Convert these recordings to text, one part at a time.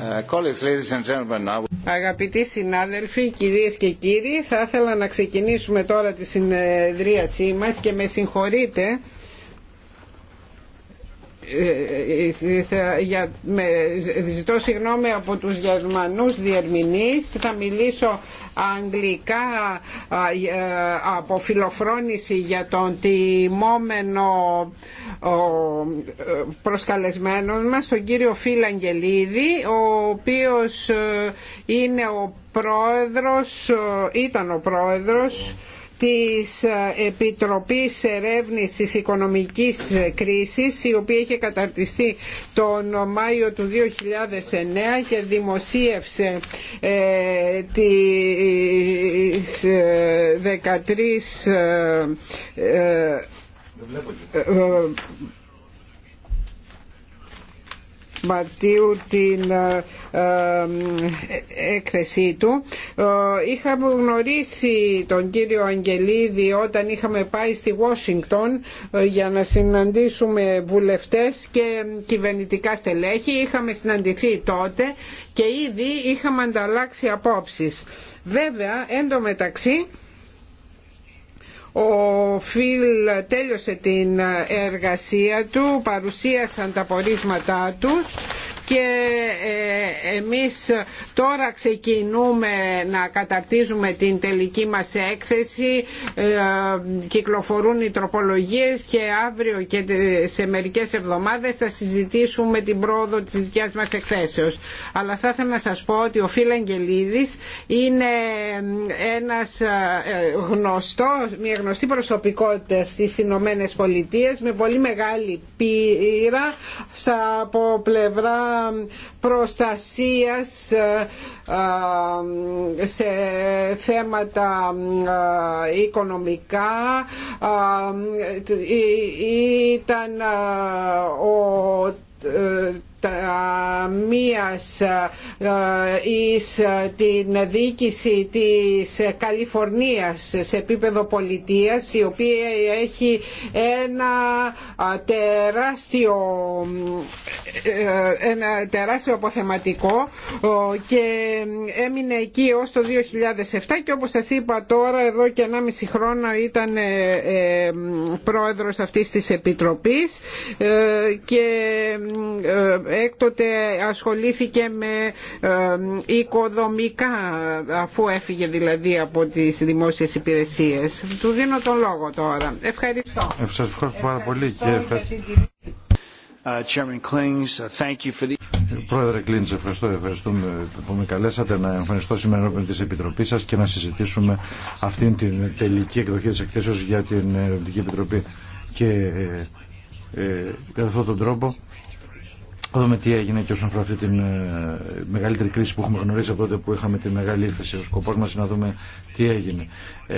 Uh, Αγαπητοί συνάδελφοι, κυρίες και κύριοι, θα ήθελα να ξεκινήσουμε τώρα τη συνεδρίασή μας και με συγχωρείτε ζητώ συγγνώμη από τους Γερμανούς διερμηνείς θα μιλήσω αγγλικά από φιλοφρόνηση για τον τιμόμενο προσκαλεσμένο μας τον κύριο Φίλ Αγγελίδη ο οποίος είναι ο πρόεδρος ήταν ο πρόεδρος της ε, Επιτροπής Ερεύνησης Οικονομικής Κρίσης η οποία είχε καταρτιστεί τον Μάιο του 2009 και δημοσίευσε ε, τις 13 ε, Ματίου την ε, ε, έκθεσή του. Ε, είχαμε γνωρίσει τον κύριο Αγγελίδη όταν είχαμε πάει στη Washington για να συναντήσουμε βουλευτές και κυβερνητικά στελέχη. Είχαμε συναντηθεί τότε και ήδη είχαμε ανταλλάξει απόψεις. Βέβαια, εντωμεταξύ ο Φιλ τέλειωσε την εργασία του, παρουσίασαν τα πορίσματά τους και ε, εμείς τώρα ξεκινούμε να καταρτίζουμε την τελική μας έκθεση ε, κυκλοφορούν οι τροπολογίες και αύριο και σε μερικές εβδομάδες θα συζητήσουμε την πρόοδο της δικιάς μας εκθέσεως αλλά θα ήθελα να σας πω ότι ο Φίλ Αγγελίδης είναι ε, ένας γνωστός μια γνωστή προσωπικότητα στις Ηνωμένε Πολιτείες με πολύ μεγάλη πείρα από πλευρά προστασίας ε, σε θέματα ε, οικονομικά ε, ήταν ο μίας ε, εις ε, την διοίκηση της Καλιφορνίας σε επίπεδο πολιτείας η οποία έχει ένα ε, τεράστιο, ένα τεράστιο αποθεματικό και έμεινε εκεί ως το 2007 και όπως σας είπα τώρα εδώ και 1,5 χρόνο ήταν πρόεδρος αυτής της Επιτροπής και έκτοτε ασχολήθηκε με οικοδομικά αφού έφυγε δηλαδή από τις δημόσιες υπηρεσίες. Του δίνω τον λόγο τώρα. Ευχαριστώ. ευχαριστώ πάρα πολύ και ευχαριστώ. Ε, uh, Πρόεδρε Κλίντς, ευχαριστώ, ευχαριστούμε που με καλέσατε να εμφανιστώ σήμερα ενώπιον της Επιτροπής σας και να συζητήσουμε αυτήν την τελική εκδοχή της εκθέσεως για την Ερωτική Επιτροπή. Και ε, ε, κατά αυτόν τον τρόπο δούμε τι έγινε και όσον αφορά αυτή τη ε, μεγαλύτερη κρίση που έχουμε γνωρίσει από τότε που είχαμε τη μεγάλη ύφεση. Ο σκοπό μα είναι να δούμε τι έγινε. Ε,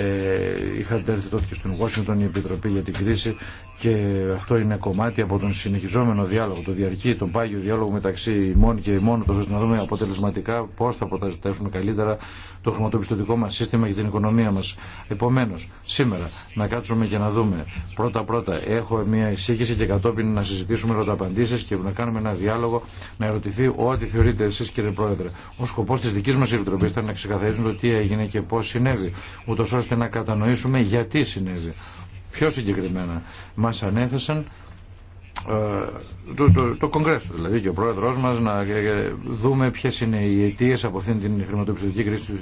είχατε έρθει τότε και στην Washington η Επιτροπή για την κρίση και αυτό είναι κομμάτι από τον συνεχιζόμενο διάλογο, το διαρκή, τον πάγιο διάλογο μεταξύ ημών και ημών, ώστε να δούμε αποτελεσματικά πώ θα προστατεύσουμε καλύτερα το χρηματοπιστωτικό μα σύστημα και την οικονομία μα. Επομένω, σήμερα να κάτσουμε και να δούμε πρώτα-πρώτα. Έχω μια εισήγηση και κατόπιν να συζητήσουμε ρωταπαντήσει και να κάνουμε ένα διάλογο να ερωτηθεί ό,τι θεωρείτε εσεί κύριε Πρόεδρε. Ο σκοπό τη δική μα Επιτροπή ήταν να ξεκαθαρίσουμε το τι έγινε και πώ συνέβη, ούτω ώστε να κατανοήσουμε γιατί συνέβη. Πιο συγκεκριμένα, μα ανέθεσαν ε, το, το, το Κογκρέσο, δηλαδή και ο πρόεδρό μα, να ε, ε, δούμε ποιε είναι οι αιτίε από αυτήν την χρηματοπιστωτική κρίση στι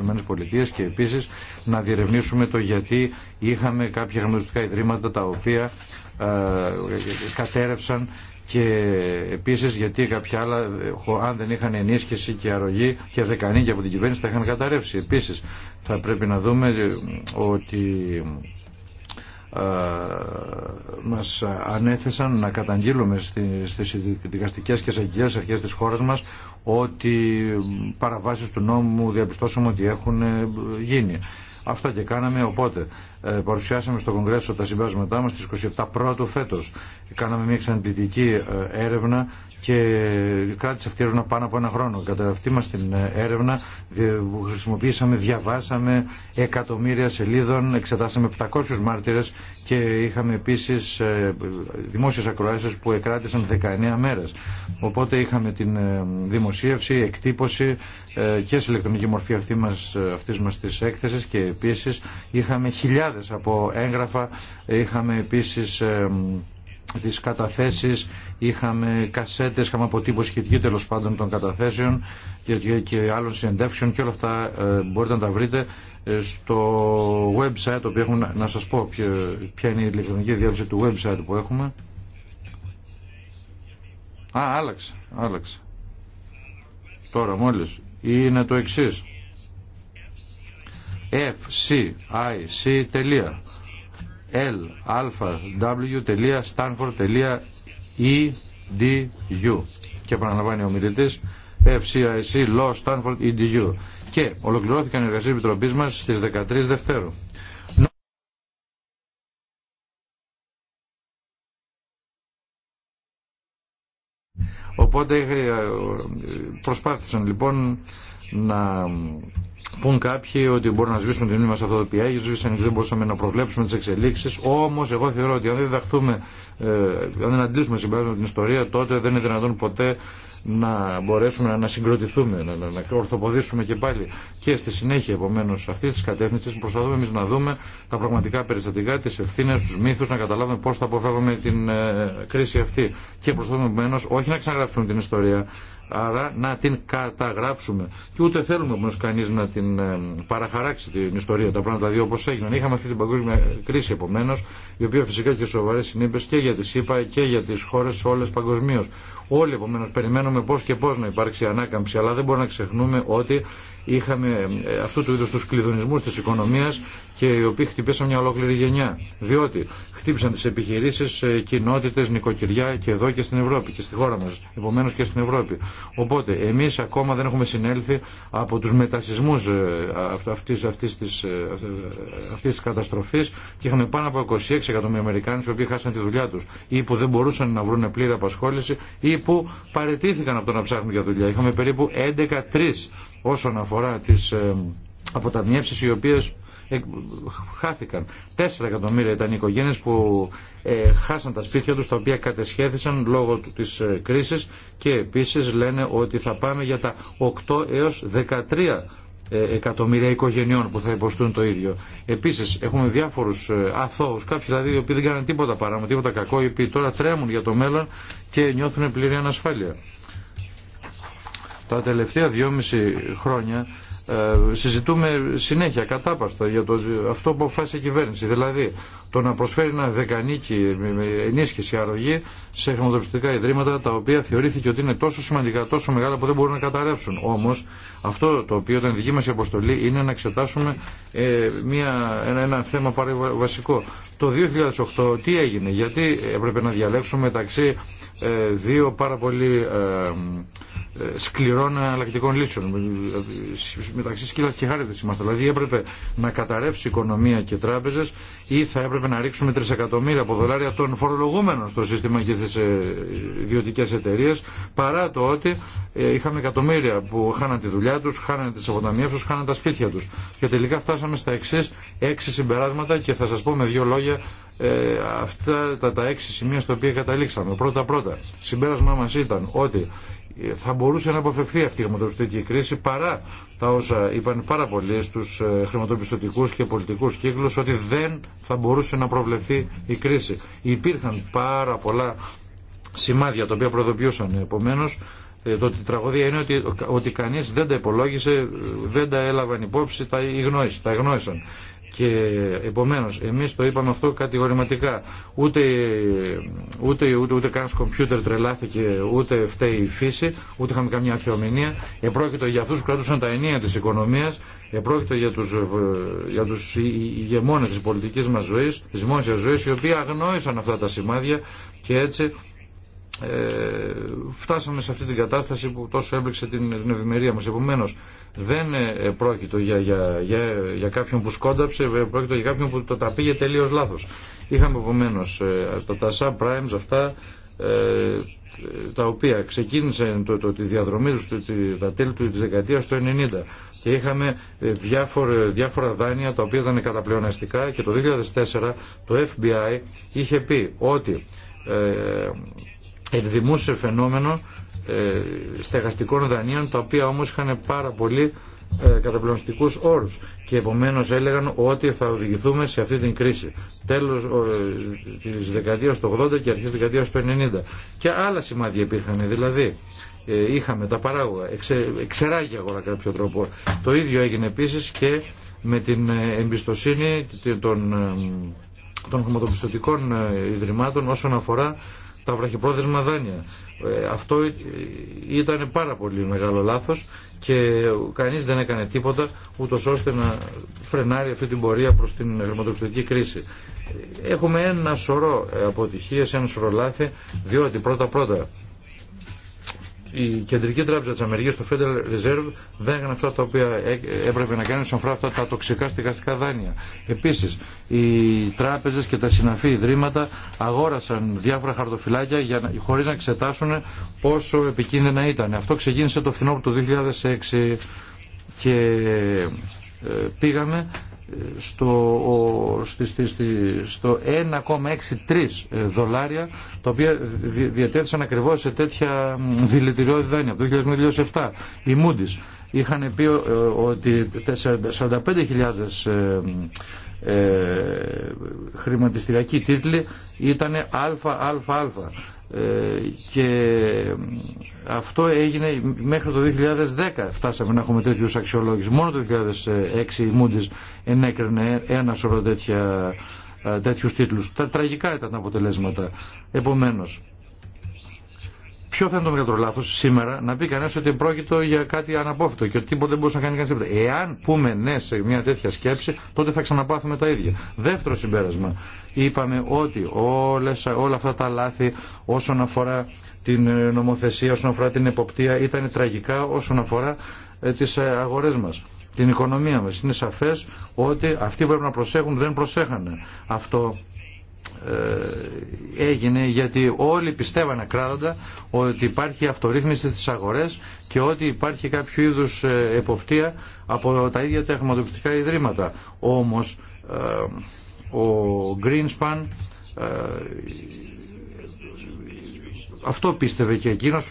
ΗΠΑ και επίση να διερευνήσουμε το γιατί είχαμε κάποια χρηματοπιστωτικά ιδρύματα τα οποία ε, κατέρευσαν και επίσης γιατί κάποια άλλα αν δεν είχαν ενίσχυση και αρρωγή και και από την κυβέρνηση θα είχαν καταρρεύσει. Επίσης θα πρέπει να δούμε ε, ότι ε, μας ανέθεσαν να καταγγείλουμε στις δικαστικές και εισαγγελίες αρχές της χώρας μας ότι παραβάσεις του νόμου διαπιστώσαμε ότι έχουν ε, γίνει. Αυτά και κάναμε οπότε ε, παρουσιάσαμε στο Κογκρέσο τα συμπέρασματά μας στις 27 πρώτο φέτος. Κάναμε μια εξαντλητική ε, έρευνα και κράτησε αυτή η έρευνα πάνω από ένα χρόνο. Κατά αυτή μα την έρευνα ε, χρησιμοποίησαμε, διαβάσαμε εκατομμύρια σελίδων, εξετάσαμε 700 μάρτυρες και είχαμε επίσης δημόσιες ακροάσεις που εκράτησαν 19 μέρες. Οπότε είχαμε την δημοσίευση, εκτύπωση και σε ηλεκτρονική μορφή αυτή μα αυτής μας της και επίσης είχαμε χιλιάδες από έγγραφα. Είχαμε επίσης ε, τις καταθέσεις, είχαμε κασέτες, είχαμε αποτύπωση σχετική τέλο πάντων των καταθέσεων και, και, και άλλων συνεντεύξεων και όλα αυτά ε, μπορείτε να τα βρείτε ε, στο website το οποίο έχουμε να σας πω ποια είναι η ηλεκτρονική διάθεση του website που έχουμε Α, άλλαξε, άλλαξε Τώρα μόλις είναι το εξής fcic.lw.stanford.edu και επαναλαμβάνει ο μιλητής FCIC Law Stanford EDU και ολοκληρώθηκαν οι εργασίες επιτροπής μας στις 13 Δευτέρου. Οπότε ε, προσπάθησαν λοιπόν να πούν κάποιοι ότι μπορούν να σβήσουν την μνήμα σε αυτό το οποίο δεν μπορούσαμε να προβλέψουμε τι εξελίξει. Όμω, εγώ θεωρώ ότι αν δεν διδαχθούμε, ε, αν δεν αντλήσουμε συμπέρασμα την ιστορία, τότε δεν είναι δυνατόν ποτέ να μπορέσουμε να συγκροτηθούμε, να, να, να ορθοποδήσουμε και πάλι. Και στη συνέχεια, επομένω, αυτή τη κατεύθυνση προσπαθούμε εμεί να δούμε τα πραγματικά περιστατικά, τι ευθύνε, του μύθου, να καταλάβουμε πώ θα αποφεύγουμε την ε, κρίση αυτή. Και προσπαθούμε, επομένω, όχι να ξαναγράψουμε την ιστορία, άρα να την καταγράψουμε. Και ούτε θέλουμε όμω κανεί να την ε, παραχαράξει την ιστορία, τα πράγματα δύο όπω έγιναν. Είχαμε αυτή την παγκόσμια κρίση επομένω, η οποία φυσικά έχει σοβαρέ συνέπειε και για τη ΣΥΠΑ και για τι χώρε όλε παγκοσμίω. Όλοι επομένω περιμένουμε πώ και πώ να υπάρξει ανάκαμψη, αλλά δεν μπορούμε να ξεχνούμε ότι είχαμε ε, αυτού του είδου του κλειδονισμού τη οικονομία και οι οποίοι χτυπήσαν μια ολόκληρη γενιά. Διότι χτύπησαν τι επιχειρήσει, ε, κοινότητε, νοικοκυριά και εδώ και στην Ευρώπη και στη χώρα μα, επομένω και στην Ευρώπη. Οπότε εμεί ακόμα δεν έχουμε συνέλθει από του μετασυσμού ε, αυτή τη καταστροφή και είχαμε πάνω από 26 εκατομμύρια Αμερικάνου οι οποίοι χάσαν τη δουλειά του ή που δεν μπορούσαν να βρουν πλήρη απασχόληση ή που παρετήθηκαν από το να ψάχνουν για δουλειά. Είχαμε περίπου 11-3 όσον αφορά τις ε, αποταμιεύσεις οι οποίες χάθηκαν. 4 εκατομμύρια ήταν οι οικογένειες που ε, χάσαν τα σπίτια τους τα οποία κατεσχέθησαν λόγω της ε, κρίσης και επίσης λένε ότι θα πάμε για τα 8 έως 13 εκατομμύρια οικογενειών που θα υποστούν το ίδιο. Επίση, έχουμε διάφορου αθώου, κάποιοι δηλαδή οι οποίοι δεν κάνουν τίποτα παράνομο, τίποτα κακό, οι οποίοι τώρα τρέμουν για το μέλλον και νιώθουν πλήρη ανασφάλεια. Τα τελευταία δυόμιση χρόνια ε, συζητούμε συνέχεια κατάπαστα για το, αυτό που αποφάσισε η κυβέρνηση. Δηλαδή το να προσφέρει ένα δεκανίκι ενίσχυση αρρωγή σε χρηματοπιστικά ιδρύματα τα οποία θεωρήθηκε ότι είναι τόσο σημαντικά, τόσο μεγάλα που δεν μπορούν να καταρρεύσουν. Όμω αυτό το οποίο ήταν δική μα αποστολή είναι να εξετάσουμε ε, μια, ένα, θέμα πάρα βασικό. Το 2008 τι έγινε, γιατί έπρεπε να διαλέξουμε μεταξύ ε, δύο πάρα πολύ σκληρών εναλλακτικών λύσεων. Μεταξύ σκύλα και χάρη είμαστε. Δηλαδή έπρεπε να καταρρεύσει η οικονομία και οι ή θα έπρεπε να ρίξουμε τρισεκατομμύρια από δολάρια των φορολογούμενων στο σύστημα και στι ε, ιδιωτικέ εταιρείε, παρά το ότι ε, είχαμε εκατομμύρια που χάναν τη δουλειά του, χάναν τι αποταμίε του, χάναν τα σπίτια του. Και τελικά φτάσαμε στα εξή έξι συμπεράσματα και θα σα πω με δύο λόγια ε, αυτά τα, τα έξι σημεία στα οποία καταλήξαμε. Πρώτα-πρώτα, συμπέρασμά μα ήταν ότι θα μπορούσε να αποφευθεί αυτή η χρηματοπιστωτική κρίση παρά τα όσα είπαν πάρα πολλοί στου ε, χρηματοπιστωτικού και πολιτικού κύκλου ότι δεν θα μπορούσε να προβλεφθεί η κρίση. Υπήρχαν πάρα πολλά σημάδια τα οποία προδοποιούσαν. Επομένω, ε, το ότι η τραγωδία είναι ότι, ότι κανεί δεν τα υπολόγισε, ε, δεν τα έλαβαν υπόψη, τα, τα και επομένως εμείς το είπαμε αυτό κατηγορηματικά. Ούτε, ούτε, ούτε, καν κομπιούτερ τρελάθηκε, ούτε φταίει η φύση, ούτε είχαμε καμιά αρχαιομηνία. Επρόκειτο για αυτού που κρατούσαν τα ενία τη οικονομία, επρόκειτο για του για τους πολιτική της πολιτικής τη ζωής, ζωή, ζωής, οι οποίοι αγνόησαν αυτά τα σημάδια και έτσι ε, φτάσαμε σε αυτή την κατάσταση που τόσο έμπλεξε την, την ευημερία μας. Επομένως, δεν ε, πρόκειτο για, για, για, για κάποιον που σκόνταψε, ε, πρόκειτο για κάποιον που το τα πήγε τελείως λάθος. Είχαμε επομένω τα subprimes αυτά, τα οποία ξεκίνησε το, τη διαδρομή τους τα τέλη του, της δεκαετίας του 90 και είχαμε διάφορα, διάφορα δάνεια τα οποία ήταν καταπλεονεστικά και το 2004 το FBI είχε πει ότι ενδημούσε φαινόμενο ε, στεγαστικών δανείων τα οποία όμως είχαν πάρα πολύ ε, όρου. όρους και επομένως έλεγαν ότι θα οδηγηθούμε σε αυτή την κρίση τέλος ε, της δεκαετίας του 80 και αρχής της δεκαετίας του 90 και άλλα σημάδια υπήρχαν δηλαδή ε, είχαμε τα παράγωγα εξε, εξεράγει αγορά κάποιο τρόπο το ίδιο έγινε επίσης και με την ε, εμπιστοσύνη των των χρηματοπιστωτικών ιδρυμάτων όσον αφορά τα βραχυπρόθεσμα δάνεια. Ε, αυτό ε, ήταν πάρα πολύ μεγάλο λάθος και κανείς δεν έκανε τίποτα ούτω ώστε να φρενάρει αυτή την πορεία προς την χρηματοπιστωτική κρίση. Έχουμε ένα σωρό αποτυχίες, ένα σωρό λάθη, διότι πρώτα-πρώτα η Κεντρική Τράπεζα της Αμερικής, το Federal Reserve, δεν έκανε αυτά τα οποία έπρεπε να κάνουν σαν αυτά τα τοξικά στιγαστικά δάνεια. Επίσης, οι τράπεζες και τα συναφή ιδρύματα αγόρασαν διάφορα χαρτοφυλάκια για, χωρίς να εξετάσουν πόσο επικίνδυνα ήταν. Αυτό ξεκίνησε το φθινόπωρο του 2006 και ε, πήγαμε στο, στη, στο 1,63 δολάρια τα οποία διατέθησαν ακριβώς σε τέτοια δηλητηριώδη δάνεια από το 2007 οι Moody's είχαν πει ε, ότι 45.000 ε, ε, χρηματιστηριακοί τίτλοι ήταν αλφα-αλφα-αλφα. Ε, και αυτό έγινε μέχρι το 2010 φτάσαμε να έχουμε τέτοιους αξιολόγους μόνο το 2006 η Μούντις ενέκρινε ένα σωρό τέτοια, ε, τέτοιους τίτλους τα τραγικά ήταν τα αποτελέσματα επομένως ποιο θα είναι το μεγαλύτερο λάθο σήμερα να πει κανένα ότι πρόκειται για κάτι αναπόφευκτο και ότι τίποτα δεν μπορούσε να κάνει κανεί Εάν πούμε ναι σε μια τέτοια σκέψη, τότε θα ξαναπάθουμε τα ίδια. Δεύτερο συμπέρασμα. Είπαμε ότι όλες, όλα αυτά τα λάθη όσον αφορά την ε, νομοθεσία, όσον αφορά την εποπτεία, ήταν τραγικά όσον αφορά ε, τι ε, αγορέ μα την οικονομία μας. Είναι σαφές ότι αυτοί που πρέπει να προσέχουν δεν προσέχανε. Αυτό ε, έγινε γιατί όλοι πιστεύανε κράτοντα ότι υπάρχει αυτορύθμιση στις αγορές και ότι υπάρχει κάποιο είδους ε, εποπτεία από τα ίδια τα χρηματοπιστικά ιδρύματα. Όμως ε, ο Greenspan αυτό πίστευε και εκείνος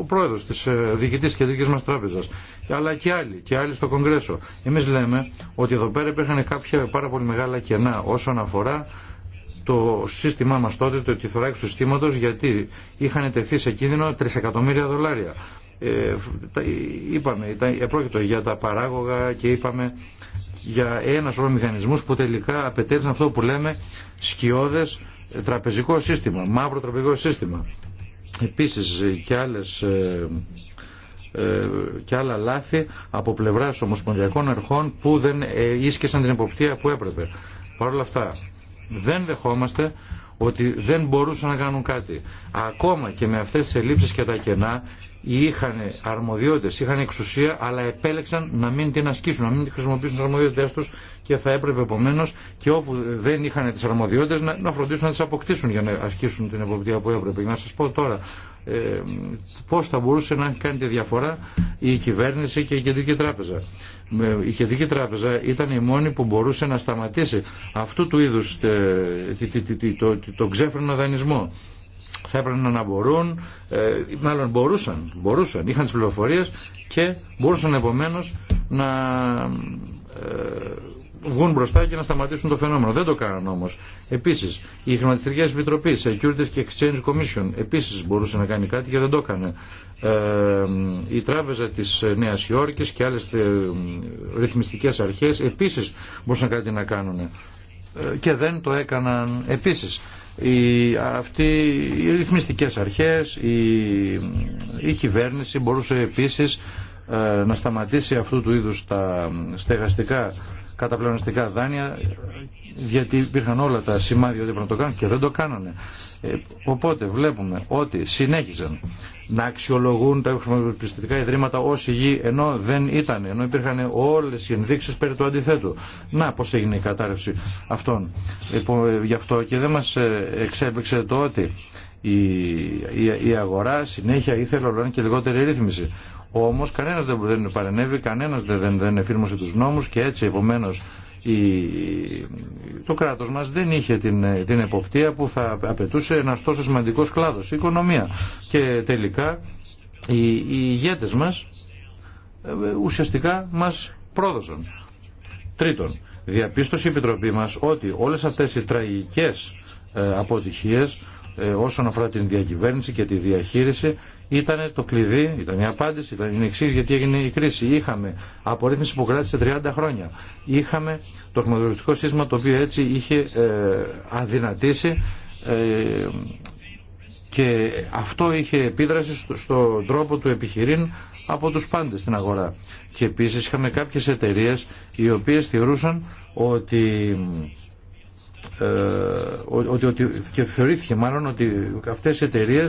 ο πρόεδρος της διοικητής δίκης μας τράπεζας αλλά και άλλοι, και άλλοι στο Κογκρέσο. Εμείς λέμε ότι εδώ πέρα υπήρχαν κάποια πάρα πολύ μεγάλα κενά όσον αφορά το σύστημά μας τότε, το τυθωράκι του συστήματος, γιατί είχαν τεθεί σε κίνδυνο 3 εκατομμύρια δολάρια. Ε, είπαμε, ήταν, επρόκειτο για τα παράγωγα και είπαμε για ένα σωρό μηχανισμούς που τελικά απαιτέλεσαν αυτό που λέμε σκιώδες τραπεζικό σύστημα, μαύρο τραπεζικό σύστημα. Επίσης και άλλες ε, ε και άλλα λάθη από πλευρά ομοσπονδιακών αρχών που δεν ε, ίσκησαν την εποπτεία που έπρεπε. Παρ' όλα αυτά, δεν δεχόμαστε ότι δεν μπορούσαν να κάνουν κάτι. Ακόμα και με αυτές τις ελλείψεις και τα κενά είχαν αρμοδιότητες, είχαν εξουσία, αλλά επέλεξαν να μην την ασκήσουν, να μην τη χρησιμοποιήσουν τι αρμοδιότητες τους και θα έπρεπε επομένω και όπου δεν είχαν τις αρμοδιότητες να, να φροντίσουν να τις αποκτήσουν για να ασκήσουν την εποπτεία που έπρεπε. να σας πω τώρα ε, πώς θα μπορούσε να κάνει τη διαφορά η κυβέρνηση και η Κεντρική Τράπεζα. Η Κεντρική Τράπεζα ήταν η μόνη που μπορούσε να σταματήσει αυτού του είδους το, το, το, ξέφρενο δανεισμό θα έπρεπε να μπορούν, ε, μάλλον μπορούσαν, μπορούσαν, είχαν τις πληροφορίες και μπορούσαν επομένως να ε, βγουν μπροστά και να σταματήσουν το φαινόμενο. Δεν το κάναν όμως. Επίσης, η Χρηματιστηριακή Επιτροπή, Securities και Exchange Commission, επίσης μπορούσε να κάνει κάτι και δεν το έκανε. Ε, η Τράπεζα της Νέας Υόρκης και άλλες ρυθμιστικές αρχές επίσης μπορούσαν κάτι να κάνουν και δεν το έκαναν επίσης οι, αυτοί, οι ρυθμιστικές αρχές, η, η κυβέρνηση μπορούσε επίσης ε, να σταματήσει αυτού του είδους τα στεγαστικά καταπλεονιστικά δάνεια γιατί υπήρχαν όλα τα σημάδια ότι πρέπει να το κάνουν και δεν το κάνανε. Ε, οπότε βλέπουμε ότι συνέχιζαν να αξιολογούν τα χρηματοπιστωτικά ιδρύματα ω υγιή ενώ δεν ήταν, ενώ υπήρχαν όλε οι ενδείξει περί του αντιθέτου. Να πώ έγινε η κατάρρευση αυτών. Λοιπόν, ε, γι' αυτό και δεν μα ε, εξέπληξε το ότι η, αγορά συνέχεια ήθελε όλο και λιγότερη ρύθμιση. Όμω κανένα δεν, δεν παρενέβη, κανένα δεν, δεν εφήρμοσε του νόμου και έτσι επομένω το κράτος μας δεν είχε την, την εποπτεία που θα απαιτούσε ένας τόσο σημαντικός κλάδος, η οικονομία. Και τελικά οι, οι ηγέτες μας ε, ουσιαστικά μας πρόδωσαν. Τρίτον, διαπίστωση η Επιτροπή μας ότι όλες αυτές οι τραγικές ε, αποτυχίες ε, όσον αφορά την διακυβέρνηση και τη διαχείριση ήταν το κλειδί, ήταν η απάντηση, ήταν η εξή γιατί έγινε η κρίση. Είχαμε απορρίθμιση που κράτησε 30 χρόνια. Είχαμε το χρηματοδοτικό σύστημα το οποίο έτσι είχε ε, αδυνατήσει ε, και αυτό είχε επίδραση στον τρόπο του επιχειρήν από τους πάντες στην αγορά. Και επίσης είχαμε κάποιες εταιρείες οι οποίες θεωρούσαν ότι ε, ότι, ότι, και θεωρήθηκε μάλλον ότι αυτές οι εταιρείε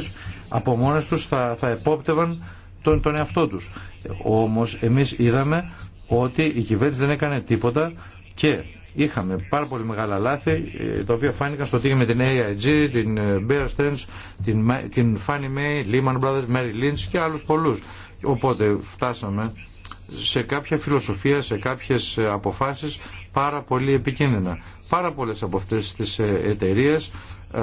από μόνες τους θα, θα επόπτευαν τον, τον εαυτό τους. Όμως εμείς είδαμε ότι η κυβέρνηση δεν έκανε τίποτα και είχαμε πάρα πολύ μεγάλα λάθη ε, τα οποία φάνηκαν στο τι με την AIG, την ε, Bear Stearns, την, την Fannie Mae, Lehman Brothers, Mary Lynch και άλλους πολλούς. Οπότε φτάσαμε σε κάποια φιλοσοφία, σε κάποιες αποφάσεις πάρα πολύ επικίνδυνα. Πάρα πολλές από αυτές τις ε, εταιρείε ε,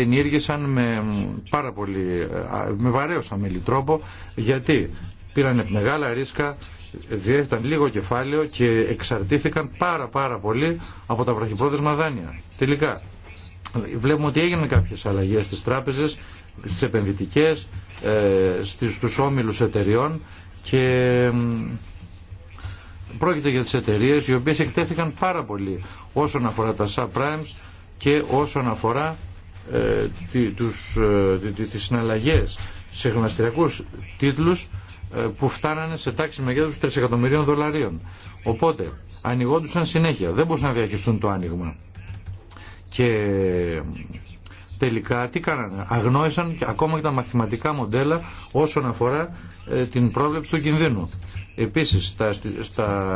ενήργησαν με, πάρα πολύ, ε, με βαρέως αμήλη τρόπο γιατί πήραν μεγάλα ρίσκα, διέθεταν λίγο κεφάλαιο και εξαρτήθηκαν πάρα πάρα πολύ από τα βραχυπρόθεσμα δάνεια. Τελικά, βλέπουμε ότι έγιναν κάποιες αλλαγές στις τράπεζες, στις επενδυτικές, στους όμιλους εταιριών και πρόκειται για τις εταιρείε οι οποίες εκτέθηκαν πάρα πολύ όσον αφορά τα subprimes και όσον αφορά ε, τι, τις, ε, τις συναλλαγές σε χρηματιστηριακούς τίτλους ε, που φτάνανε σε τάξη μεγέθους 3 εκατομμυρίων δολαρίων. Οπότε ανοιγόντουσαν συνέχεια, δεν μπορούσαν να διαχειριστούν το άνοιγμα. Και τελικά τι κάνανε. Αγνόησαν ακόμα και τα μαθηματικά μοντέλα όσον αφορά ε, την πρόβλεψη του κινδύνου. Επίσης, τα, στα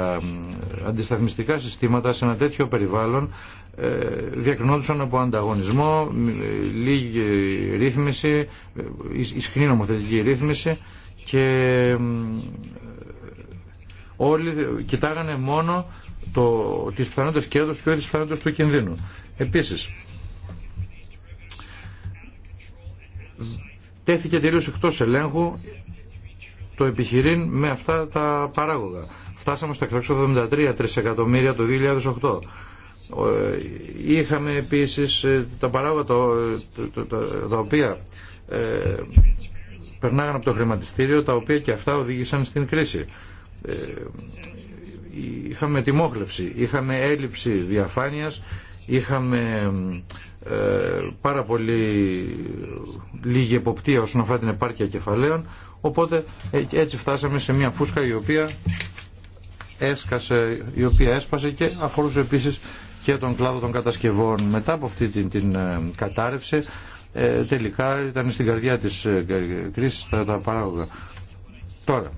αντισταθμιστικά συστήματα σε ένα τέτοιο περιβάλλον ε, διακρινόντουσαν από ανταγωνισμό, ε, λίγη ρύθμιση, ισχυρή νομοθετική ρύθμιση και όλοι κοιτάγανε μόνο το, τις πιθανότητες κέρδους και όχι τις πιθανότητες του κινδύνου. Επίσης, τέθηκε τελείως εκτός ελέγχου το επιχειρήν με αυτά τα παράγωγα. Φτάσαμε στα 673 τρισεκατομμύρια το 2008. Ε, είχαμε επίσης ε, τα παράγωγα τα οποία ε, περνάγαν από το χρηματιστήριο, τα οποία και αυτά οδήγησαν στην κρίση. Ε, είχαμε τιμόχλευση, είχαμε έλλειψη διαφάνειας, είχαμε ε, πάρα πολύ λίγη εποπτεία όσον αφορά την επάρκεια κεφαλαίων οπότε ε, έτσι φτάσαμε σε μια φούσκα η οποία έσκασε, η οποία έσπασε και αφορούσε επίσης και τον κλάδο των κατασκευών μετά από αυτή την, την ε, κατάρρευση τελικά ήταν στην καρδιά της κρίσης τα, τα παράγωγα τώρα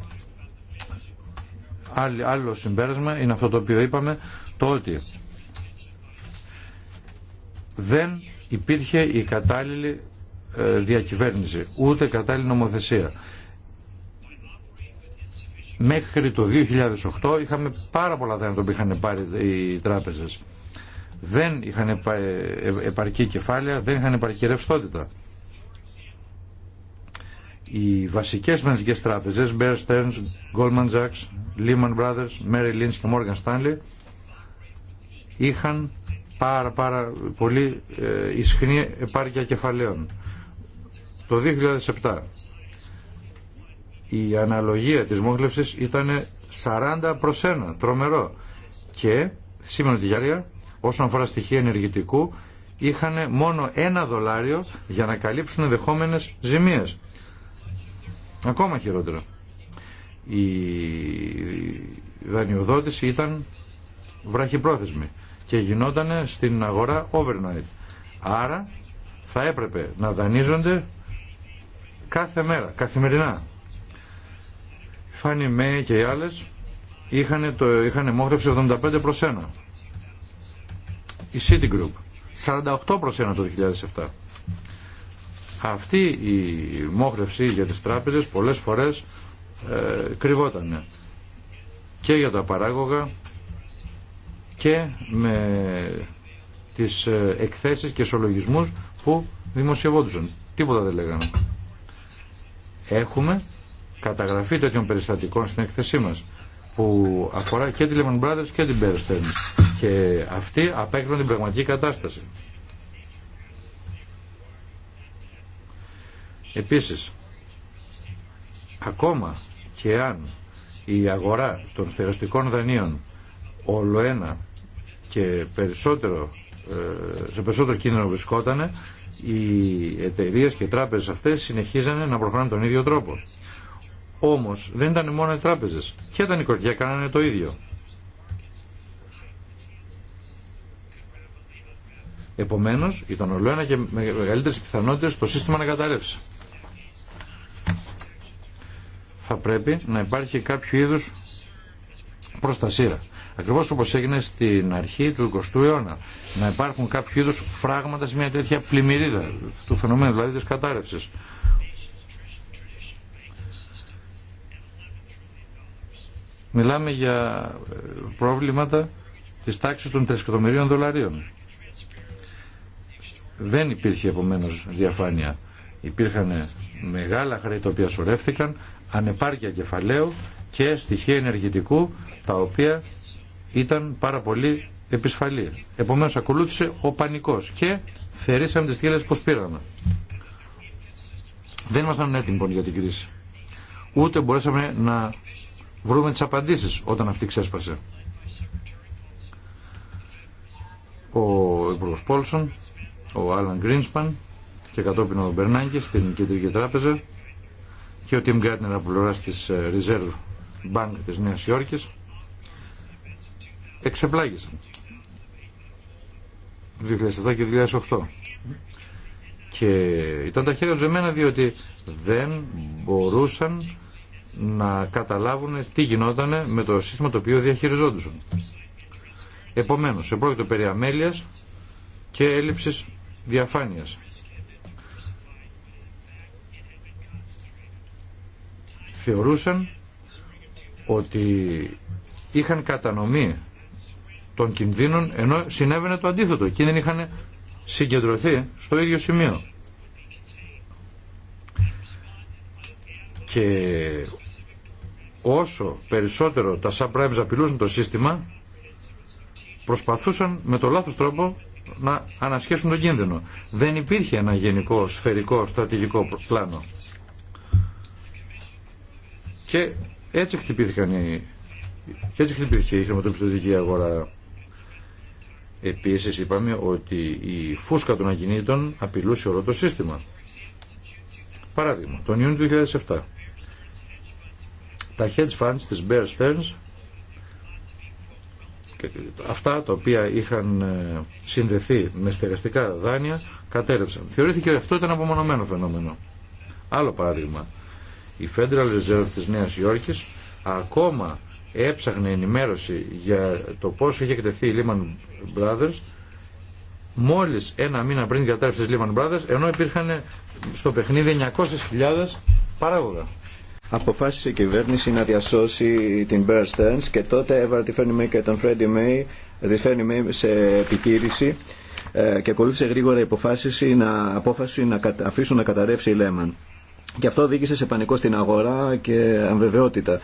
άλλο συμπέρασμα είναι αυτό το οποίο είπαμε το ότι δεν υπήρχε η κατάλληλη ε, διακυβέρνηση, ούτε κατάλληλη νομοθεσία. Μέχρι το 2008 είχαμε πάρα πολλά δάνεια που είχαν πάρει οι τράπεζες. Δεν είχαν ε, επαρκή κεφάλαια, δεν είχαν επαρκή ρευστότητα. Οι βασικές μενικές τράπεζες, Bear Stearns, Goldman Sachs, Lehman Brothers, Merrill Lynch και Morgan Stanley, είχαν πάρα, πάρα πολύ ε, ισχνή επάρκεια κεφαλαίων. Το 2007 η αναλογία της μόχλευσης ήταν 40 προς 1, τρομερό. Και σήμερα τη Γαλλία, όσον αφορά στοιχεία ενεργητικού, είχαν μόνο ένα δολάριο για να καλύψουν δεχόμενες ζημίες. Ακόμα χειρότερα. Η δανειοδότηση ήταν βραχυπρόθεσμη και γινόταν στην αγορά overnight. Άρα θα έπρεπε να δανείζονται κάθε μέρα, καθημερινά. Φάνη Μέη και οι άλλες είχαν, το, είχαν μόχλευση 75 προς 1. Η Citigroup 48 προς 1 το 2007. Αυτή η μόχρευση για τις τράπεζες πολλές φορές ε, κρυβότανε και για τα παράγωγα και με τις ε, εκθέσεις και σολογισμούς που δημοσιευόντουσαν. Τίποτα δεν λέγανε Έχουμε καταγραφή τέτοιων περιστατικών στην εκθεσή μας που αφορά και τη Lehman Brothers και την Bear Stearns και αυτοί απέκρουν την πραγματική κατάσταση. Επίσης, ακόμα και αν η αγορά των στερεωστικών δανείων όλο και περισσότερο, ε, σε περισσότερο κίνδυνο βρισκόταν, οι εταιρείε και οι τράπεζε αυτέ συνεχίζανε να προχωράνε τον ίδιο τρόπο. Όμω δεν ήταν μόνο οι τράπεζε. Και τα νοικοκυριά κάνανε το ίδιο. Επομένω, ήταν ολοένα και μεγαλύτερε πιθανότητε το σύστημα να καταρρεύσει. Θα πρέπει να υπάρχει κάποιο είδου προστασία Ακριβώς όπως έγινε στην αρχή του 20ου αιώνα. Να υπάρχουν κάποιο είδους φράγματα σε μια τέτοια πλημμυρίδα του φαινομένου, δηλαδή της κατάρρευσης. Μιλάμε για ε, πρόβληματα της τάξης των 3 εκατομμυρίων δολαρίων. Δεν υπήρχε επομένως διαφάνεια. Υπήρχαν μεγάλα χρέη τα οποία σωρεύθηκαν, ανεπάρκεια κεφαλαίου και στοιχεία ενεργητικού τα οποία ήταν πάρα πολύ επισφαλή. Επομένως ακολούθησε ο πανικός και θερήσαμε τις θέλες πως πήραμε. Δεν ήμασταν έτοιμοι λοιπόν, για την κρίση. Ούτε μπορέσαμε να βρούμε τις απαντήσεις όταν αυτή ξέσπασε. Ο Υπουργό Πόλσον, ο Άλαν Γκρίνσπαν και κατόπιν ο Μπερνάγκη στην Κεντρική Τράπεζα και ο Τιμ Γκάτνερ από πλευρά τη ε, Reserve Bank τη Νέα Υόρκη εξεπλάγησαν. 2007 και 2008. Και ήταν τα χέρια τους διότι δεν μπορούσαν να καταλάβουν τι γινόταν με το σύστημα το οποίο διαχειριζόντουσαν. Επομένως, επρόκειτο περί αμέλειας και έλλειψης διαφάνειας. Θεωρούσαν ότι είχαν κατανομή των κινδύνων, ενώ συνέβαινε το αντίθετο. εκεί δεν είχαν συγκεντρωθεί στο ίδιο σημείο. Και όσο περισσότερο τα subprimes απειλούσαν το σύστημα, προσπαθούσαν με το λάθος τρόπο να ανασχέσουν τον κίνδυνο. Δεν υπήρχε ένα γενικό σφαιρικό στρατηγικό πλάνο. Και έτσι χτυπήθηκαν οι... Και έτσι χτυπήθηκε η χρηματοπιστωτική αγορά. Επίσης είπαμε ότι η φούσκα των ακινήτων απειλούσε όλο το σύστημα. Παράδειγμα, τον Ιούνιο του 2007 τα hedge funds της Bear Stearns αυτά τα οποία είχαν ε, συνδεθεί με στεγαστικά δάνεια κατέρευσαν. Θεωρήθηκε ότι αυτό ήταν απομονωμένο φαινόμενο. Άλλο παράδειγμα, η Federal Reserve της Νέας Υόρκης ακόμα έψαχνε ενημέρωση για το πόσο είχε εκτεθεί η Lehman Brothers μόλις ένα μήνα πριν την κατάρρευση της Lehman Brothers ενώ υπήρχαν στο παιχνίδι 900.000 παράγωγα. Αποφάσισε η κυβέρνηση να διασώσει την Bear Stearns και τότε έβαλε τη Fannie Mae και τον Freddie May, τη Fannie Mae σε επιτήρηση, ε, και ακολούθησε γρήγορα η αποφάσιση να, απόφαση να αφήσουν να καταρρεύσει η Lehman. Και αυτό οδήγησε σε πανικό στην αγορά και αμβεβαιότητα.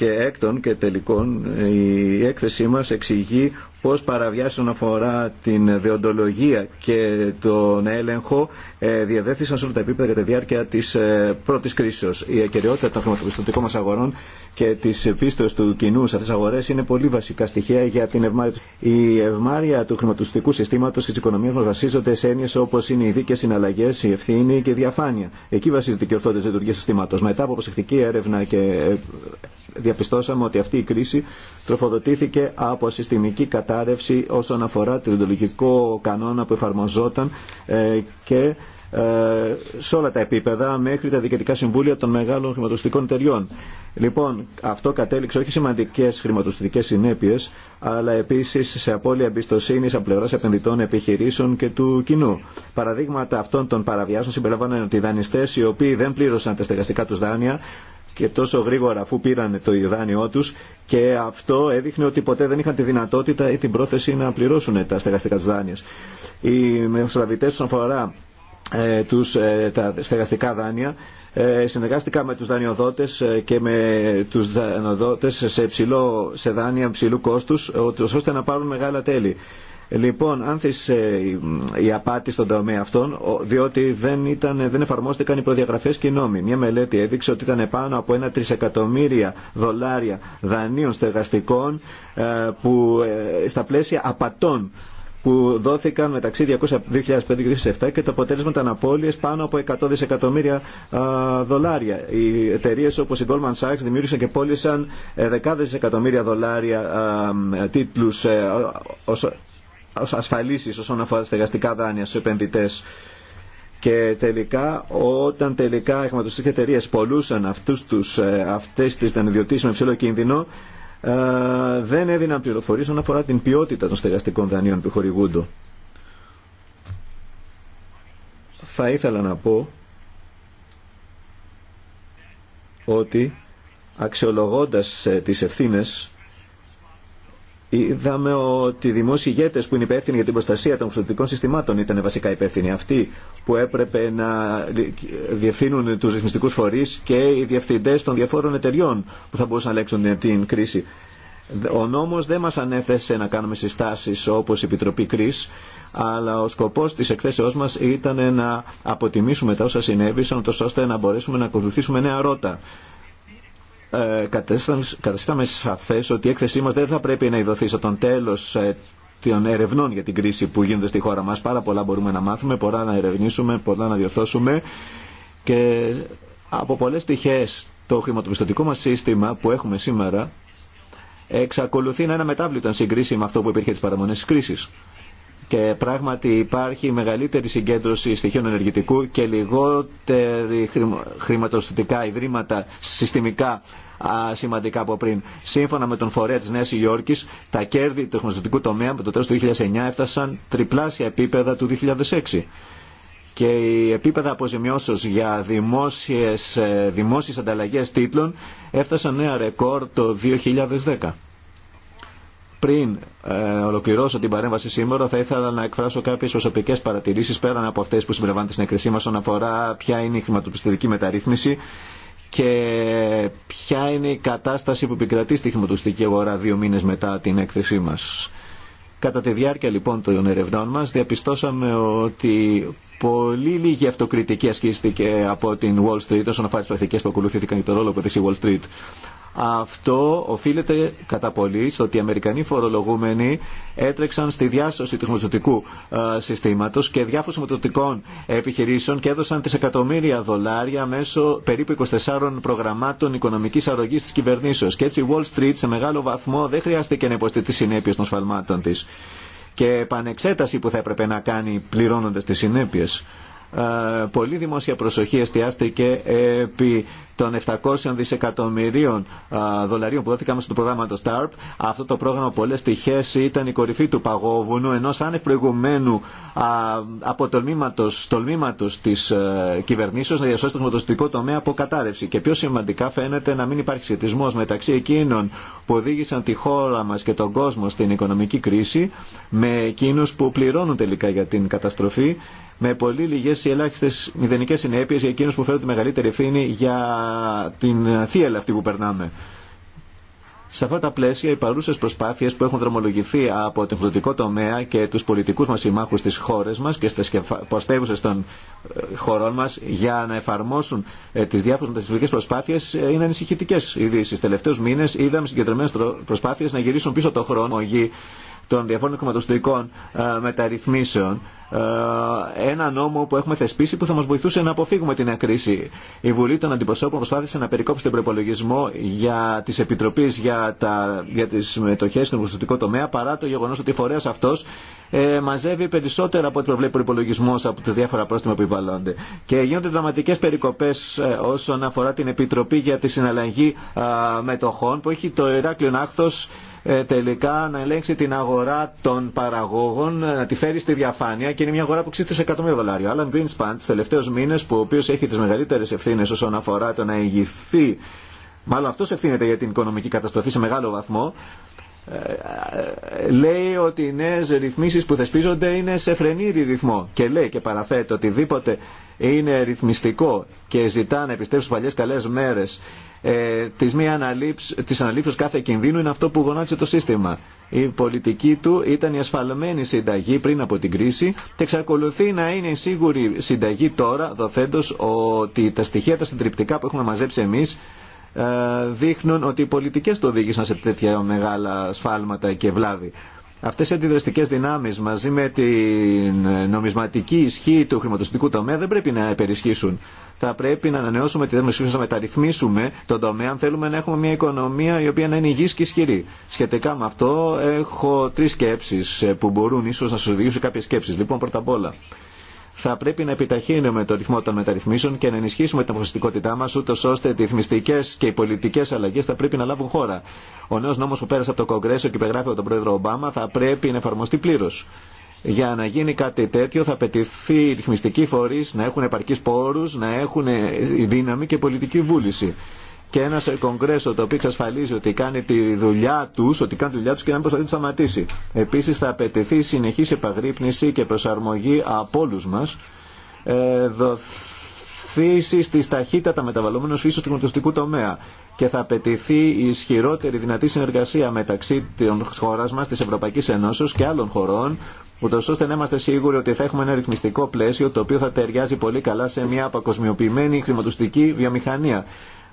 Και έκτον και τελικόν η έκθεσή μας εξηγεί πώς παραβιάσουν αφορά την διοντολογία και τον έλεγχο ε, διαδέθησαν σε όλα τα επίπεδα κατά τη διάρκεια της ε, πρώτης κρίσεως. Η ακεραιότητα των χρηματοπιστωτικών μας αγορών και τη πίστεω του κοινού σε αυτέ τι αγορέ είναι πολύ βασικά στοιχεία για την ευμάρεια. Η ευμάρεια του χρηματοστικού συστήματο και τη οικονομία μα βασίζονται σε έννοιε όπω είναι οι δίκαιε συναλλαγέ, η ευθύνη και η διαφάνεια. Εκεί βασίζεται και ορθότητα τη λειτουργία του συστήματο. Μετά από προσεκτική έρευνα και ε, διαπιστώσαμε ότι αυτή η κρίση τροφοδοτήθηκε από συστημική κατάρρευση όσον αφορά τη δοντολογικό κανόνα που εφαρμοζόταν ε, και ε, σε όλα τα επίπεδα μέχρι τα διοικητικά συμβούλια των μεγάλων χρηματοστικών εταιριών. Λοιπόν, αυτό κατέληξε όχι σημαντικέ χρηματοστικέ συνέπειε, αλλά επίση σε απώλεια εμπιστοσύνη από πλευρά επενδυτών επιχειρήσεων και του κοινού. Παραδείγματα αυτών των παραβιάσεων συμπεριλαμβάνουν ότι οι δανειστέ οι οποίοι δεν πλήρωσαν τα στεγαστικά του δάνεια και τόσο γρήγορα αφού πήραν το δάνειό του, και αυτό έδειχνε ότι ποτέ δεν είχαν τη δυνατότητα ή την πρόθεση να πληρώσουν τα στεγαστικά του δάνεια. Οι μεσολαβητές όσον αφορά ε, τους, ε, τα στεγαστικά δάνεια. Ε, συνεργάστηκα με τους δανειοδότες και με τους δανειοδότες σε, ψηλό, σε δάνεια ψηλού κόστους ώστε να πάρουν μεγάλα τέλη. Λοιπόν, άνθησε η απάτη στον τομέα αυτών, διότι δεν, ήταν, δεν εφαρμόστηκαν οι προδιαγραφές και οι νόμοι. Μια μελέτη έδειξε ότι ήταν πάνω από ένα τρισεκατομμύρια δολάρια δανείων στεγαστικών που στα πλαίσια απατών που δόθηκαν μεταξύ 2005 και 2007 και το αποτέλεσμα ήταν απώλειες πάνω από 100 δισεκατομμύρια δολάρια. Οι εταιρείε όπως η Goldman Sachs δημιούργησαν και πώλησαν ε, δεκάδες δισεκατομμύρια δολάρια τίτλους ε, ως ασφαλίσεις όσον αφορά στεγαστικά δάνεια στους επενδυτές. Και τελικά, όταν τελικά οι χρηματοστικές εταιρείε πολλούσαν αυτούς τους, ε, αυτές τις δανειοδοτήσεις με ψηλό κίνδυνο, ε, δεν έδιναν πληροφορίες όσον αφορά την ποιότητα των στεγαστικών δανείων που χορηγούνται. Θα ήθελα να πω ότι αξιολογώντας ε, τις ευθύνες είδαμε ότι οι δημόσιοι ηγέτες που είναι υπεύθυνοι για την προστασία των φυσικών συστημάτων ήταν βασικά υπεύθυνοι. Αυτοί που έπρεπε να διευθύνουν τους ρυθμιστικούς φορείς και οι διευθυντές των διαφόρων εταιριών που θα μπορούσαν να λέξουν την κρίση. Ο νόμος δεν μας ανέθεσε να κάνουμε συστάσεις όπως η Επιτροπή Κρίς, αλλά ο σκοπός της εκθέσεώς μας ήταν να αποτιμήσουμε τα όσα συνέβησαν, ώστε να μπορέσουμε να ακολουθήσουμε νέα ρότα. Ε, καταστήσαμε σαφές ότι η έκθεσή μας δεν θα πρέπει να ειδωθεί στο τον τέλος ε, των ερευνών για την κρίση που γίνονται στη χώρα μας. Πάρα πολλά μπορούμε να μάθουμε, πολλά να ερευνήσουμε, πολλά να διορθώσουμε και από πολλές τυχές το χρηματοπιστωτικό μας σύστημα που έχουμε σήμερα εξακολουθεί να είναι μετάβλητο αν συγκρίσει με αυτό που υπήρχε τις παραμονές της κρίσης. Και πράγματι υπάρχει μεγαλύτερη συγκέντρωση στοιχείων ενεργητικού και λιγότερη χρηματοστατικά ιδρύματα συστημικά σημαντικά από πριν. Σύμφωνα με τον φορέα τη Νέα Υόρκη, τα κέρδη του χρηματοδοτικού τομέα με το τέλο του 2009 έφτασαν τριπλάσια επίπεδα του 2006 και η επίπεδα αποζημιώσεως για δημόσιες, ε, δημόσιες ανταλλαγές τίτλων έφτασαν νέα ρεκόρ το 2010. Πριν ε, ολοκληρώσω την παρέμβαση σήμερα, θα ήθελα να εκφράσω κάποιε προσωπικέ παρατηρήσει πέραν από αυτέ που συμπεριλαμβάνονται στην εκκλησία μα όσον αφορά ποια είναι η χρηματοπιστωτική μεταρρύθμιση και ποια είναι η κατάσταση που επικρατεί στη χρηματοστική αγορά δύο μήνες μετά την έκθεσή μας. Κατά τη διάρκεια λοιπόν των ερευνών μας διαπιστώσαμε ότι πολύ λίγη αυτοκριτική ασκήστηκε από την Wall Street όσον αφορά τις πρακτικές που ακολουθήθηκαν και το ρόλο που η Wall Street αυτό οφείλεται κατά πολύ στο ότι οι Αμερικανοί φορολογούμενοι έτρεξαν στη διάσωση του χρηματοδοτικού ε, συστήματος και διάφορων χρηματοδοτικών επιχειρήσεων και έδωσαν δισεκατομμύρια δολάρια μέσω περίπου 24 προγραμμάτων οικονομικής αρρωγής της κυβερνήσεως. Και έτσι η Wall Street σε μεγάλο βαθμό δεν χρειάστηκε να υποστεί τις συνέπειες των σφαλμάτων της και επανεξέταση που θα έπρεπε να κάνει πληρώνοντας τις συνέπειες. Ε, πολύ δημόσια προσοχή εστιάστηκε επί των 700 δισεκατομμυρίων δολαρίων που δόθηκαν στο πρόγραμμα του STARP. Αυτό το πρόγραμμα πολλέ πτυχέ ήταν η κορυφή του παγόβουνου ενό άνευ προηγουμένου αποτολμήματο τη ε, κυβερνήσεω να διασώσει το χρηματοστικό τομέα από κατάρρευση. Και πιο σημαντικά φαίνεται να μην υπάρχει σχετισμό μεταξύ εκείνων που οδήγησαν τη χώρα μα και τον κόσμο στην οικονομική κρίση με εκείνου που πληρώνουν τελικά για την καταστροφή με πολύ λιγέ ή ελάχιστε μηδενικέ συνέπειε για εκείνου που φέρουν τη μεγαλύτερη ευθύνη για την θύελα αυτή που περνάμε. Σε αυτά τα πλαίσια, οι παρούσε προσπάθειες που έχουν δρομολογηθεί από τον εκδοτικό τομέα και τους πολιτικούς μα συμμάχου στις χώρες μας και στις προστεύουσες των ε, χωρών μα για να εφαρμόσουν ε, τις διάφορες προσπάθειε προσπάθειες ε, είναι ανησυχητικές. Ήδη στις τελευταίους μήνες είδαμε συγκεντρωμένε προσπάθειες να γυρίσουν πίσω το χρόνο των διαφόρων χρηματοστοικών ε, μεταρρυθμίσεων ε, ένα νόμο που έχουμε θεσπίσει που θα μας βοηθούσε να αποφύγουμε την ακρίση. Η Βουλή των Αντιπροσώπων προσπάθησε να περικόψει τον προπολογισμό για τις επιτροπές για, τα, για τις μετοχές στον προσωπικό τομέα παρά το γεγονός ότι φορέας αυτός ε, μαζεύει περισσότερα από ό,τι προβλέπει προπολογισμό από τα διάφορα πρόστιμα που επιβάλλονται. Και γίνονται δραματικές περικοπές ε, όσον αφορά την Επιτροπή για τη Συναλλαγή Μετοχών που έχει το Ηράκλειο ναχθο. Ε, τελικά να ελέγξει την αγορά των παραγόγων, ε, να τη φέρει στη διαφάνεια και είναι μια αγορά που ξύστησε σε εκατομμύρια δολάρια. Ο Alan Greenspan, του τελευταίου μήνε, που ο οποίο έχει τι μεγαλύτερε ευθύνε όσον αφορά το να ηγηθεί, μάλλον αυτό ευθύνεται για την οικονομική καταστροφή σε μεγάλο βαθμό, ε, λέει ότι οι νέε ρυθμίσει που θεσπίζονται είναι σε φρενήρι ρυθμό. Και λέει και παραθέτει οτιδήποτε είναι ρυθμιστικό και ζητά να επιστρέψει στι παλιέ καλέ μέρε Τη ε, της, μια της κάθε κινδύνου είναι αυτό που γονάτισε το σύστημα. Η πολιτική του ήταν η ασφαλμένη συνταγή πριν από την κρίση και εξακολουθεί να είναι η σίγουρη συνταγή τώρα δοθέντως ότι τα στοιχεία τα συντριπτικά που έχουμε μαζέψει εμείς ε, δείχνουν ότι οι πολιτικές το οδήγησαν σε τέτοια μεγάλα σφάλματα και βλάβη. Αυτέ οι αντιδραστικέ δυνάμει μαζί με την νομισματική ισχύ του χρηματοστικού τομέα δεν πρέπει να υπερισχύσουν. Θα πρέπει να ανανεώσουμε τη δέσμευση να μεταρρυθμίσουμε τον τομέα αν θέλουμε να έχουμε μια οικονομία η οποία να είναι υγιής και ισχυρή. Σχετικά με αυτό έχω τρεις σκέψει που μπορούν ίσω να σα οδηγήσουν κάποιε σκέψει. Λοιπόν, πρώτα απ' όλα, θα πρέπει να επιταχύνουμε το ρυθμό των μεταρρυθμίσεων και να ενισχύσουμε την αποφασιστικότητά μα, ούτω ώστε οι ρυθμιστικέ και οι πολιτικέ αλλαγέ θα πρέπει να λάβουν χώρα. Ο νέο νόμο που πέρασε από το Κογκρέσο και υπεγράφει από τον πρόεδρο Ομπάμα θα πρέπει να εφαρμοστεί πλήρω. Για να γίνει κάτι τέτοιο θα απαιτηθεί οι ρυθμιστικοί φορεί να έχουν επαρκεί πόρου, να έχουν δύναμη και πολιτική βούληση και ένα Κογκρέσο το οποίο εξασφαλίζει ότι κάνει τη δουλειά του, ότι κάνει δουλειά του και να μην προσπαθεί να σταματήσει. Επίση θα απαιτηθεί συνεχή επαγρύπνηση και προσαρμογή από όλου μα. Ε, προωθήσει τη ταχύτατα μεταβαλλόμενου φύσεω του κοινοτιστικού τομέα και θα απαιτηθεί η ισχυρότερη δυνατή συνεργασία μεταξύ τη χώρα μα, τη Ευρωπαϊκή Ενώσεω και άλλων χωρών, ούτω ώστε να είμαστε σίγουροι ότι θα έχουμε ένα ρυθμιστικό πλαίσιο το οποίο θα ταιριάζει πολύ καλά σε μια παγκοσμιοποιημένη χρηματοστική βιομηχανία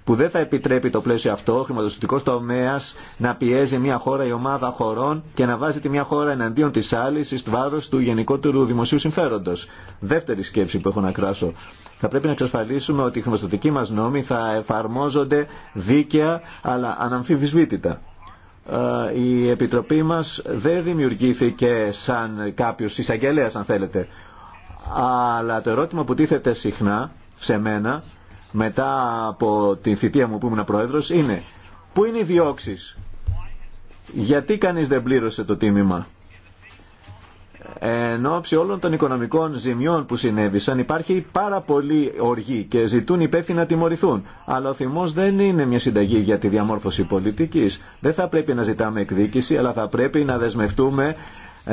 που δεν θα επιτρέπει το πλαίσιο αυτό, ο χρηματοδοτικό τομέα, να πιέζει μια χώρα η ομάδα χωρών και να βάζει τη μια χώρα εναντίον τη άλλη ει βάρο του γενικότερου δημοσίου συμφέροντο. Δεύτερη σκέψη που έχω να κράσω. Θα πρέπει να εξασφαλίσουμε ότι οι χρηματοδοτικοί μα νόμοι θα εφαρμόζονται δίκαια αλλά αναμφιβισβήτητα. Ε, η Επιτροπή μα δεν δημιουργήθηκε σαν κάποιο εισαγγελέα, αν θέλετε. Αλλά το ερώτημα που τίθεται συχνά σε μένα μετά από την θητεία μου που ήμουν πρόεδρος είναι πού είναι οι διώξεις γιατί κανείς δεν πλήρωσε το τίμημα εν ώψη όλων των οικονομικών ζημιών που συνέβησαν υπάρχει πάρα πολλή οργή οργή και ζητούν υπεύθυνα να τιμωρηθούν. Αλλά ο θυμό δεν είναι μια συνταγή για τη διαμόρφωση πολιτική. Δεν θα πρέπει να ζητάμε εκδίκηση, αλλά θα πρέπει να δεσμευτούμε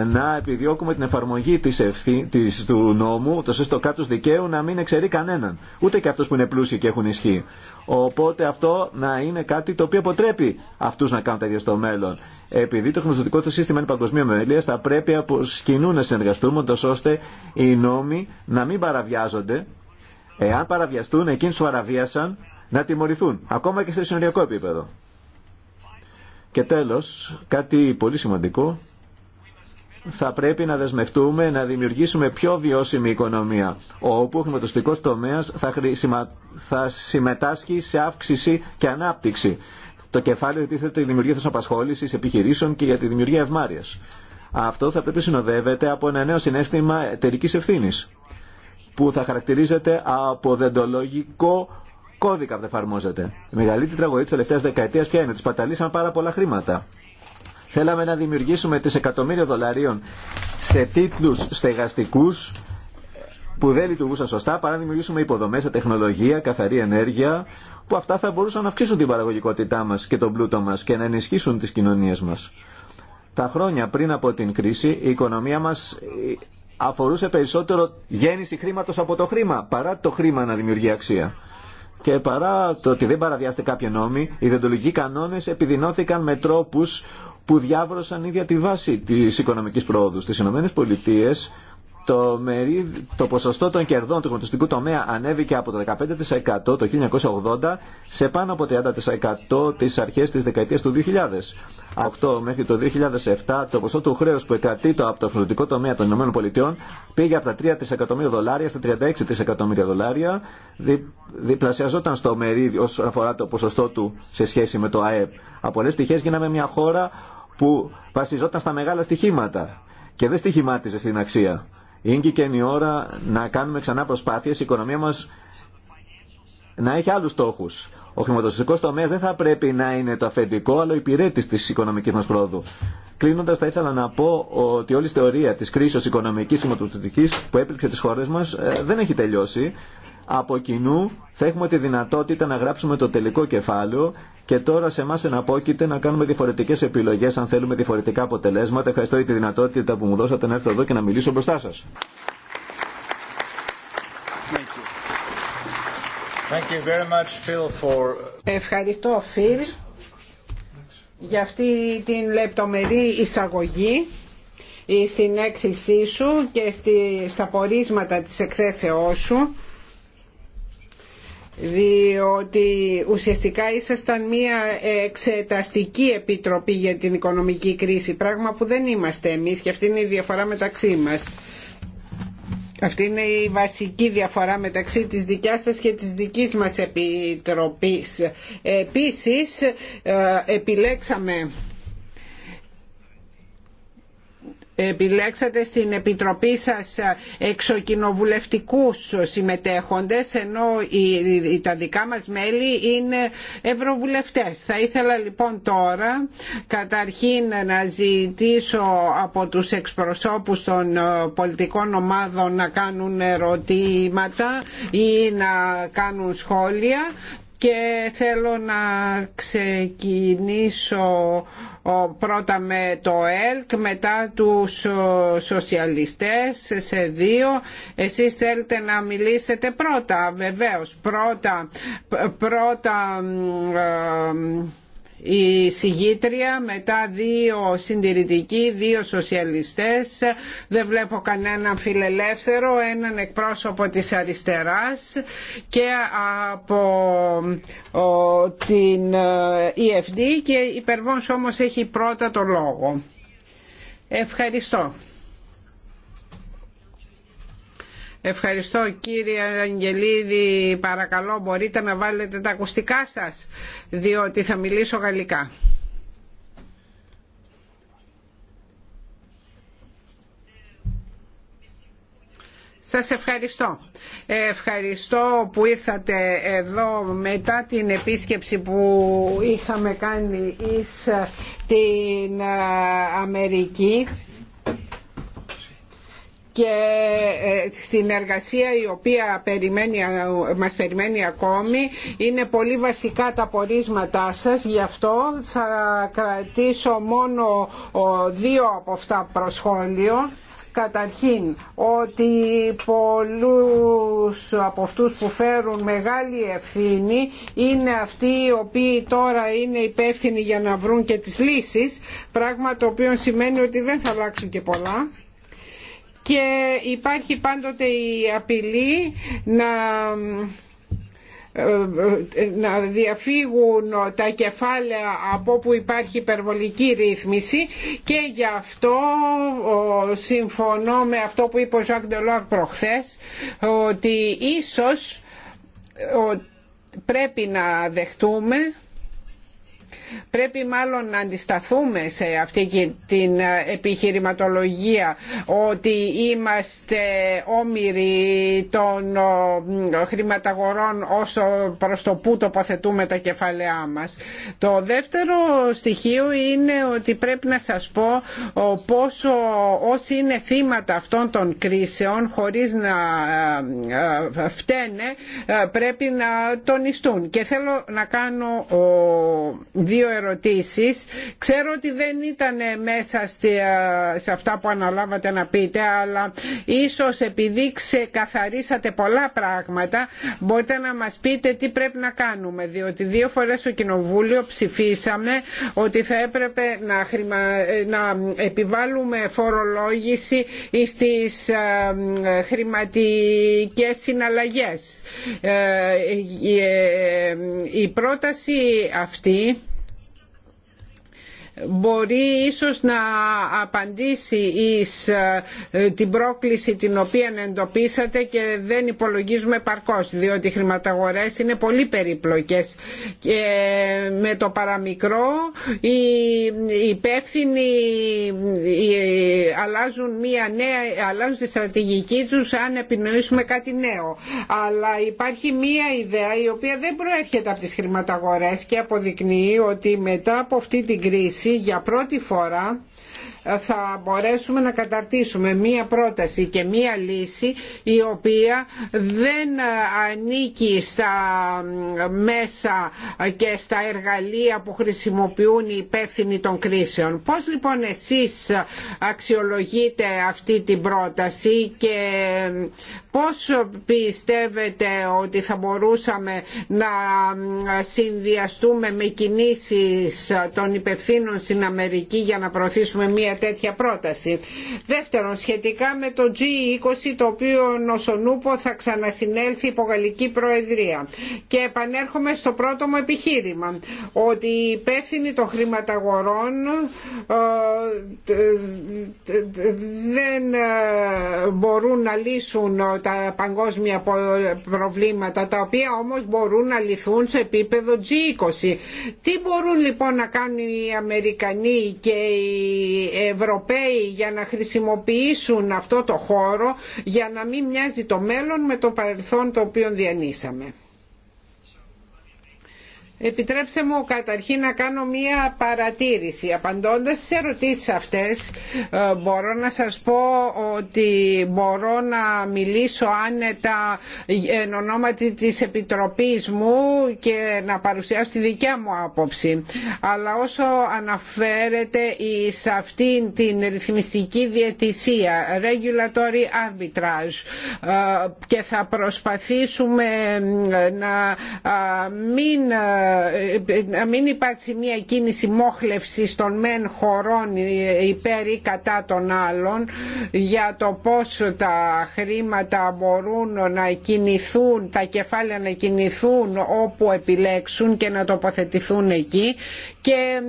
να επιδιώκουμε την εφαρμογή της ευθύ, της, του νόμου, το ώστε το κράτος δικαίου να μην εξαιρεί κανέναν, ούτε και αυτού που είναι πλούσιοι και έχουν ισχύ. Οπότε αυτό να είναι κάτι το οποίο αποτρέπει αυτούς να κάνουν τα ίδια στο μέλλον. Επειδή το χρηματοδοτικό του σύστημα είναι παγκοσμία μελία, θα πρέπει από σκηνού να συνεργαστούμε, ώστε οι νόμοι να μην παραβιάζονται. Εάν παραβιαστούν, εκείνους που παραβίασαν, να τιμωρηθούν, ακόμα και σε συνοριακό επίπεδο. Και τέλος, κάτι πολύ σημαντικό, θα πρέπει να δεσμευτούμε να δημιουργήσουμε πιο βιώσιμη οικονομία, όπου ο χρηματοστικός τομέας θα, θα συμμετάσχει σε αύξηση και ανάπτυξη. Το κεφάλαιο τίθεται τη δημιουργία θέσεων απασχόλησης επιχειρήσεων και για τη δημιουργία ευμάρειας. Αυτό θα πρέπει να συνοδεύεται από ένα νέο συνέστημα εταιρική ευθύνη, που θα χαρακτηρίζεται από δεντολογικό κώδικα που εφαρμόζεται. Η μεγαλύτερη τραγωδία τη τελευταία δεκαετία ποια είναι. Του πάρα πολλά χρήματα. Θέλαμε να δημιουργήσουμε τις εκατομμύρια δολαρίων σε τίτλους στεγαστικούς που δεν λειτουργούσαν σωστά, παρά να δημιουργήσουμε υποδομέ, τεχνολογία, καθαρή ενέργεια, που αυτά θα μπορούσαν να αυξήσουν την παραγωγικότητά μα και τον πλούτο μα και να ενισχύσουν τι κοινωνίε μα. Τα χρόνια πριν από την κρίση, η οικονομία μα αφορούσε περισσότερο γέννηση χρήματο από το χρήμα, παρά το χρήμα να δημιουργεί αξία. Και παρά το ότι δεν παραβιάστηκε κάποιο νόμοι, οι δεντολογικοί κανόνε επιδεινώθηκαν με τρόπου που διάβρωσαν ίδια τη βάση της οικονομικής πρόοδου. Στις ΗΠΑ το, το ποσοστό των κερδών του χρηματοστικού τομέα ανέβηκε από το 15% το 1980 σε πάνω από 30% τις αρχές της δεκαετίας του 2000. Αυτό μέχρι το 2007 το ποσό του χρέους που εκρατείτο από το χρηματιστικό τομέα των ΗΠΑ πήγε από τα 3 δισεκατομμύρια δολάρια στα 36 δισεκατομμύρια δολάρια δι, διπλασιαζόταν στο μερίδιο όσον αφορά το ποσοστό του σε σχέση με το ΑΕΠ. Από πολλές γίναμε μια χώρα που βασιζόταν στα μεγάλα στοιχήματα και δεν στοιχημάτιζε στην αξία. Είναι και, η ώρα να κάνουμε ξανά προσπάθειες, η οικονομία μας να έχει άλλους στόχους. Ο χρηματοδοτικός τομέας δεν θα πρέπει να είναι το αφεντικό, αλλά ο υπηρέτης της οικονομικής μας πρόοδου. Κλείνοντας, θα ήθελα να πω ότι όλη η θεωρία της κρίσης οικονομικής και χρηματοδοτικής που έπληξε τις χώρες μας ε, δεν έχει τελειώσει από κοινού θα έχουμε τη δυνατότητα να γράψουμε το τελικό κεφάλαιο και τώρα σε εμά εναπόκειται να κάνουμε διαφορετικέ επιλογέ αν θέλουμε διαφορετικά αποτελέσματα. Ευχαριστώ για τη δυνατότητα που μου δώσατε να έρθω εδώ και να μιλήσω μπροστά σα. Uh, Ευχαριστώ, Φιλ, για αυτή την λεπτομερή εισαγωγή ε, στην έκθεσή σου και στα πορίσματα της εκθέσεώς σου διότι ουσιαστικά ήσασταν μια εξεταστική επιτροπή για την οικονομική κρίση, πράγμα που δεν είμαστε εμείς και αυτή είναι η διαφορά μεταξύ μας. Αυτή είναι η βασική διαφορά μεταξύ της δικιάς σας και της δικής μας επιτροπής. Επίσης, ε, επιλέξαμε επιλέξατε στην Επιτροπή σας εξοκοινοβουλευτικούς συμμετέχοντες ενώ τα δικά μας μέλη είναι ευρωβουλευτές. Θα ήθελα λοιπόν τώρα καταρχήν να ζητήσω από τους εξπροσώπους των πολιτικών ομάδων να κάνουν ερωτήματα ή να κάνουν σχόλια και θέλω να ξεκινήσω πρώτα με το ΕΛΚ, μετά τους σοσιαλιστές σε δύο. Εσείς θέλετε να μιλήσετε πρώτα, βεβαίως. Πρώτα, πρώτα ε, η συγγήτρια, μετά δύο συντηρητικοί, δύο σοσιαλιστές, δεν βλέπω κανέναν φιλελεύθερο, έναν εκπρόσωπο της αριστεράς και από την ε, EFD και υπερβόνς όμως έχει πρώτα το λόγο. Ευχαριστώ. Ευχαριστώ κύριε Αγγελίδη, παρακαλώ μπορείτε να βάλετε τα ακουστικά σας, διότι θα μιλήσω γαλλικά. Σας ευχαριστώ. Ευχαριστώ που ήρθατε εδώ μετά την επίσκεψη που είχαμε κάνει εις την Αμερική και ε, στην εργασία η οποία περιμένει, ε, μας περιμένει ακόμη είναι πολύ βασικά τα πορίσματά σας γι' αυτό θα κρατήσω μόνο δύο από αυτά προσχόλιο καταρχήν ότι πολλούς από αυτούς που φέρουν μεγάλη ευθύνη είναι αυτοί οι οποίοι τώρα είναι υπεύθυνοι για να βρουν και τις λύσεις πράγμα το οποίο σημαίνει ότι δεν θα αλλάξουν και πολλά και υπάρχει πάντοτε η απειλή να ε, να διαφύγουν τα κεφάλαια από όπου υπάρχει υπερβολική ρύθμιση και γι' αυτό συμφωνώ με αυτό που είπε ο Ζακ Ντελόρ προχθές ότι ίσως πρέπει να δεχτούμε Πρέπει μάλλον να αντισταθούμε σε αυτή την ε, επιχειρηματολογία ότι είμαστε όμοιροι των χρηματαγορών όσο προς το που τοποθετούμε τα κεφαλαία μας. Το δεύτερο στοιχείο είναι ότι πρέπει να σας πω πόσο όσοι είναι θύματα αυτών των κρίσεων χωρίς να ε, ε, φταίνε πρέπει να τονιστούν. Και θέλω να κάνω δύο δύο ερωτήσεις. Ξέρω ότι δεν ήταν μέσα σε αυτά που αναλάβατε να πείτε, αλλά ίσως επειδή ξεκαθαρίσατε πολλά πράγματα, μπορείτε να μας πείτε τι πρέπει να κάνουμε, διότι δύο φορές στο Κοινοβούλιο ψηφίσαμε ότι θα έπρεπε να, χρημα... Ε, να επιβάλλουμε φορολόγηση στις ε, χρηματικές συναλλαγές. Ε, η πρόταση αυτή μπορεί ίσως να απαντήσει εις ε, την πρόκληση την οποία εντοπίσατε και δεν υπολογίζουμε παρκώς διότι οι χρηματαγορές είναι πολύ περίπλοκες και με το παραμικρό οι υπεύθυνοι αλλάζουν, μια νέα, αλλάζουν τη στρατηγική τους αν επινοήσουμε κάτι νέο αλλά υπάρχει μια ιδέα η οποία δεν προέρχεται από τις χρηματαγορές και αποδεικνύει ότι μετά από αυτή την κρίση για πρώτη φορά θα μπορέσουμε να καταρτήσουμε μία πρόταση και μία λύση η οποία δεν ανήκει στα μέσα και στα εργαλεία που χρησιμοποιούν οι υπεύθυνοι των κρίσεων. Πώς λοιπόν εσείς αξιολογείτε αυτή την πρόταση και πώς πιστεύετε ότι θα μπορούσαμε να συνδυαστούμε με κινήσεις των υπευθύνων στην Αμερική για να προωθήσουμε μία τέτοια πρόταση. Δεύτερον, σχετικά με το G20 το οποίο νοσονούπο θα ξανασυνέλθει υπό Γαλλική Προεδρία. Και επανέρχομαι στο πρώτο μου επιχείρημα, ότι οι υπεύθυνοι των χρηματαγορών ε, δεν ε, μπορούν να λύσουν τα παγκόσμια προβλήματα, τα οποία όμως μπορούν να λυθούν σε επίπεδο G20. Τι μπορούν λοιπόν να κάνουν οι Αμερικανοί και οι Ευρωπαίοι για να χρησιμοποιήσουν αυτό το χώρο για να μην μοιάζει το μέλλον με το παρελθόν το οποίο διανύσαμε. Επιτρέψτε μου καταρχήν να κάνω μία παρατήρηση. Απαντώντας σε ερωτήσεις αυτές ε, μπορώ να σας πω ότι μπορώ να μιλήσω άνετα εν ονόματι της Επιτροπής μου και να παρουσιάσω τη δικιά μου άποψη. Αλλά όσο αναφέρεται σε αυτήν την ρυθμιστική διαιτησία, regulatory arbitrage ε, και θα προσπαθήσουμε να ε, μην να μην υπάρξει μια κίνηση μόχλευσης των μεν χωρών υπέρ ή κατά των άλλων για το πώς τα χρήματα μπορούν να κινηθούν, τα κεφάλαια να κινηθούν όπου επιλέξουν και να τοποθετηθούν εκεί και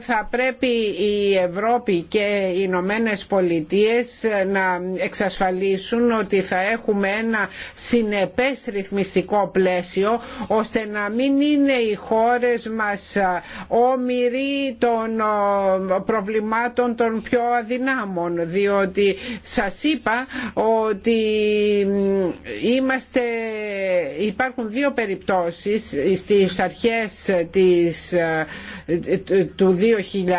θα πρέπει η Ευρώπη και οι Ηνωμένε Πολιτείες ε, να εξασφαλίσουν ότι θα έχουμε ένα συνεπές ρυθμιστικό πλαίσιο ώστε να μην είναι οι χώρες μας ε, όμοιροι των ε, προβλημάτων των πιο αδυνάμων διότι σας είπα ότι είμαστε, υπάρχουν δύο περιπτώσεις στις αρχές της του 2000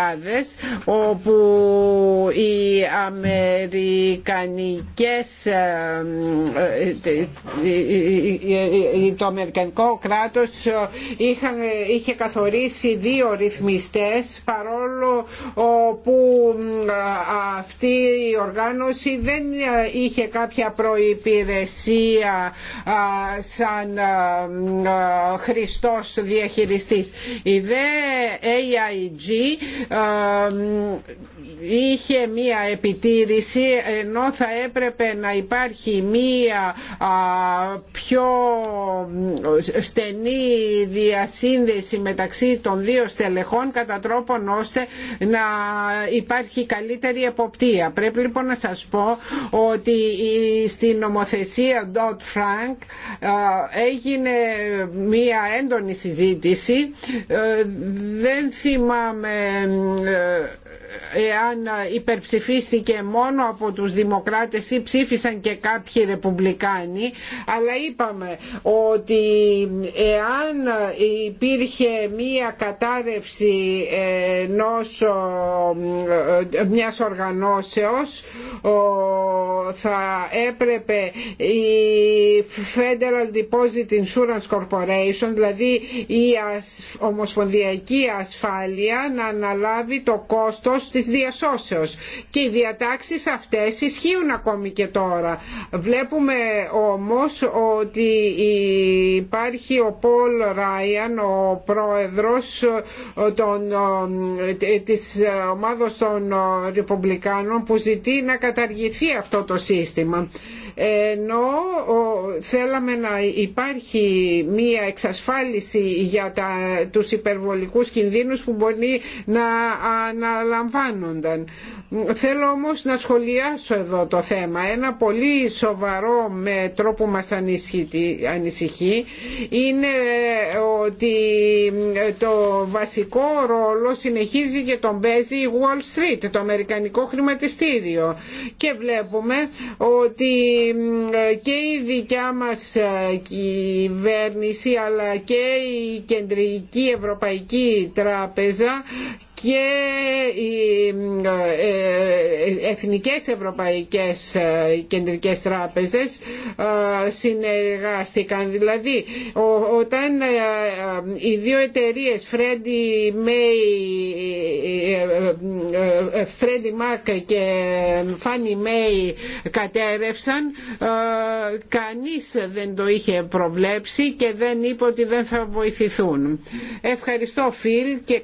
όπου οι αμερικανικές το αμερικανικό κράτος είχαν, είχε καθορίσει δύο ρυθμιστές παρόλο που αυτή η οργάνωση δεν είχε κάποια προϋπηρεσία σαν χριστός διαχειριστής. Η δε AIG είχε μία επιτήρηση ενώ θα έπρεπε να υπάρχει μία πιο στενή διασύνδεση μεταξύ των δύο στελεχών κατά τρόπον ώστε να υπάρχει καλύτερη εποπτεία. Πρέπει λοιπόν να σας πω ότι στην νομοθεσία Dodd Frank έγινε μία έντονη συζήτηση. Ε, δεν θυμάμαι ε, εάν υπερψηφίστηκε μόνο από τους δημοκράτες ή ψήφισαν και κάποιοι ρεπουμπλικάνοι αλλά είπαμε ότι εάν υπήρχε μία κατάρρευση ενός, μιας οργανώσεως θα έπρεπε η Federal Deposit Insurance Corporation δηλαδή η ομοσπονδιακή ασφάλεια να αναλάβει το κόστος Τη της διασώσεως και οι διατάξεις αυτές ισχύουν ακόμη και τώρα. Βλέπουμε όμως ότι υπάρχει ο Πολ Ράιαν, ο πρόεδρος των, της ομάδος των Ρεπουμπλικάνων που ζητεί να καταργηθεί αυτό το σύστημα ενώ θέλαμε να υπάρχει μία εξασφάλιση για τα, τους υπερβολικούς κινδύνους που μπορεί να αναλαμβάνονταν. Θέλω όμως να σχολιάσω εδώ το θέμα. Ένα πολύ σοβαρό μέτρο που μας ανησυχεί είναι ότι το βασικό ρόλο συνεχίζει και τον παίζει η Wall Street, το Αμερικανικό χρηματιστήριο. Και βλέπουμε ότι και η δικιά μας ε, κυβέρνηση αλλά και η Κεντρική Ευρωπαϊκή Τράπεζα και οι ε, ε, εθνικές ευρωπαϊκές ε, κεντρικές τράπεζες συνεργάστηκαν. Δηλαδή όταν οι δύο εταιρείες Freddie May, Mac και Fannie Mae κατέρευσαν κανείς δεν το είχε προβλέψει και δεν είπε ότι δεν θα βοηθηθούν. Ευχαριστώ Φιλ και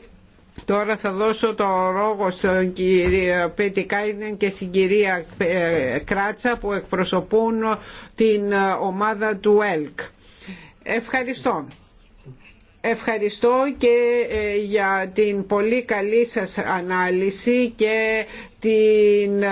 Τώρα θα δώσω το λόγο στον κύριο Κάινεν και στην κυρία ε, Κράτσα που εκπροσωπούν την ε, ομάδα του ΕΛΚ. Ευχαριστώ. Ευχαριστώ και ε, για την πολύ καλή σας ανάλυση και την ε,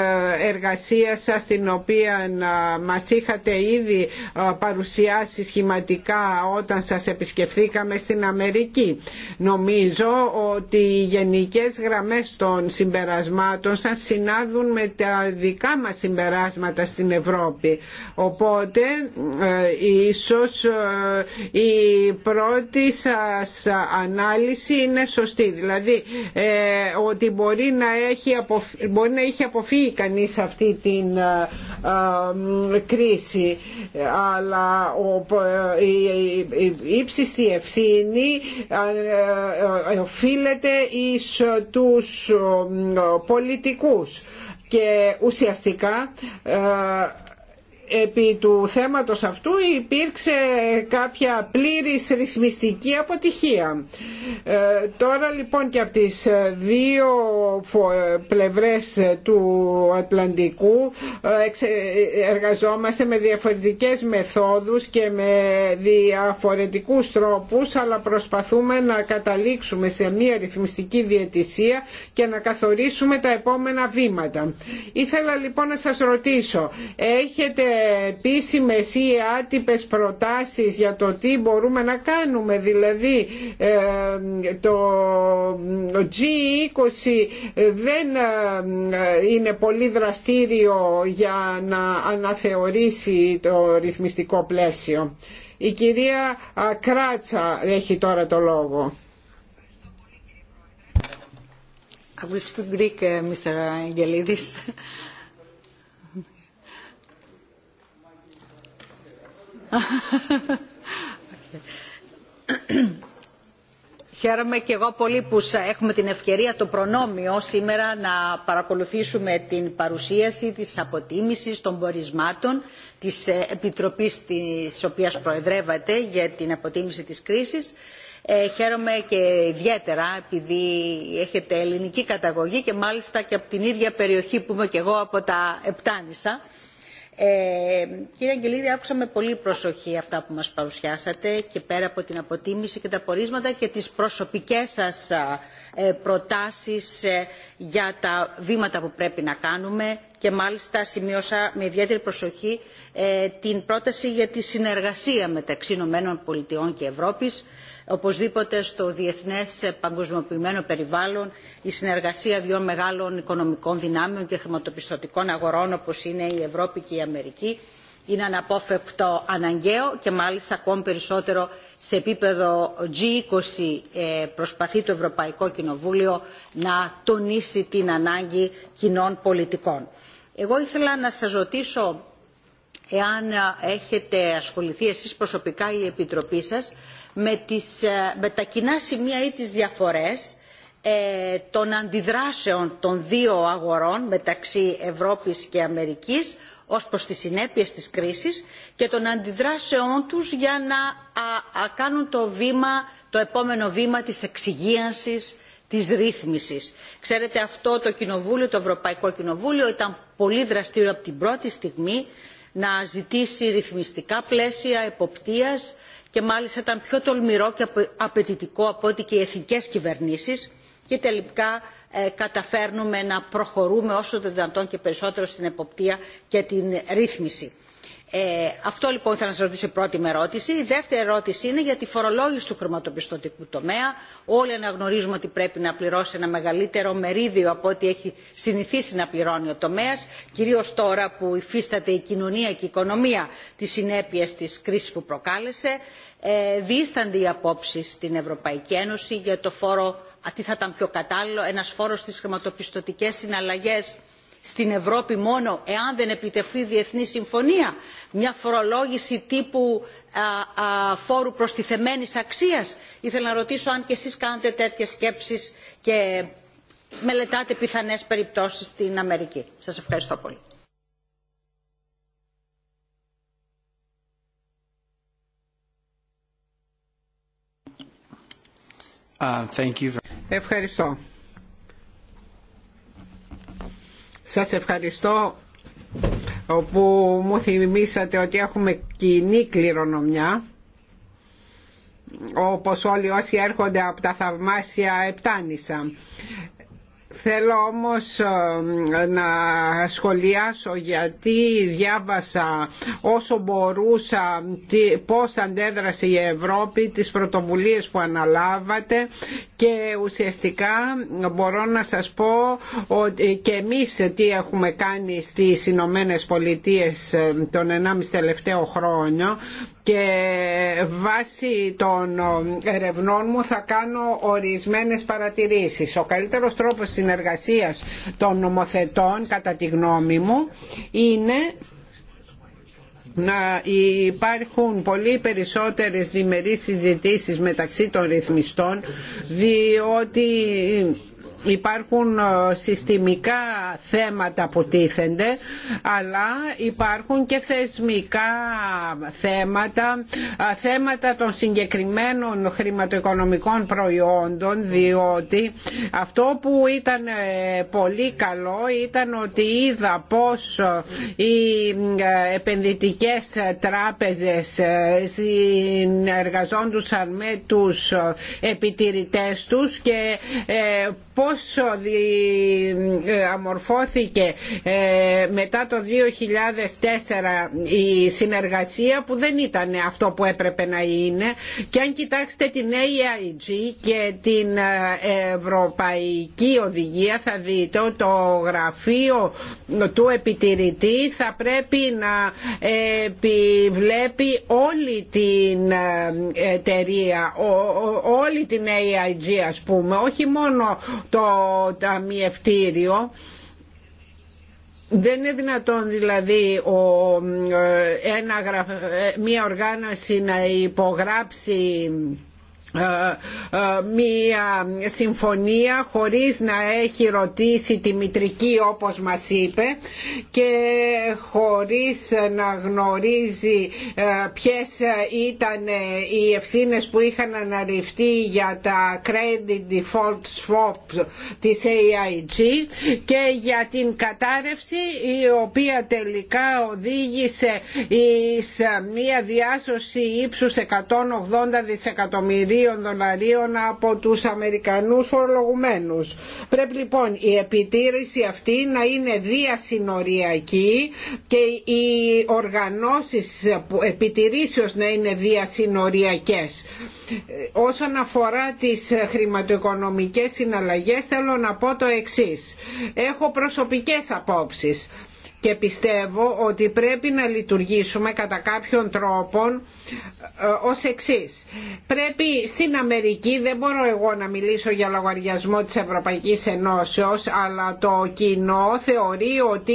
εργασία σας την οποία ε, μας είχατε ήδη ε, παρουσιάσει σχηματικά όταν σας επισκεφθήκαμε στην Αμερική. Νομίζω ότι οι γενικές γραμμές των συμπερασμάτων σας συνάδουν με τα δικά μας συμπεράσματα στην Ευρώπη. Οπότε ίσως η πρώτη σας ανάλυση είναι σωστή. Δηλαδή ότι μπορεί να έχει αποφ Μπορεί να είχε αποφύγει κανείς αυτή την ε, ε, κρίση αλλά ε, η ύψιστη ευθύνη οφείλεται εις τους πολιτικούς και ουσιαστικά επί του θέματος αυτού υπήρξε κάποια πλήρης ρυθμιστική αποτυχία. Ε, τώρα λοιπόν και από τις δύο πλευρές του Ατλαντικού ε, εργαζόμαστε με διαφορετικές μεθόδους και με διαφορετικούς τρόπους αλλά προσπαθούμε να καταλήξουμε σε μια ρυθμιστική διαιτησία και να καθορίσουμε τα επόμενα βήματα. Ήθελα λοιπόν να σας ρωτήσω έχετε επίσημες ή άτυπες προτάσεις για το τι μπορούμε να κάνουμε δηλαδή ε, το G20 δεν ε, είναι πολύ δραστήριο για να αναθεωρήσει το ρυθμιστικό πλαίσιο. Η κυρία Κράτσα έχει τώρα το λόγο. I will speak Greek, ε, Mr. Χαίρομαι και εγώ πολύ που έχουμε την ευκαιρία, το προνόμιο σήμερα να παρακολουθήσουμε την παρουσίαση της αποτίμησης των πορισμάτων της ε, Επιτροπής της οποίας προεδρεύατε για την αποτίμηση της κρίσης. Ε, χαίρομαι και ιδιαίτερα επειδή έχετε ελληνική καταγωγή και μάλιστα και από την ίδια περιοχή που είμαι και εγώ από τα Επτάνησα ε, κύριε Αγγελίδη, άκουσα με πολύ προσοχή αυτά που μας παρουσιάσατε και πέρα από την αποτίμηση και τα πορίσματα και τις προσωπικές σας ε, προτάσεις ε, για τα βήματα που πρέπει να κάνουμε και μάλιστα σημείωσα με ιδιαίτερη προσοχή την πρόταση για τη συνεργασία μεταξύ ηνωμένων πολιτειών και ευρώπης οπωσδήποτε στο διεθνές παγκοσμιοποιημένο περιβάλλον η συνεργασία δύο μεγάλων οικονομικών δυνάμεων και χρηματοπιστωτικών αγορών όπως είναι η Ευρώπη και η Αμερική είναι αναπόφευκτο αναγκαίο και μάλιστα ακόμη περισσότερο σε επίπεδο G20 ε, προσπαθεί το Ευρωπαϊκό Κοινοβούλιο να τονίσει την ανάγκη κοινών πολιτικών. Εγώ ήθελα να σας ρωτήσω εάν ε, έχετε ασχοληθεί εσείς προσωπικά ή η Επιτροπή σας με, τις, ε, με τα κοινά σημεία ή τις διαφορές ε, των αντιδράσεων των δύο αγορών μεταξύ Ευρώπης και Αμερικής ως προς τις συνέπειες της κρίσης και των αντιδράσεών τους για να κάνουν το, βήμα, το επόμενο βήμα της εξυγίανσης της ρύθμισης. Ξέρετε αυτό το Κοινοβούλιο, το Ευρωπαϊκό Κοινοβούλιο ήταν πολύ δραστήριο από την πρώτη στιγμή να ζητήσει ρυθμιστικά πλαίσια εποπτείας και μάλιστα ήταν πιο τολμηρό και απαιτητικό από ό,τι και οι εθνικές κυβερνήσεις και τελικά ε, καταφέρνουμε να προχωρούμε όσο το δυνατόν και περισσότερο στην εποπτεία και την ρύθμιση. Ε, αυτό λοιπόν ήθελα να σα ρωτήσω η πρώτη με ερώτηση. Η δεύτερη ερώτηση είναι για τη φορολόγηση του χρηματοπιστωτικού τομέα. Όλοι αναγνωρίζουμε ότι πρέπει να πληρώσει ένα μεγαλύτερο μερίδιο από ό,τι έχει συνηθίσει να πληρώνει ο τομέα, κυρίω τώρα που υφίσταται η κοινωνία και η οικονομία τι συνέπειε τη κρίση που προκάλεσε. Ε, διήστανται οι απόψει στην Ευρωπαϊκή Ένωση για το φόρο, τι θα ήταν πιο κατάλληλο, ένα φόρο στι χρηματοπιστωτικέ συναλλαγέ στην Ευρώπη μόνο εάν δεν επιτευχθεί διεθνή συμφωνία, μια φορολόγηση τύπου α, α, φόρου προστιθεμένης αξίας. Ήθελα να ρωτήσω αν και εσείς κάνετε τέτοιες σκέψεις και μελετάτε πιθανές περιπτώσεις στην Αμερική. Σας ευχαριστώ πολύ. Uh, ευχαριστώ. Σας ευχαριστώ όπου μου θυμίσατε ότι έχουμε κοινή κληρονομιά όπως όλοι όσοι έρχονται από τα θαυμάσια Επτάνησα Θέλω όμως ε, να σχολιάσω γιατί διάβασα όσο μπορούσα πώς αντέδρασε η Ευρώπη, τις πρωτοβουλίες που αναλάβατε και ουσιαστικά μπορώ να σας πω ότι και εμείς τι έχουμε κάνει στις Ηνωμένε Πολιτείε ε, τον 1,5 τελευταίο χρόνο και βάσει των ε, ερευνών μου θα κάνω ορισμένες παρατηρήσεις. Ο καλύτερος τρόπος των νομοθετών κατά τη γνώμη μου είναι να υπάρχουν πολύ περισσότερες διμερείς συζητήσεις μεταξύ των ρυθμιστών διότι υπάρχουν ε, συστημικά θέματα που τίθενται αλλά υπάρχουν και θεσμικά θέματα ε, θέματα των συγκεκριμένων χρηματοοικονομικών προϊόντων διότι αυτό που ήταν ε, πολύ καλό ήταν ότι είδα πως οι επενδυτικές τράπεζες συνεργαζόντουσαν με τους επιτηρητές τους και πόσο διαμορφώθηκε ε, ε, μετά το 2004 η συνεργασία που δεν ήταν αυτό που έπρεπε να είναι και αν κοιτάξετε την AIG και την ε, Ευρωπαϊκή Οδηγία θα δείτε το γραφείο του επιτηρητή θα πρέπει να επιβλέπει όλη την εταιρεία, όλη την AIG ας πούμε, όχι μόνο το ταμιευτήριο δεν είναι δυνατόν δηλαδή ο, ε, ένα, ε, μια οργάνωση να υπογράψει ε, ε, μία συμφωνία χωρίς να έχει ρωτήσει τη μητρική όπως μας είπε και χωρίς να γνωρίζει ε, ποιες ήταν οι ευθύνες που είχαν αναρριφθεί για τα credit default swap της AIG και για την κατάρρευση η οποία τελικά οδήγησε σε μία διάσωση ύψους 180 δισεκατομμυρίων δολαρίων από τους Αμερικανούς φορολογουμένους. Πρέπει λοιπόν η επιτήρηση αυτή να είναι διασυνοριακή και οι οργανώσεις επιτηρήσεως να είναι διασυνοριακές. Όσον αφορά τις χρηματοοικονομικές συναλλαγές θέλω να πω το εξής. Έχω προσωπικές απόψεις και πιστεύω ότι πρέπει να λειτουργήσουμε κατά κάποιον τρόπο ε, ως εξής. Πρέπει στην Αμερική, δεν μπορώ εγώ να μιλήσω για λογαριασμό της Ευρωπαϊκής Ενώσεως, αλλά το κοινό θεωρεί ότι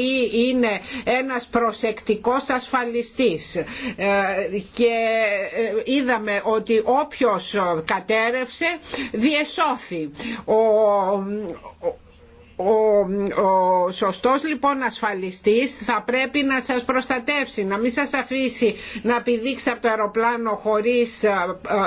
είναι ένας προσεκτικός ασφαλιστής. Ε, και ε, είδαμε ότι όποιος κατέρευσε διεσώθη ο σωστός λοιπόν ασφαλιστής θα πρέπει να σας προστατεύσει να μην σας αφήσει να πηδήξετε από το αεροπλάνο χωρίς ε,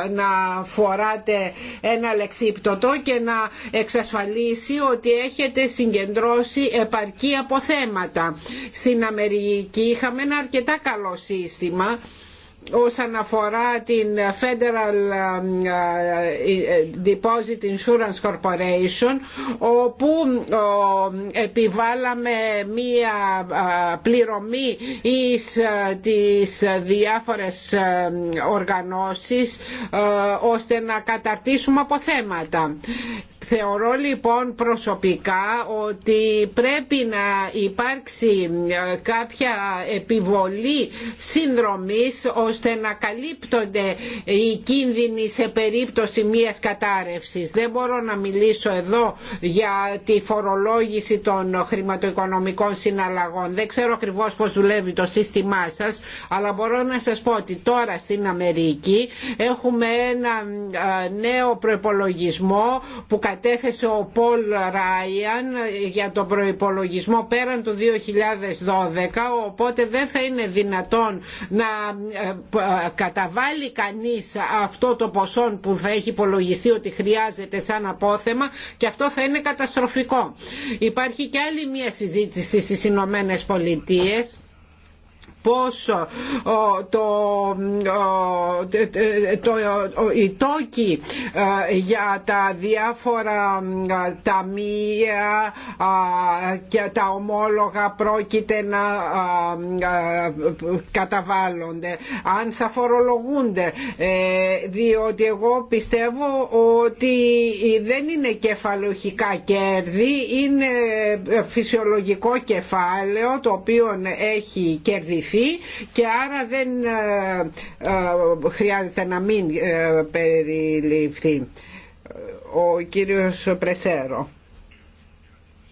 ε, να φοράτε ένα λεξίπτωτο και να εξασφαλίσει ότι έχετε συγκεντρώσει επαρκή αποθέματα. Στην Αμερική είχαμε ένα αρκετά καλό σύστημα όσον αφορά την Federal ε, ε, ε, Deposit Insurance Corporation όπου επιβάλαμε μία πληρωμή εις τις διάφορες οργανώσεις ώστε να καταρτήσουμε θέματα. Θεωρώ λοιπόν προσωπικά ότι πρέπει να υπάρξει ε, κάποια επιβολή συνδρομής ώστε να καλύπτονται οι κίνδυνοι σε περίπτωση μιας κατάρρευσης. Δεν μπορώ να μιλήσω εδώ για τη φορολόγηση των χρηματοοικονομικών συναλλαγών. Δεν ξέρω ακριβώς πώς δουλεύει το σύστημά σας, αλλά μπορώ να σας πω ότι τώρα στην Αμερική έχουμε ένα ε, νέο προπολογισμό που κατέθεσε ο Πολ Ράιαν για το προϋπολογισμό πέραν του 2012 οπότε δεν θα είναι δυνατόν να ε, ε, καταβάλει κανείς αυτό το ποσό που θα έχει υπολογιστεί ότι χρειάζεται σαν απόθεμα και αυτό θα είναι καταστροφικό. Υπάρχει και άλλη μια συζήτηση στις Ηνωμένε Πολιτείες πώς το, το, οι τόκοι ε, για τα διάφορα ταμεία και τα ομόλογα πρόκειται να καταβάλλονται αν θα φορολογούνται ε, διότι εγώ πιστεύω ότι δεν είναι κεφαλοχικά κέρδη είναι ε, φυσιολογικό κεφάλαιο το οποίο έχει κερδιθεί και άρα δεν ε, ε, χρειάζεται να μην ε, περιληφθεί ο κύριος Πρεσέρο.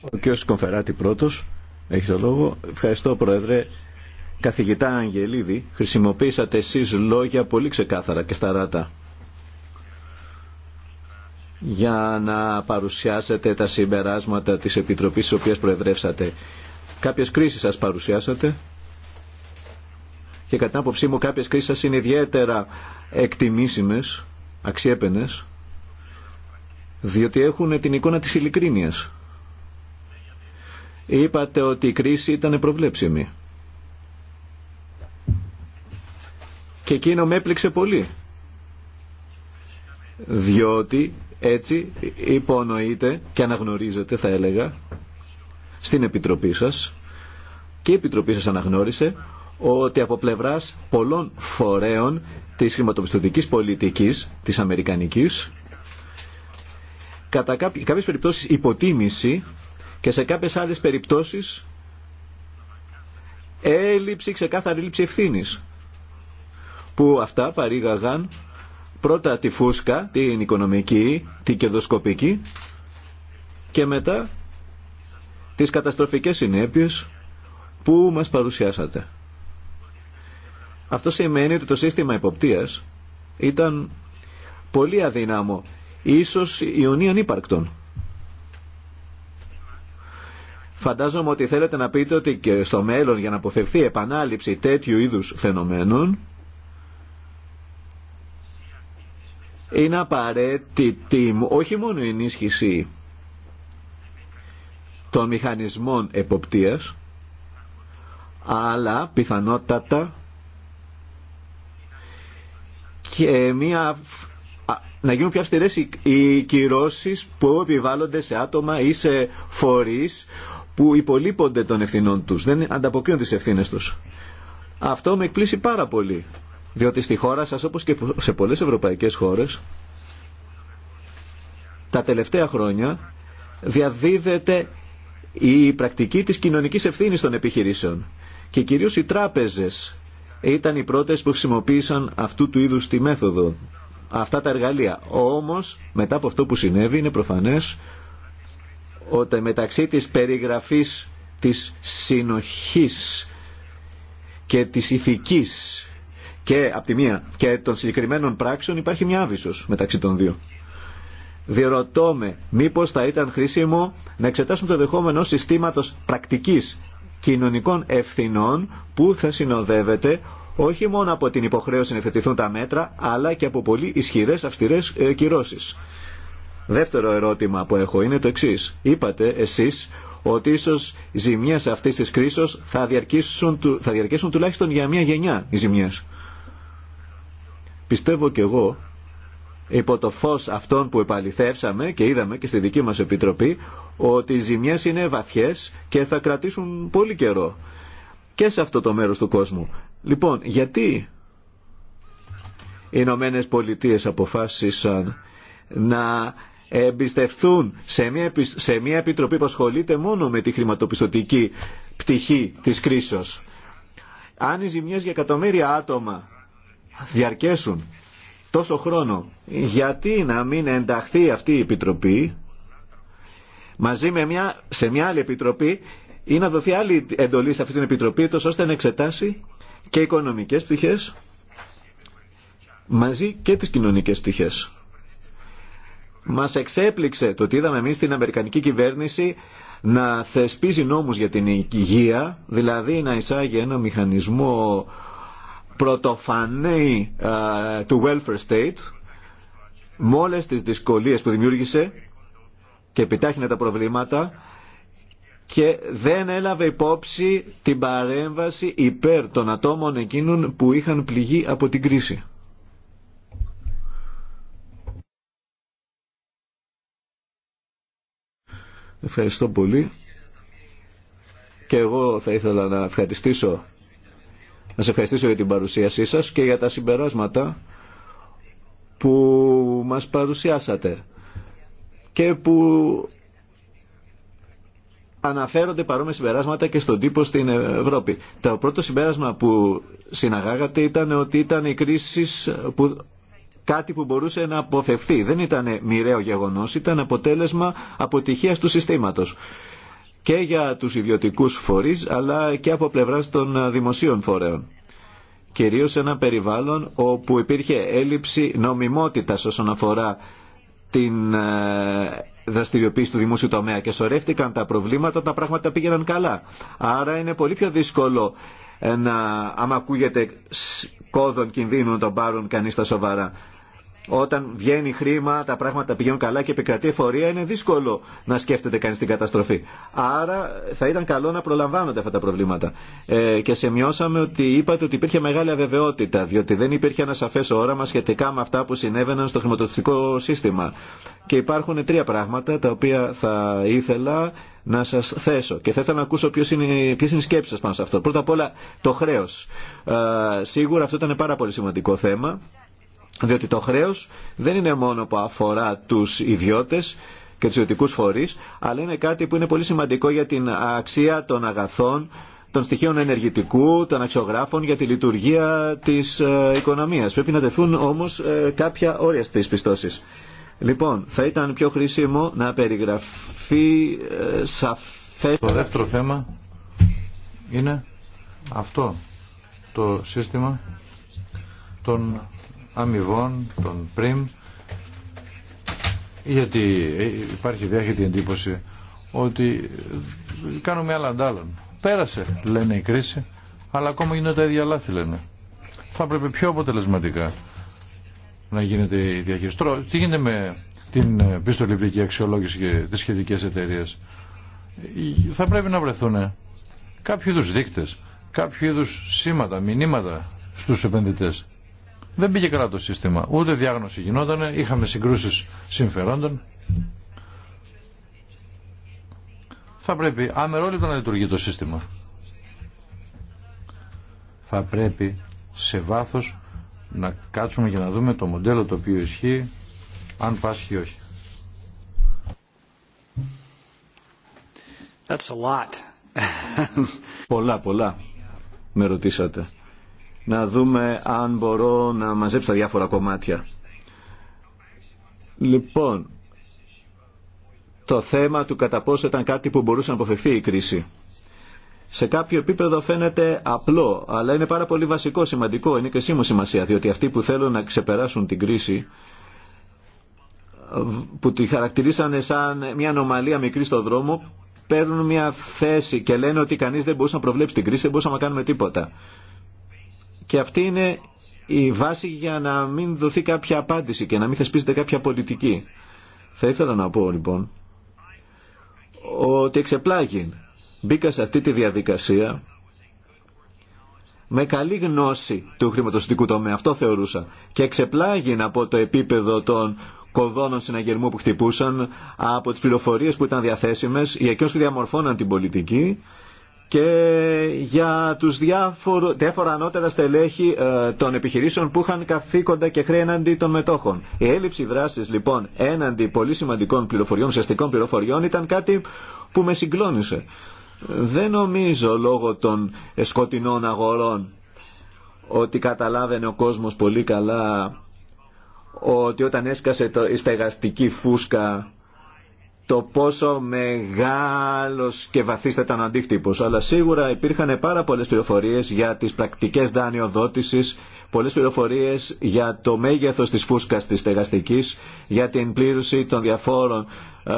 Ο κύριος Κομφεράτη πρώτος, έχει το λόγο. Ευχαριστώ Πρόεδρε. Καθηγητά Αγγελίδη, χρησιμοποίησατε εσείς λόγια πολύ ξεκάθαρα και σταράτα για να παρουσιάσετε τα συμπεράσματα της Επιτροπής της οποίας προεδρεύσατε. Κάποιες κρίσεις σας παρουσιάσατε και κατά άποψή μου κάποιες κρίσεις σας είναι ιδιαίτερα εκτιμήσιμες, αξιέπαινες, διότι έχουν την εικόνα της ειλικρίνειας. Είπατε ότι η κρίση ήταν προβλέψιμη. Και εκείνο με έπληξε πολύ. Διότι έτσι υπονοείται και αναγνωρίζεται θα έλεγα στην Επιτροπή σας και η Επιτροπή σας αναγνώρισε ότι από πλευρά πολλών φορέων της χρηματοπιστωτικής πολιτικής της Αμερικανικής κατά κάποιες περιπτώσεις υποτίμηση και σε κάποιες άλλες περιπτώσεις έλλειψη, ξεκάθαρη έλλειψη ευθύνης που αυτά παρήγαγαν πρώτα τη φούσκα, την οικονομική, την κερδοσκοπική και μετά τις καταστροφικές συνέπειες που μας παρουσιάσατε. Αυτό σημαίνει ότι το σύστημα υποπτίας ήταν πολύ αδύναμο, ίσως ιωνίων ύπαρκτων. Φαντάζομαι ότι θέλετε να πείτε ότι και στο μέλλον για να αποφευθεί επανάληψη τέτοιου είδους φαινομένων είναι απαραίτητη όχι μόνο η ενίσχυση των μηχανισμών εποπτείας αλλά πιθανότατα και ε, μια, να γίνουν πιο αυστηρές οι, οι κυρώσεις που επιβάλλονται σε άτομα ή σε φορείς που υπολείπονται των ευθυνών τους, δεν ανταποκρίνουν τις ευθύνες τους. Αυτό με εκπλήσει πάρα πολύ, διότι στη χώρα σας όπως και σε πολλές ευρωπαϊκές χώρες τα τελευταία χρόνια διαδίδεται η πρακτική της κοινωνικής ευθύνης των επιχειρήσεων και κυρίως οι τράπεζες ήταν οι πρώτες που χρησιμοποίησαν αυτού του είδους τη μέθοδο, αυτά τα εργαλεία. Όμως, μετά από αυτό που συνέβη, είναι προφανές ότι μεταξύ της περιγραφής της συνοχής και της ηθικής και από τη μία και των συγκεκριμένων πράξεων υπάρχει μια άβυσος μεταξύ των δύο. Διερωτώ με μήπως θα ήταν χρήσιμο να εξετάσουμε το δεχόμενο συστήματος πρακτικής κοινωνικών ευθυνών που θα συνοδεύεται όχι μόνο από την υποχρέωση να θετηθούν τα μέτρα, αλλά και από πολύ ισχυρές αυστηρές ε, κυρώσεις. Δεύτερο ερώτημα που έχω είναι το εξής. Είπατε εσείς ότι ίσως οι ζημιές αυτής της κρίσης θα διαρκήσουν, θα διαρκήσουν τουλάχιστον για μια γενιά οι ζημιές. Πιστεύω κι εγώ υπό το φως αυτών που επαληθεύσαμε και είδαμε και στη δική μας Επιτροπή ότι οι ζημιές είναι βαθιές και θα κρατήσουν πολύ καιρό και σε αυτό το μέρος του κόσμου. Λοιπόν, γιατί οι Ηνωμένε Πολιτείες αποφάσισαν να εμπιστευθούν σε μια, σε μια επιτροπή που ασχολείται μόνο με τη χρηματοπιστωτική πτυχή της κρίσεως. Αν οι ζημιές για εκατομμύρια άτομα διαρκέσουν τόσο χρόνο, γιατί να μην ενταχθεί αυτή η επιτροπή μαζί με μια, σε μια άλλη επιτροπή ή να δοθεί άλλη εντολή σε αυτή την επιτροπή ώστε να εξετάσει και οικονομικές πτυχές μαζί και τις κοινωνικές πτυχές. Μας εξέπληξε το ότι είδαμε εμείς την Αμερικανική κυβέρνηση να θεσπίζει νόμους για την υγεία, δηλαδή να εισάγει ένα μηχανισμό πρωτοφανή του welfare state με όλες τις δυσκολίες που δημιούργησε και επιτάχυνε τα προβλήματα και δεν έλαβε υπόψη την παρέμβαση υπέρ των ατόμων εκείνων που είχαν πληγεί από την κρίση. Ευχαριστώ πολύ. Και εγώ θα ήθελα να ευχαριστήσω να σε ευχαριστήσω για την παρουσίασή σας και για τα συμπεράσματα που μας παρουσιάσατε και που αναφέρονται παρόμοια συμπεράσματα και στον τύπο στην Ευρώπη. Το πρώτο συμπέρασμα που συναγάγατε ήταν ότι ήταν η κρίση που κάτι που μπορούσε να αποφευθεί. Δεν ήταν μοιραίο γεγονός, ήταν αποτέλεσμα αποτυχίας του συστήματος και για τους ιδιωτικούς φορείς αλλά και από πλευράς των δημοσίων φορέων. Κυρίως σε ένα περιβάλλον όπου υπήρχε έλλειψη νομιμότητας όσον αφορά την ε, δραστηριοποίηση του δημόσιου τομέα και σωρεύτηκαν τα προβλήματα τα πράγματα πήγαιναν καλά. Άρα είναι πολύ πιο δύσκολο ε, να, άμα ακούγεται κόδων κινδύνου να τον πάρουν κανείς τα σοβαρά όταν βγαίνει χρήμα, τα πράγματα πηγαίνουν καλά και επικρατεί εφορία, είναι δύσκολο να σκέφτεται κανεί την καταστροφή. Άρα θα ήταν καλό να προλαμβάνονται αυτά τα προβλήματα. Ε, και σημειώσαμε ότι είπατε ότι υπήρχε μεγάλη αβεβαιότητα, διότι δεν υπήρχε ένα σαφέ όραμα σχετικά με αυτά που συνέβαιναν στο χρηματοδοτικό σύστημα. Και υπάρχουν τρία πράγματα τα οποία θα ήθελα να σα θέσω και θα ήθελα να ακούσω ποιε είναι, ποιες είναι οι σκέψει σα πάνω σε αυτό. Πρώτα απ' όλα το χρέο. Ε, σίγουρα αυτό ήταν πάρα πολύ σημαντικό θέμα διότι το χρέος δεν είναι μόνο που αφορά τους ιδιώτες και τους ιδιωτικούς φορείς, αλλά είναι κάτι που είναι πολύ σημαντικό για την αξία των αγαθών, των στοιχείων ενεργητικού, των αξιογράφων για τη λειτουργία της ε, οικονομίας. Πρέπει να τεθούν όμως ε, κάποια όρια στις πιστώσεις. Λοιπόν, θα ήταν πιο χρήσιμο να περιγραφεί ε, σαφές... Το δεύτερο θέμα είναι αυτό το σύστημα των αμοιβών, των πριμ, γιατί υπάρχει διάχυτη εντύπωση ότι κάνουμε άλλα αντάλλον Πέρασε, λένε η κρίση, αλλά ακόμα γίνονται τα ίδια λάθη, λένε. Θα πρέπει πιο αποτελεσματικά να γίνεται η διαχείριση. τι γίνεται με την πιστοληπτική αξιολόγηση και τις σχετικές εταιρείε. Θα πρέπει να βρεθούν κάποιοι είδους δείκτες, κάποιοι είδους σήματα, μηνύματα στους επενδυτές. Δεν πήγε καλά το σύστημα. Ούτε διάγνωση γινόταν, είχαμε συγκρούσει συμφερόντων. Θα πρέπει αμερόληπτα να λειτουργεί το σύστημα. Θα πρέπει σε βάθος να κάτσουμε και να δούμε το μοντέλο το οποίο ισχύει, αν πάσχει ή όχι. That's a lot. πολλά, πολλά με ρωτήσατε να δούμε αν μπορώ να μαζέψω τα διάφορα κομμάτια. Λοιπόν, το θέμα του κατά πόσο ήταν κάτι που μπορούσε να αποφευθεί η κρίση. Σε κάποιο επίπεδο φαίνεται απλό, αλλά είναι πάρα πολύ βασικό, σημαντικό, είναι και μου σημασία, διότι αυτοί που θέλουν να ξεπεράσουν την κρίση, που τη χαρακτηρίσανε σαν μια ανομαλία μικρή στο δρόμο, παίρνουν μια θέση και λένε ότι κανείς δεν μπορούσε να προβλέψει την κρίση, δεν μπορούσαμε να κάνουμε τίποτα. Και αυτή είναι η βάση για να μην δοθεί κάποια απάντηση και να μην θεσπίζεται κάποια πολιτική. Θα ήθελα να πω λοιπόν ότι εξεπλάγει. Μπήκα σε αυτή τη διαδικασία με καλή γνώση του χρηματοστικού τομέα. Αυτό θεωρούσα. Και εξεπλάγει από το επίπεδο των κοδώνων συναγερμού που χτυπούσαν, από τις πληροφορίες που ήταν διαθέσιμες, για εκείνους που διαμορφώναν την πολιτική και για τους διάφορο, διάφορα ανώτερα στελέχη ε, των επιχειρήσεων που είχαν καθήκοντα και χρέη εναντί των μετόχων. Η έλλειψη δράσης λοιπόν έναντι πολύ σημαντικών πληροφοριών, ουσιαστικών πληροφοριών ήταν κάτι που με συγκλώνησε. Δεν νομίζω λόγω των σκοτεινών αγορών ότι καταλάβαινε ο κόσμος πολύ καλά ότι όταν έσκασε η στεγαστική φούσκα το πόσο μεγάλο και βαθύς ήταν ο αντίκτυπο. Αλλά σίγουρα υπήρχαν πάρα πολλέ πληροφορίε για τις πρακτικές δάνειοδότησης, πολλέ πληροφορίε για το μέγεθος τη φούσκας της στεγαστική, για την πλήρωση των διαφόρων, ε,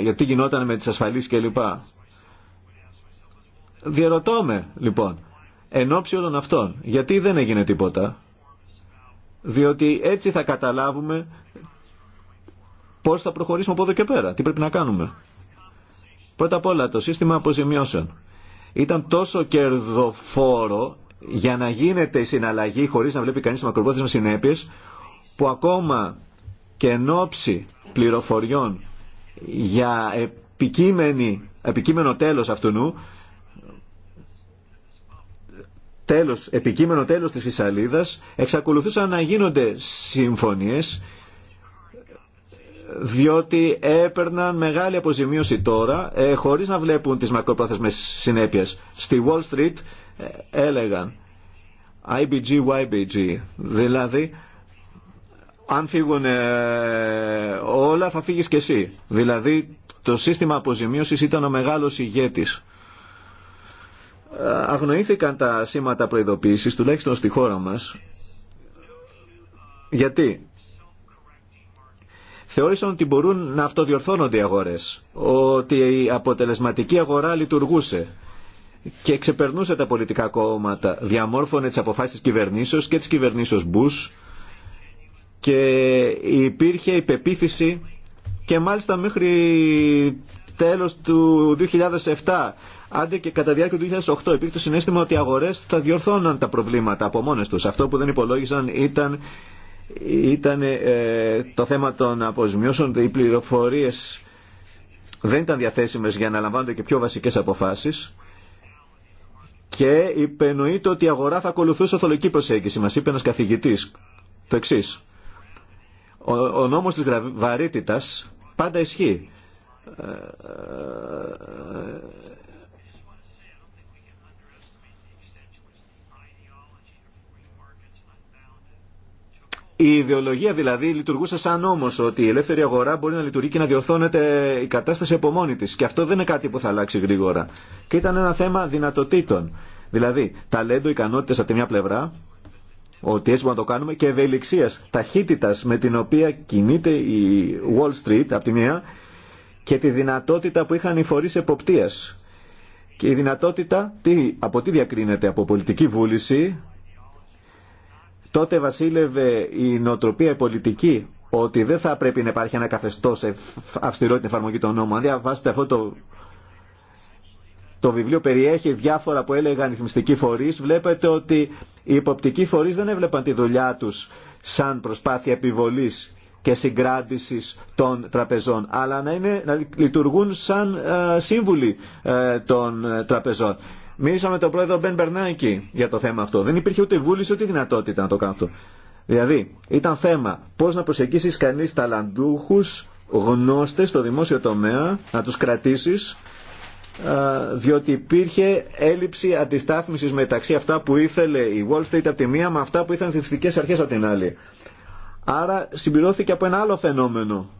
για τι γινόταν με τις ασφαλεί κλπ. Διερωτώ με, λοιπόν, εν ώψη όλων αυτών, γιατί δεν έγινε τίποτα. Διότι έτσι θα καταλάβουμε πώς θα προχωρήσουμε από εδώ και πέρα, τι πρέπει να κάνουμε. Πρώτα απ' όλα το σύστημα αποζημιώσεων ήταν τόσο κερδοφόρο για να γίνεται η συναλλαγή χωρίς να βλέπει κανείς τις μακροπρόθεσμες συνέπειες που ακόμα και εν ώψη πληροφοριών για επικείμενη, επικείμενο τέλος αυτού τέλος, επικείμενο τέλος της φυσαλίδας, εξακολουθούσαν να γίνονται συμφωνίες διότι έπαιρναν μεγάλη αποζημίωση τώρα ε, χωρίς να βλέπουν τις μακροπρόθεσμες συνέπειες. Στη Wall Street ε, έλεγαν IBG, YBG, δηλαδή αν φύγουν ε, όλα θα φύγεις και εσύ. Δηλαδή το σύστημα αποζημίωσης ήταν ο μεγάλος ηγέτης. Ε, αγνοήθηκαν τα σήματα προειδοποίησης, τουλάχιστον στη χώρα μας. Γιατί θεώρησαν ότι μπορούν να αυτοδιορθώνονται οι αγορές, ότι η αποτελεσματική αγορά λειτουργούσε και ξεπερνούσε τα πολιτικά κόμματα, διαμόρφωνε τις αποφάσεις της κυβερνήσεως και της κυβερνήσεως Μπούς και υπήρχε υπεποίθηση και μάλιστα μέχρι τέλος του 2007 άντε και κατά διάρκεια του 2008 υπήρχε το συνέστημα ότι οι αγορές θα διορθώναν τα προβλήματα από μόνες τους. Αυτό που δεν υπολόγισαν ήταν ήταν ε, το θέμα των αποσμιώσεων, οι πληροφορίες δεν ήταν διαθέσιμες για να λαμβάνονται και πιο βασικές αποφάσεις και υπενοείται ότι η αγορά θα ακολουθούσε οθολογική προσέγγιση. Μας είπε ένας καθηγητής το εξή. Ο, ο νόμος της βαρύτητας πάντα ισχύει. Ε, ε, Η ιδεολογία δηλαδή λειτουργούσε σαν νόμο ότι η ελεύθερη αγορά μπορεί να λειτουργεί και να διορθώνεται η κατάσταση από μόνη τη. Και αυτό δεν είναι κάτι που θα αλλάξει γρήγορα. Και ήταν ένα θέμα δυνατοτήτων. Δηλαδή, ταλέντο, ικανότητε από τη μια πλευρά, ότι έτσι μπορούμε να το κάνουμε, και ευελιξία, ταχύτητα με την οποία κινείται η Wall Street από τη μια και τη δυνατότητα που είχαν οι φορεί εποπτεία. Και η δυνατότητα τι, από τι διακρίνεται, από πολιτική βούληση, τότε βασίλευε η νοοτροπία πολιτική ότι δεν θα πρέπει να υπάρχει ένα καθεστώ αυστηρό την εφαρμογή των νόμων. Αν διαβάσετε αυτό το, βιβλίο, περιέχει διάφορα που έλεγαν οι θυμιστικοί φορεί. Βλέπετε ότι οι υποπτικοί φορεί δεν έβλεπαν τη δουλειά του σαν προσπάθεια επιβολή και συγκράτηση των τραπεζών, αλλά να, λειτουργούν σαν ε, σύμβουλοι ε, των ε, τραπεζών. Μίλησα με τον πρόεδρο Μπεν Μπερνάκη για το θέμα αυτό. Δεν υπήρχε ούτε βούληση ούτε δυνατότητα να το κάνω αυτό. Δηλαδή, ήταν θέμα πώ να προσεγγίσει κανεί ταλαντούχου γνώστε στο δημόσιο τομέα, να του κρατήσει, διότι υπήρχε έλλειψη αντιστάθμιση μεταξύ αυτά που ήθελε η Wall Street από τη μία με αυτά που ήθελαν οι θρησκευτικέ αρχέ από την άλλη. Άρα συμπληρώθηκε από ένα άλλο φαινόμενο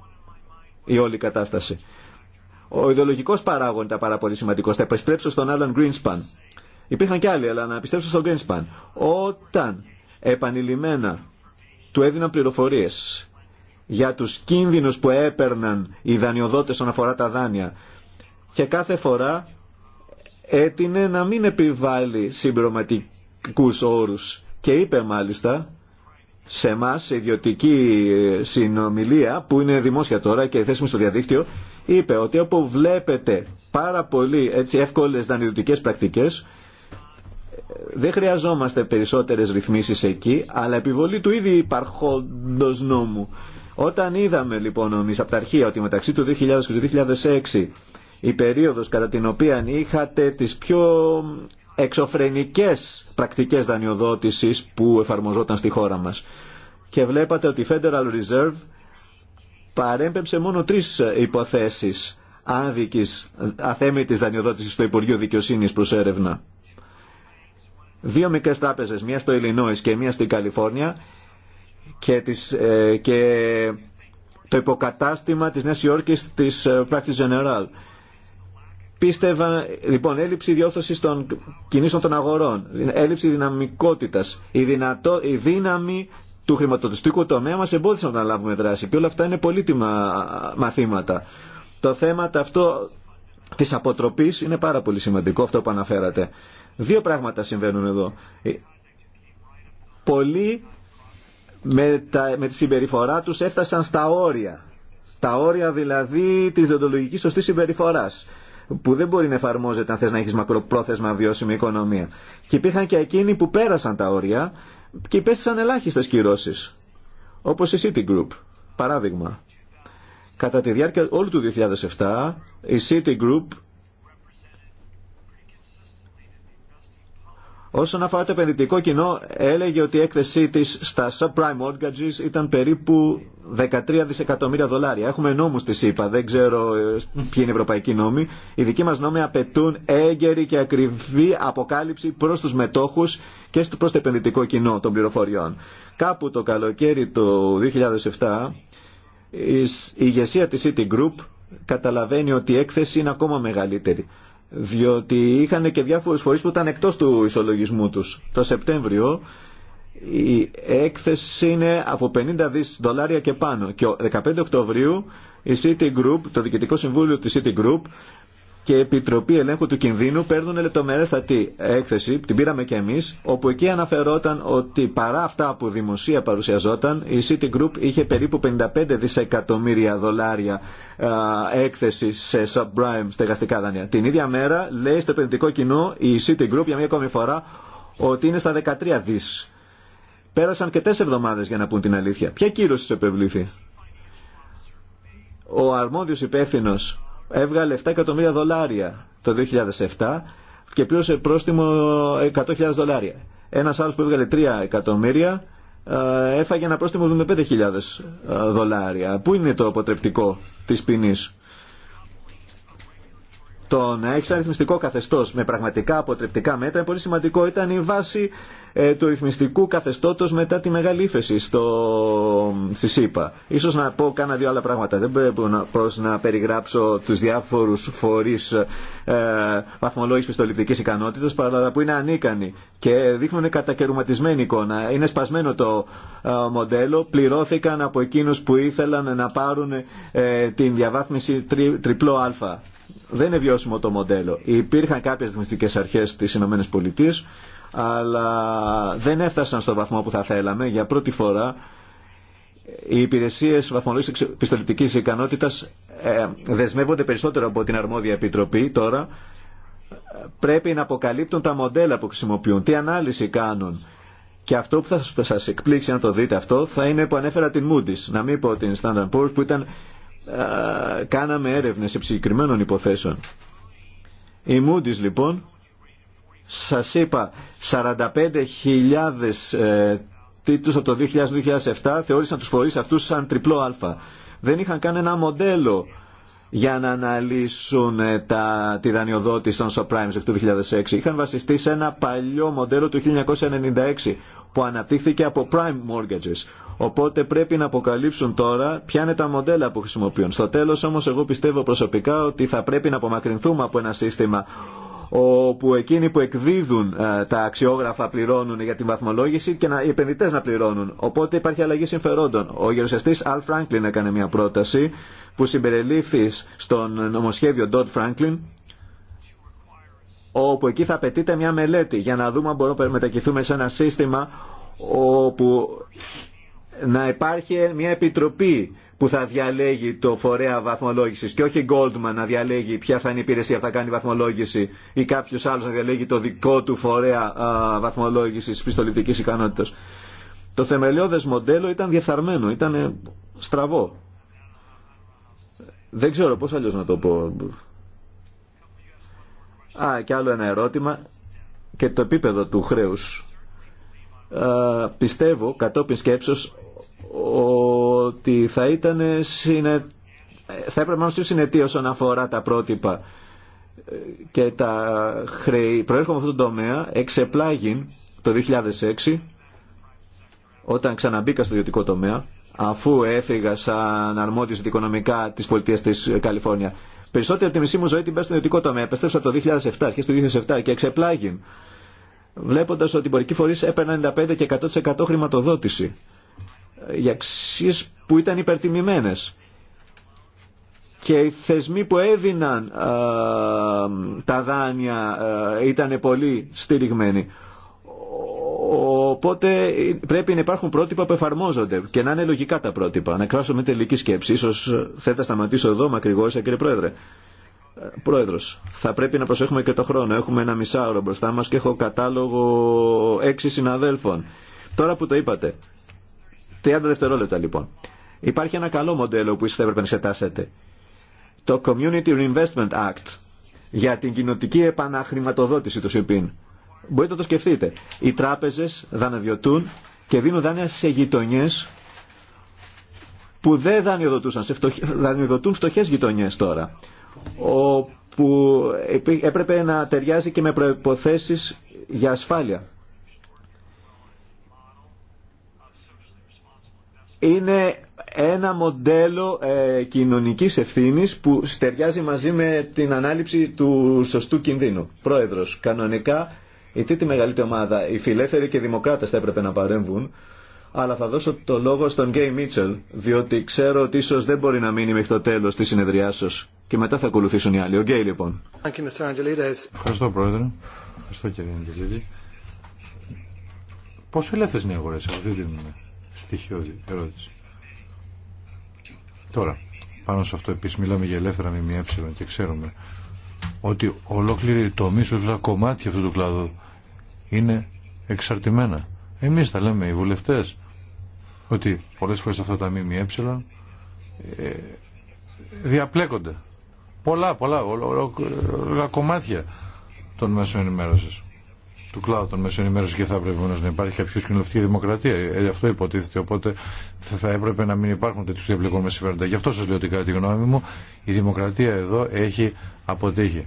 η όλη κατάσταση. Ο ιδεολογικό παράγων ήταν πάρα πολύ σημαντικό. Θα επιστρέψω στον Άλαν Greenspan. Υπήρχαν και άλλοι, αλλά να επιστρέψω στον Greenspan. Όταν επανειλημμένα του έδιναν πληροφορίε για του κίνδυνου που έπαιρναν οι δανειοδότε όσον αφορά τα δάνεια και κάθε φορά έτεινε να μην επιβάλλει συμπληρωματικού όρου και είπε μάλιστα σε εμά ιδιωτική συνομιλία που είναι δημόσια τώρα και θέσιμη στο διαδίκτυο είπε ότι όπου βλέπετε πάρα πολύ έτσι, εύκολες δανειοδοτικές πρακτικές, δεν χρειαζόμαστε περισσότερες ρυθμίσεις εκεί, αλλά επιβολή του ήδη υπαρχόντος νόμου. Όταν είδαμε λοιπόν εμείς από τα αρχεία ότι μεταξύ του 2000 και του 2006 η περίοδος κατά την οποία είχατε τις πιο εξωφρενικές πρακτικές δανειοδότησης που εφαρμοζόταν στη χώρα μας και βλέπατε ότι η Federal Reserve παρέμπεψε μόνο τρεις υποθέσεις άδικη αθέμητης δανειοδότηση στο Υπουργείου Δικαιοσύνη προ έρευνα. Δύο μικρές τράπεζες, μία στο Ελληνόη και μία στην Καλιφόρνια και, ε, και το υποκατάστημα της Νέας Υόρκης της Practice ε, General. Πίστευαν, λοιπόν, έλλειψη διόρθωσης των κινήσεων των αγορών, έλλειψη δυναμικότητας, η, δυνατό, η δύναμη του χρηματοδοτικού τομέα μας εμπόδισαν να λάβουμε δράση και όλα αυτά είναι πολύτιμα μαθήματα. Το θέμα αυτό της αποτροπής είναι πάρα πολύ σημαντικό αυτό που αναφέρατε. Δύο πράγματα συμβαίνουν εδώ. Ε, πολλοί με, τα, με τη συμπεριφορά τους έφτασαν στα όρια. Τα όρια δηλαδή της διοντολογικής σωστής συμπεριφοράς που δεν μπορεί να εφαρμόζεται αν θες να έχεις μακροπρόθεσμα βιώσιμη οικονομία. Και υπήρχαν και εκείνοι που πέρασαν τα όρια και υπέστησαν ελάχιστες κυρώσεις, όπως η Citigroup, παράδειγμα. Κατά τη διάρκεια όλου του 2007, η Citigroup Όσον αφορά το επενδυτικό κοινό, έλεγε ότι η έκθεσή της στα subprime mortgages ήταν περίπου 13 δισεκατομμύρια δολάρια. Έχουμε νόμους στη ΣΥΠΑ, δεν ξέρω ε, ποιοι είναι οι ευρωπαϊκοί νόμοι. Οι δικοί μας νόμοι απαιτούν έγκαιρη και ακριβή αποκάλυψη προς τους μετόχους και προς το επενδυτικό κοινό των πληροφοριών. Κάπου το καλοκαίρι του 2007, η ηγεσία της Citigroup καταλαβαίνει ότι η έκθεση είναι ακόμα μεγαλύτερη διότι είχαν και διάφορες φορείς που ήταν εκτός του ισολογισμού τους. Το Σεπτέμβριο η έκθεση είναι από 50 δις δολάρια και πάνω και 15 Οκτωβρίου η Group, το Διοικητικό Συμβούλιο της City Group και η Επιτροπή Ελέγχου του Κινδύνου παίρνουν λεπτομερέστατη έκθεση, την πήραμε και εμείς, όπου εκεί αναφερόταν ότι παρά αυτά που δημοσία παρουσιαζόταν, η Citigroup είχε περίπου 55 δισεκατομμύρια δολάρια έκθεση σε subprime στεγαστικά δάνεια. Την ίδια μέρα λέει στο επενδυτικό κοινό η Citigroup για μία ακόμη φορά ότι είναι στα 13 δις. Πέρασαν και τέσσερι εβδομάδε για να πούν την αλήθεια. Ποια κύρωση του επευλήθη. Ο αρμόδιο υπεύθυνο έβγαλε 7 εκατομμύρια δολάρια το 2007 και πλήρωσε πρόστιμο 100.000 δολάρια. Ένας άλλος που έβγαλε 3 εκατομμύρια ε, έφαγε ένα πρόστιμο με 5.000 ε, δολάρια. Πού είναι το αποτρεπτικό της ποινή, το να έχει αριθμιστικό καθεστώ με πραγματικά αποτρεπτικά μέτρα είναι πολύ σημαντικό. Ήταν η βάση ε, του ρυθμιστικού καθεστώτο μετά τη μεγάλη ύφεση στο... στη ΣΥΠΑ. σω να πω κάνα δύο άλλα πράγματα. Δεν πρέπει να, περιγράψω του διάφορου φορεί ε, βαθμολόγηση πιστοληπτική ικανότητα, που είναι ανίκανοι και δείχνουν κατακαιρματισμένη εικόνα. Είναι σπασμένο το ε, μοντέλο. Πληρώθηκαν από εκείνου που ήθελαν να πάρουν ε, την διαβάθμιση τριπλό Α δεν είναι βιώσιμο το μοντέλο. Υπήρχαν κάποιε ρυθμιστικές αρχέ στι ΗΠΑ, αλλά δεν έφτασαν στο βαθμό που θα θέλαμε. Για πρώτη φορά οι υπηρεσίε βαθμολόγηση πιστοληπτική ικανότητα ε, δεσμεύονται περισσότερο από την αρμόδια επιτροπή τώρα. Πρέπει να αποκαλύπτουν τα μοντέλα που χρησιμοποιούν, τι ανάλυση κάνουν. Και αυτό που θα σα εκπλήξει, αν το δείτε αυτό, θα είναι που ανέφερα την Moody's. Να μην πω την Standard Poor's που ήταν ε, κάναμε έρευνες συγκεκριμένων υποθέσεων. Η Moody's λοιπόν, σας είπα, 45.000 ε, τίτλους από το 2007 θεώρησαν τους φορείς αυτούς σαν τριπλό α. Δεν είχαν κανένα μοντέλο για να αναλύσουν ε, τα, τη δανειοδότηση των subprimes του 2006. Είχαν βασιστεί σε ένα παλιό μοντέλο του 1996 που αναπτύχθηκε από prime mortgages Οπότε πρέπει να αποκαλύψουν τώρα ποια είναι τα μοντέλα που χρησιμοποιούν. Στο τέλος όμως εγώ πιστεύω προσωπικά ότι θα πρέπει να απομακρυνθούμε από ένα σύστημα όπου εκείνοι που εκδίδουν ε, τα αξιόγραφα πληρώνουν για την βαθμολόγηση και να, οι επενδυτέ να πληρώνουν. Οπότε υπάρχει αλλαγή συμφερόντων. Ο γερουσιαστή Αλ Φράγκλιν έκανε μια πρόταση που συμπεριλήφθη στον νομοσχέδιο Dodd Franklin όπου εκεί θα απαιτείται μια μελέτη για να δούμε αν μπορούμε να μετακυθούμε σε ένα σύστημα όπου να υπάρχει μια επιτροπή που θα διαλέγει το φορέα βαθμολόγηση και όχι η Goldman να διαλέγει ποια θα είναι η υπηρεσία που θα κάνει βαθμολόγηση ή κάποιο άλλο να διαλέγει το δικό του φορέα βαθμολόγηση πιστοληπτική ικανότητα. Το θεμελιώδε μοντέλο ήταν διεφθαρμένο, ήταν στραβό. Δεν ξέρω πώ αλλιώ να το πω. Α, και άλλο ένα ερώτημα και το επίπεδο του χρέους. πιστεύω, κατόπιν σκέψεως, ότι θα ήταν συνε... θα έπρεπε να είμαστε συνετοί όσον αφορά τα πρότυπα και τα χρέη. Προέρχομαι από αυτόν τον τομέα, εξεπλάγην το 2006, όταν ξαναμπήκα στο ιδιωτικό τομέα, αφού έφυγα σαν αρμόδιος οικονομικά της πολιτείας της Καλιφόρνια. Περισσότερο από τη μισή μου ζωή την πέρα στο ιδιωτικό τομέα. Επέστρεψα το 2007, αρχές του 2007 και εξεπλάγην, βλέποντας ότι οι μπορικοί φορείς έπαιρναν 95% και 100% χρηματοδότηση για ε, αξίες που ήταν υπερτιμημένες και οι θεσμοί που έδιναν ε, τα δάνεια ε, ήταν πολύ στηριγμένοι. Οπότε πρέπει να υπάρχουν πρότυπα που εφαρμόζονται και να είναι λογικά τα πρότυπα. Να εκφράσω με τελική σκέψη. σω θα τα σταματήσω εδώ μακριγόρισα κύριε Πρόεδρε. Πρόεδρος, θα πρέπει να προσέχουμε και το χρόνο. Έχουμε ένα μισάωρο μπροστά μα και έχω κατάλογο έξι συναδέλφων. Τώρα που το είπατε, 30 δευτερόλεπτα λοιπόν. Υπάρχει ένα καλό μοντέλο που ίσως θα έπρεπε να εξετάσετε. Το Community Reinvestment Act για την κοινωτική επαναχρηματοδότηση του ΣΥΠΗΝ. Μπορείτε να το σκεφτείτε. Οι τράπεζες δανειοδοτούν και δίνουν δάνεια σε γειτονιές που δεν δανειοδοτούσαν, σε φτωχ... δανειοδοτούν φτωχές γειτονιές τώρα, που έπρεπε να ταιριάζει και με προϋποθέσεις για ασφάλεια. είναι ένα μοντέλο ε, κοινωνικής ευθύνης που στεριάζει μαζί με την ανάληψη του σωστού κινδύνου. Πρόεδρος, κανονικά η τρίτη μεγαλύτερη ομάδα, οι φιλέθεροι και οι δημοκράτες θα έπρεπε να παρέμβουν, αλλά θα δώσω το λόγο στον Γκέι Μίτσελ, διότι ξέρω ότι ίσως δεν μπορεί να μείνει μέχρι το τέλος της σα και μετά θα ακολουθήσουν οι άλλοι. Ο Γκέι λοιπόν. Ευχαριστώ Πρόεδρε. Ευχαριστώ κύριε Αντιλίδη. Πόσο ελεύθερε είναι οι αγορέ, στοιχειώδη ερώτηση. Τώρα, πάνω σε αυτό επίσης μιλάμε για ελεύθερα ΜΜΕ και ξέρουμε ότι ολόκληρη το μίσος, τα κομμάτια αυτού του κλάδου είναι εξαρτημένα. Εμείς τα λέμε, οι βουλευτές, ότι πολλές φορές αυτά τα ΜΜΕ ε, διαπλέκονται. Πολλά, πολλά, ολόκληρα κομμάτια των μέσων ενημέρωσης του κλάδου των μέσων ενημέρωση και θα έπρεπε να υπάρχει κάποιο κοινοβουλευτική δημοκρατία. Ε, αυτό υποτίθεται. Οπότε θα έπρεπε να μην υπάρχουν τέτοιου διαπλεκόμενε συμφέροντα. Γι' αυτό σα λέω ότι κατά τη γνώμη μου η δημοκρατία εδώ έχει αποτύχει.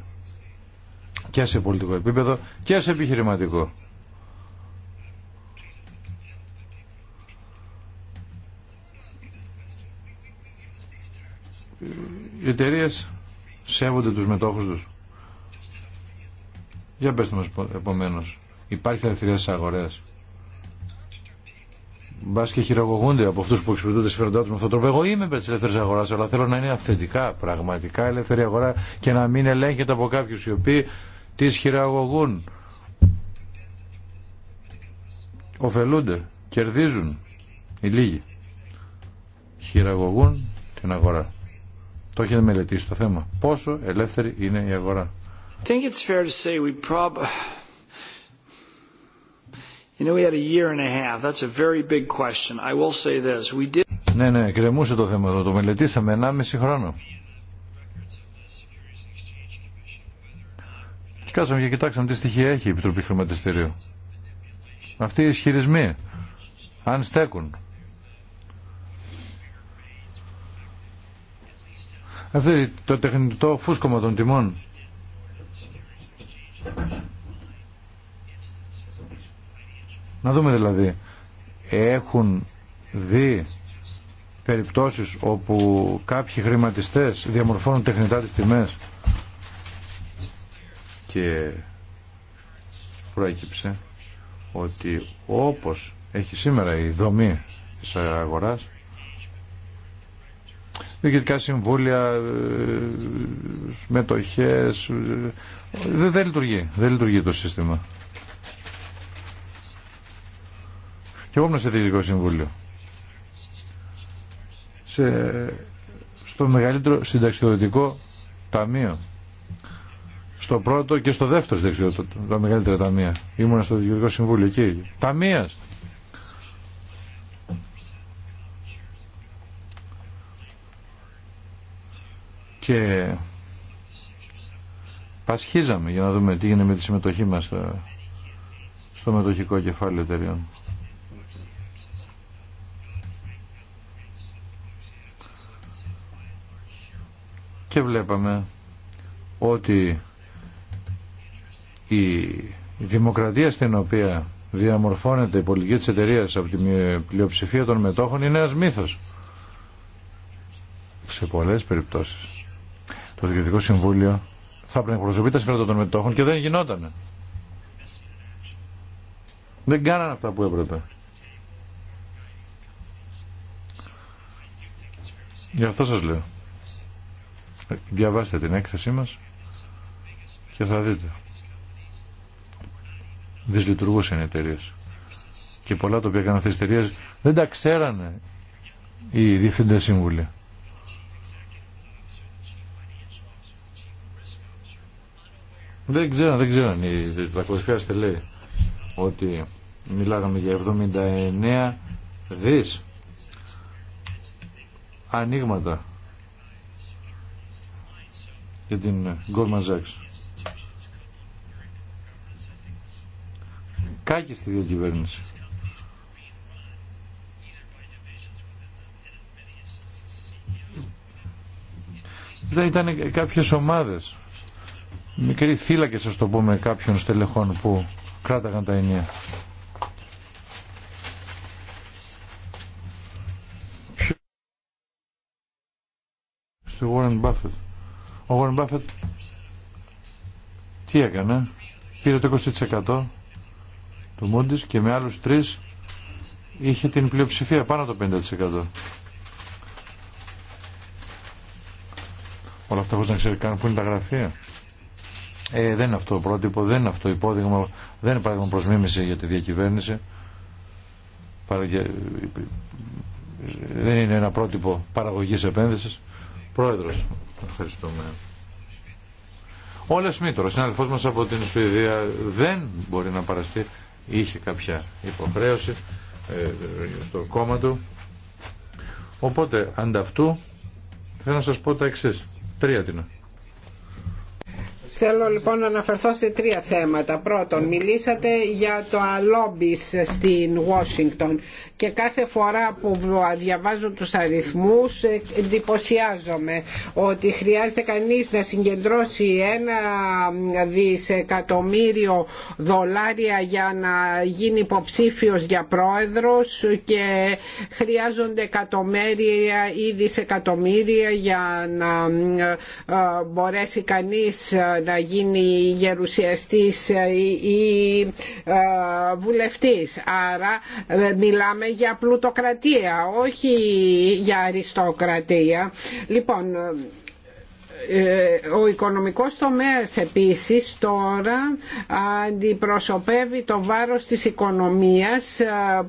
Και σε πολιτικό επίπεδο και σε επιχειρηματικό. Οι εταιρείε σέβονται τους μετόχους τους. Για πες μας επομένως, υπάρχει ελευθερία στις αγορές. Μπα και χειραγωγούνται από αυτού που εξυπηρετούνται τα συμφέροντά του με αυτόν τον τρόπο. Εγώ είμαι υπέρ τη ελεύθερη αγορά, αλλά θέλω να είναι αυθεντικά, πραγματικά ελεύθερη αγορά και να μην ελέγχεται από κάποιου οι οποίοι τι χειραγωγούν. Οφελούνται, κερδίζουν οι λίγοι. Χειραγωγούν την αγορά. Το έχετε μελετήσει το θέμα. Πόσο ελεύθερη είναι η αγορά. I think it's fair to say we probably, you know, we had a year and a half. That's a very big question. I will say this. We did. Ναι, ναι, κρεμούσε το θέμα εδώ. Το μελετήσαμε 1,5 χρόνο. Κάτσαμε και κοιτάξαμε τι στοιχεία έχει η Επιτροπή Χρηματιστηρίου. Αυτοί οι ισχυρισμοί, αν στέκουν. Αυτό το τεχνητό φούσκωμα των τιμών να δούμε δηλαδή, έχουν δει περιπτώσεις όπου κάποιοι χρηματιστές διαμορφώνουν τεχνητά τις τιμές και προέκυψε ότι όπως έχει σήμερα η δομή της αγοράς διοικητικά συμβούλια, ε, μετοχές. Ε, δεν, λειτουργεί. Δεν λειτουργεί το σύστημα. Και εγώ ήμουν σε διοικητικό συμβούλιο. Σε, στο μεγαλύτερο συνταξιδοτικό ταμείο. Στο πρώτο και στο δεύτερο συνταξιδοτικό, τα μεγαλύτερα ταμεία. Ήμουν στο διοικητικό συμβούλιο εκεί. Ταμείας. και πασχίζαμε για να δούμε τι γίνεται με τη συμμετοχή μας στο, στο μετοχικό κεφάλαιο εταιρεών. Και βλέπαμε ότι η δημοκρατία στην οποία διαμορφώνεται η πολιτική της εταιρείας από την πλειοψηφία των μετόχων είναι ένας μύθος σε πολλές περιπτώσεις το Διοικητικό Συμβούλιο θα πρέπει να εκπροσωπεί τα συμφέροντα των μετόχων και δεν γινόταν. Δεν κάνανε αυτά που έπρεπε. Γι' αυτό σας λέω. Διαβάστε την έκθεσή μας και θα δείτε. Δυσλειτουργούσαν οι εταιρείε. Και πολλά τα οποία έκαναν αυτές τις εταιρείε δεν τα ξέρανε οι διευθυντές σύμβουλοι. Δεν ξέρω, δεν ξέρω. Τα κορυφαία λέει ότι μιλάγαμε για 79 δις ανοίγματα για την Goldman Sachs. στη διακυβέρνηση. Ήταν, ήταν κάποιες ομάδες μικροί θύλακες, ας το πούμε, κάποιων στελεχών που κράταγαν τα ενία. Στο Warren Buffett. Ο Warren Buffett τι έκανε, πήρε το 20% του Μούντις και με άλλους τρεις είχε την πλειοψηφία πάνω το 50%. Όλα αυτά χωρίς να ξέρει καν πού είναι τα γραφεία. Ε, δεν είναι αυτό πρότυπο, δεν είναι αυτό υπόδειγμα, δεν είναι παράδειγμα προς μίμηση για τη διακυβέρνηση. Δεν είναι ένα πρότυπο παραγωγής επένδυσης. Πρόεδρος, ευχαριστούμε. Όλε Μήτρο, συνάδελφό μας από την Σουηδία, δεν μπορεί να παραστεί. Είχε κάποια υποχρέωση ε, στο κόμμα του. Οπότε, ανταυτού, θέλω να σας πω τα εξή. Τρία την. Θέλω λοιπόν να αναφερθώ σε τρία θέματα. Πρώτον, μιλήσατε για το αλόμπις στην Ουάσιγκτον και κάθε φορά που διαβάζω τους αριθμούς ε, εντυπωσιάζομαι ότι χρειάζεται κανείς να συγκεντρώσει ένα δισεκατομμύριο δολάρια για να γίνει υποψήφιος για πρόεδρος και χρειάζονται εκατομμύρια ή δισεκατομμύρια για να ε, ε, μπορέσει κανείς να γίνει γερουσιαστής ή βουλευτής. Άρα ε, μιλάμε για πλουτοκρατία, όχι για αριστοκρατία. Λοιπόν, ε, ο οικονομικός τομέας επίσης τώρα αντιπροσωπεύει το βάρος της οικονομίας ε,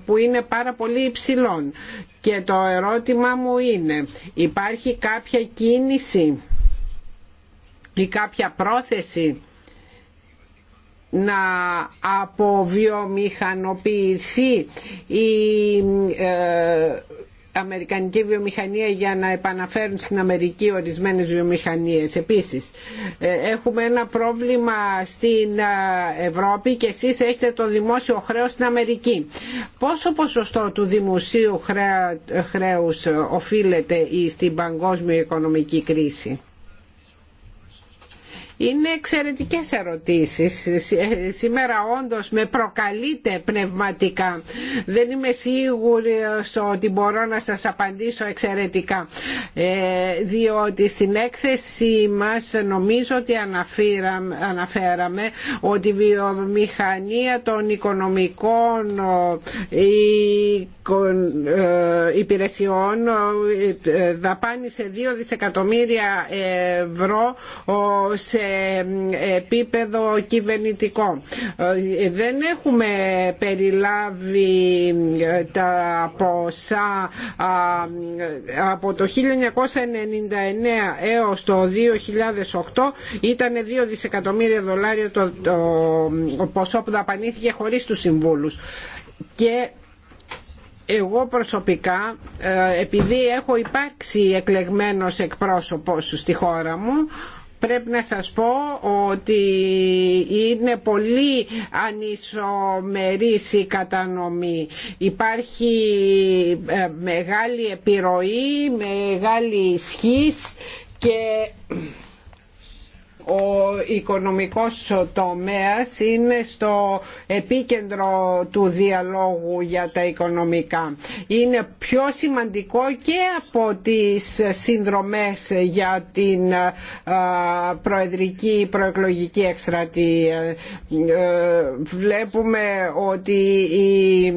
που είναι πάρα πολύ υψηλών. Και το ερώτημα μου είναι, υπάρχει κάποια κίνηση ή κάποια πρόθεση να αποβιομηχανοποιηθεί η ε, αμερικανική βιομηχανία για να επαναφέρουν στην Αμερική ορισμένες βιομηχανίες. Επίσης, ε, έχουμε ένα πρόβλημα στην ε, Ευρώπη και εσείς έχετε το δημόσιο χρέος στην Αμερική. Πόσο ποσοστό του δημοσίου χρέους οφείλεται στην παγκόσμια οικονομική κρίση. Είναι εξαιρετικές ερωτήσεις. Ε, σήμερα όντως με προκαλείτε πνευματικά. Δεν είμαι σίγουρη ότι μπορώ να σας απαντήσω εξαιρετικά. Ε, διότι στην έκθεση μας νομίζω ότι αναφέραμε ότι η βιομηχανία των οικονομικών ε, υπηρεσιών δαπάνησε 2 δισεκατομμύρια ευρώ σε επίπεδο κυβερνητικό. Ε, δεν έχουμε περιλάβει ε, τα ποσά από το 1999 έως το 2008 ήταν 2 δισεκατομμύρια δολάρια το, το ποσό που δαπανήθηκε χωρίς τους συμβούλους. Και εγώ προσωπικά, ε, επειδή έχω υπάρξει εκλεγμένος εκπρόσωπος στη χώρα μου, πρέπει να σας πω ότι είναι πολύ ανισομερής η κατανομή. Υπάρχει ε, μεγάλη επιρροή, μεγάλη ισχύς και ο οικονομικός τομέας είναι στο επίκεντρο του διαλόγου για τα οικονομικά. Είναι πιο σημαντικό και από τις συνδρομές για την προεδρική προεκλογική εκστρατεία. Ε, βλέπουμε ότι οι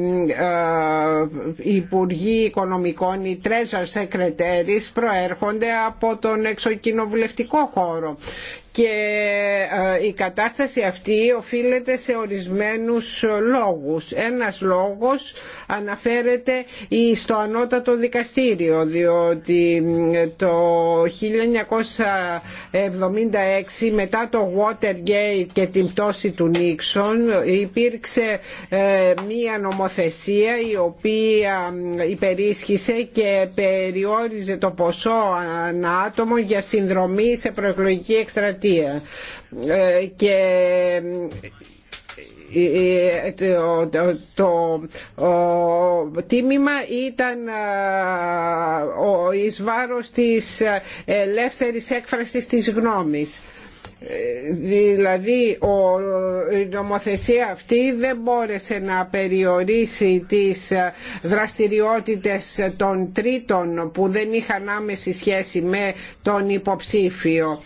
Υπουργοί Οικονομικών, οι Treasure Secretaries προέρχονται από τον εξοκοινοβουλευτικό χώρο και ε, η κατάσταση αυτή οφείλεται σε ορισμένους λόγους. Ένας λόγος αναφέρεται στο ανώτατο δικαστήριο διότι το 1976 μετά το Watergate και την πτώση του Νίξον υπήρξε ε, μία νομοθεσία η οποία υπερίσχυσε και περιόριζε το ποσό ανά άτομο για συνδρομή σε προεκλογική εκστρατεία ε, και ε, ε, το, το, τίμημα ήταν ο εις της ελεύθερης έκφρασης της γνώμης. Δηλαδή ο, η νομοθεσία αυτή δεν μπόρεσε να περιορίσει τις δραστηριότητες των τρίτων που δεν είχαν άμεση σχέση με τον υποψήφιο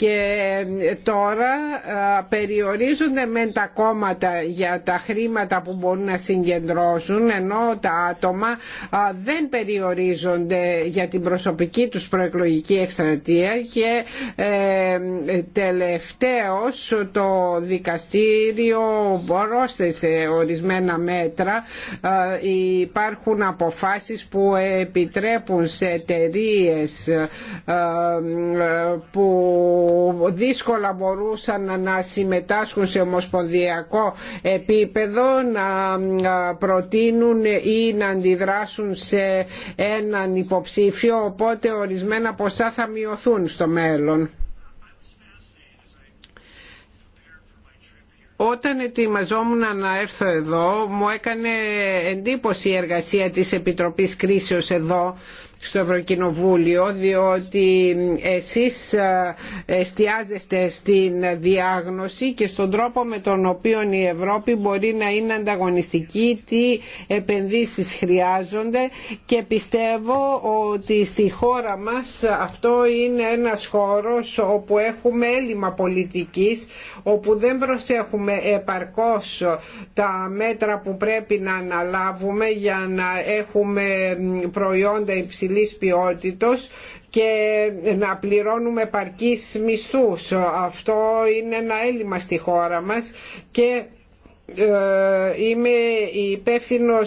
και ε, τώρα ε, περιορίζονται με τα κόμματα για τα χρήματα που μπορούν να συγκεντρώσουν ενώ τα άτομα ε, δεν περιορίζονται για την προσωπική τους προεκλογική εκστρατεία και τελευταίως το δικαστήριο πρόσθεσε ορισμένα μέτρα υπάρχουν αποφάσεις που επιτρέπουν σε εταιρείε που δύσκολα μπορούσαν να συμμετάσχουν σε ομοσπονδιακό επίπεδο να προτείνουν ή να αντιδράσουν σε έναν υποψήφιο οπότε ορισμένα ποσά θα μειωθούν στο μέλλον. Όταν ετοιμαζόμουν να έρθω εδώ μου έκανε εντύπωση η εργασία της Επιτροπής Κρίσεως εδώ στο Ευρωκοινοβούλιο διότι εσείς ε, εστιάζεστε στην διάγνωση και στον τρόπο με τον οποίο η Ευρώπη μπορεί να είναι ανταγωνιστική, τι επενδύσεις χρειάζονται και πιστεύω ότι στη χώρα μας αυτό είναι ένας χώρος όπου έχουμε έλλειμμα πολιτικής, όπου δεν προσέχουμε επαρκώς τα μέτρα που πρέπει να αναλάβουμε για να έχουμε προϊόντα υψηλή υψηλής ποιότητος και να πληρώνουμε παρκείς μισθούς. Αυτό είναι ένα έλλειμμα στη χώρα μας και ε, είμαι υπεύθυνο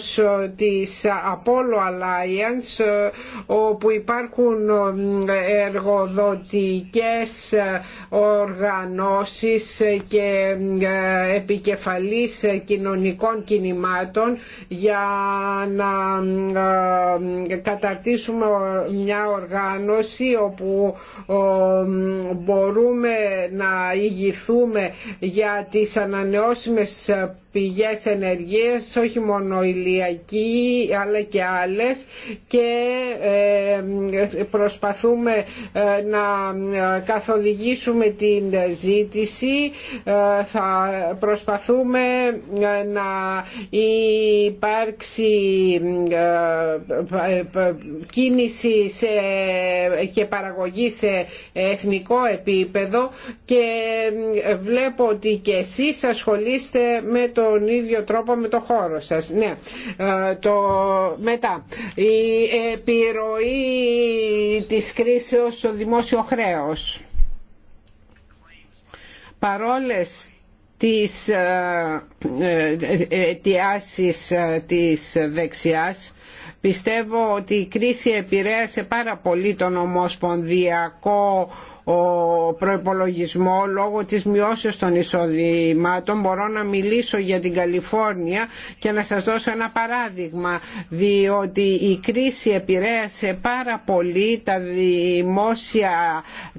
της Apollo Alliance ε, όπου υπάρχουν ε, εργοδοτικές οργανώσεις και επικεφαλής κοινωνικών κινημάτων για να καταρτήσουμε μια οργάνωση όπου μπορούμε να ηγηθούμε για τις ανανεώσιμες θα κάνουμε πηγές ενεργείας, όχι μόνο ηλιακή αλλά και άλλες και ε, προσπαθούμε ε, να ε, καθοδηγήσουμε την ζήτηση, θα προσπαθούμε να υπάρξει κίνηση σε, και παραγωγή σε εθνικό επίπεδο και βλέπω ότι και εσείς ασχολείστε με το τον ίδιο τρόπο με το χώρο σας. Ναι. Ε, το, μετά, η επιρροή της κρίσεως στο δημόσιο χρέος. Παρόλες τις ε, ε, αιτιάσεις της δεξιάς, πιστεύω ότι η κρίση επηρέασε πάρα πολύ τον ομοσπονδιακό ο προπολογισμό λόγω της μειώσεως των εισοδημάτων μπορώ να μιλήσω για την Καλιφόρνια και να σας δώσω ένα παράδειγμα διότι η κρίση επηρέασε πάρα πολύ τα δημόσια,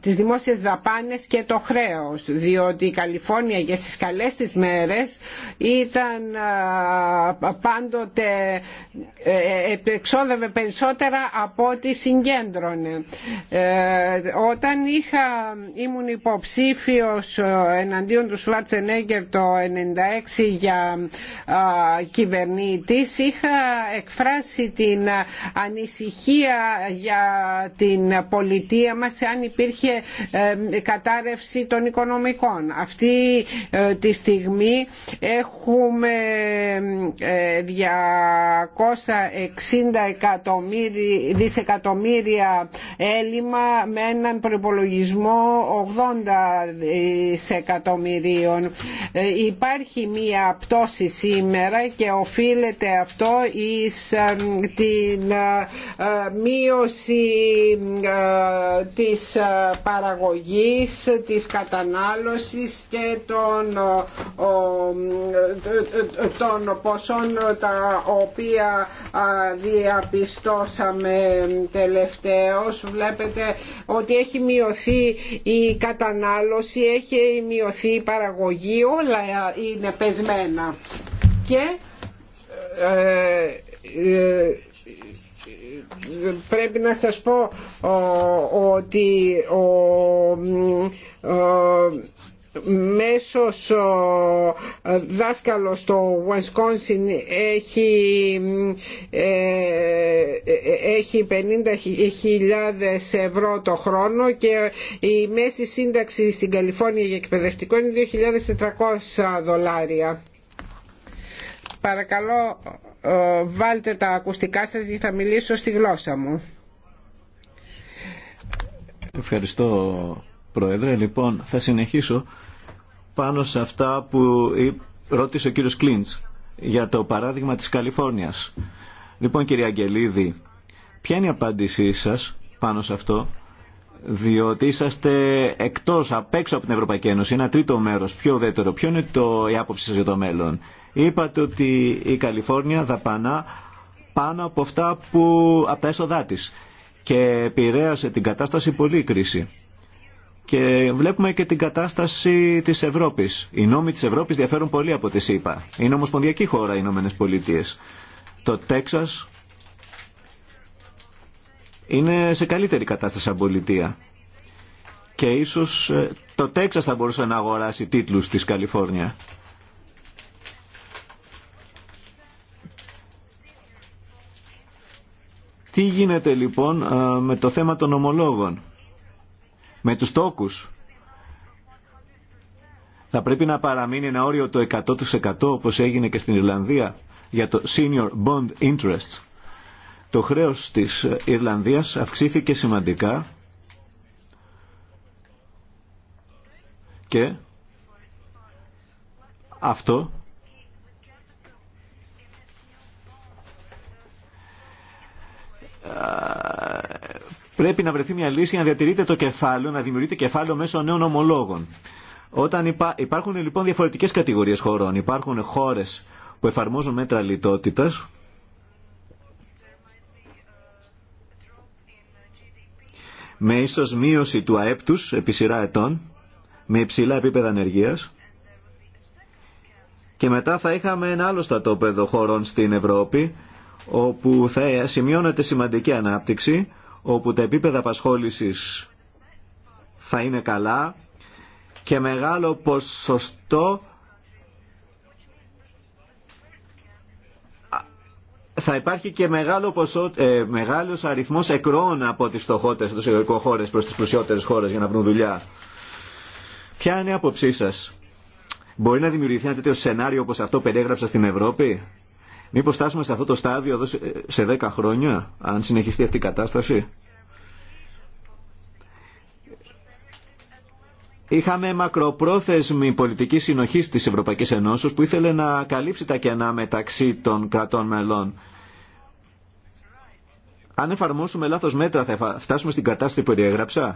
τις δημόσιες δαπάνες και το χρέος διότι η Καλιφόρνια για στις καλές της μέρες ήταν πάντοτε ε, ε, εξόδευε περισσότερα από ό,τι συγκέντρωνε. Ε, όταν είχα ήμουν υποψήφιος ε, εναντίον του Σουάρτσενέγκερ το 1996 για κυβερνήτη. κυβερνήτης είχα εκφράσει την ανησυχία για την πολιτεία μας αν υπήρχε ε, κατάρρευση των οικονομικών. Αυτή ε, τη στιγμή έχουμε 260 δισεκατομμύρια έλλειμμα με έναν προπολογισμό πληθυσμό 80 δισεκατομμυρίων. Ε, υπάρχει μία πτώση σήμερα και οφείλεται αυτό εις ε, την ε, μείωση της παραγωγής, της κατανάλωσης και των, των ποσών τα οποία διαπιστώσαμε τελευταίως. Βλέπετε ότι έχει μειωθεί η κατανάλωση, έχει μειωθεί η παραγωγή, όλα είναι πεσμένα. Και ε, ε, πρέπει να σας πω ότι ο μέσος ε, δάσκαλος στο Wisconsin έχει, ε, ε, έχει 50.000 ευρώ το χρόνο και η μέση σύνταξη στην Καλιφόρνια για εκπαιδευτικό είναι 2.400 δολάρια. Παρακαλώ βάλτε τα ακουστικά σας γιατί θα μιλήσω στη γλώσσα μου. Ευχαριστώ Πρόεδρε. Λοιπόν, θα συνεχίσω πάνω σε αυτά που ρώτησε ο κύριος Κλίντς για το παράδειγμα της Καλιφόρνιας. Λοιπόν κύριε Αγγελίδη, ποια είναι η απάντησή σας πάνω σε αυτό, διότι είσαστε εκτός, απ' έξω από την Ευρωπαϊκή Ένωση, ένα τρίτο μέρος, πιο ουδέτερο. Ποιο είναι το, η άποψη σας για το μέλλον. Είπατε ότι η Καλιφόρνια δαπανά πάνω από αυτά που, από τα έσοδά της και επηρέασε την κατάσταση πολύ κρίση. Και βλέπουμε και την κατάσταση τη Ευρώπη. Οι νόμοι τη Ευρώπη διαφέρουν πολύ από τη ΣΥΠΑ. Είναι ομοσπονδιακή χώρα οι Ηνωμένε Πολιτείε. Το Τέξα είναι σε καλύτερη κατάσταση σαν πολιτεία. Και ίσω ε, το Τέξα θα μπορούσε να αγοράσει τίτλου τη Καλιφόρνια. Τι γίνεται λοιπόν ε, με το θέμα των ομολόγων με τους τόκους. Θα πρέπει να παραμείνει ένα όριο το 100% όπως έγινε και στην Ιρλανδία για το Senior Bond Interest. Το χρέος της Ιρλανδίας αυξήθηκε σημαντικά και αυτό πρέπει να βρεθεί μια λύση να διατηρείται το κεφάλαιο, να δημιουργείται κεφάλαιο μέσω νέων ομολόγων. Όταν Υπάρχουν λοιπόν διαφορετικές κατηγορίες χωρών. Υπάρχουν χώρες που εφαρμόζουν μέτρα λιτότητας, με ίσως μείωση του ΑΕΠ τους επί σειρά ετών, με υψηλά επίπεδα ενεργείας και μετά θα είχαμε ένα άλλο στατόπεδο χωρών στην Ευρώπη, όπου θα σημειώνεται σημαντική ανάπτυξη, όπου τα επίπεδα απασχόλησης θα είναι καλά και μεγάλο ποσοστό θα υπάρχει και μεγάλο ποσό, ε, μεγάλος αριθμός εκρών από τις φτωχότερες των προ χώρες προς τις πλουσιότερες χώρες για να βρουν δουλειά. Ποια είναι η άποψή σας. Μπορεί να δημιουργηθεί ένα τέτοιο σενάριο όπως αυτό περιέγραψα στην Ευρώπη Μήπω φτάσουμε σε αυτό το στάδιο εδώ σε 10 χρόνια, αν συνεχιστεί αυτή η κατάσταση. Είχαμε μακροπρόθεσμη πολιτική συνοχή τη Ευρωπαϊκή Ενώσεω που ήθελε να καλύψει τα κενά μεταξύ των κρατών μελών. Αν εφαρμόσουμε λάθος μέτρα θα φτάσουμε στην κατάσταση που περιέγραψα.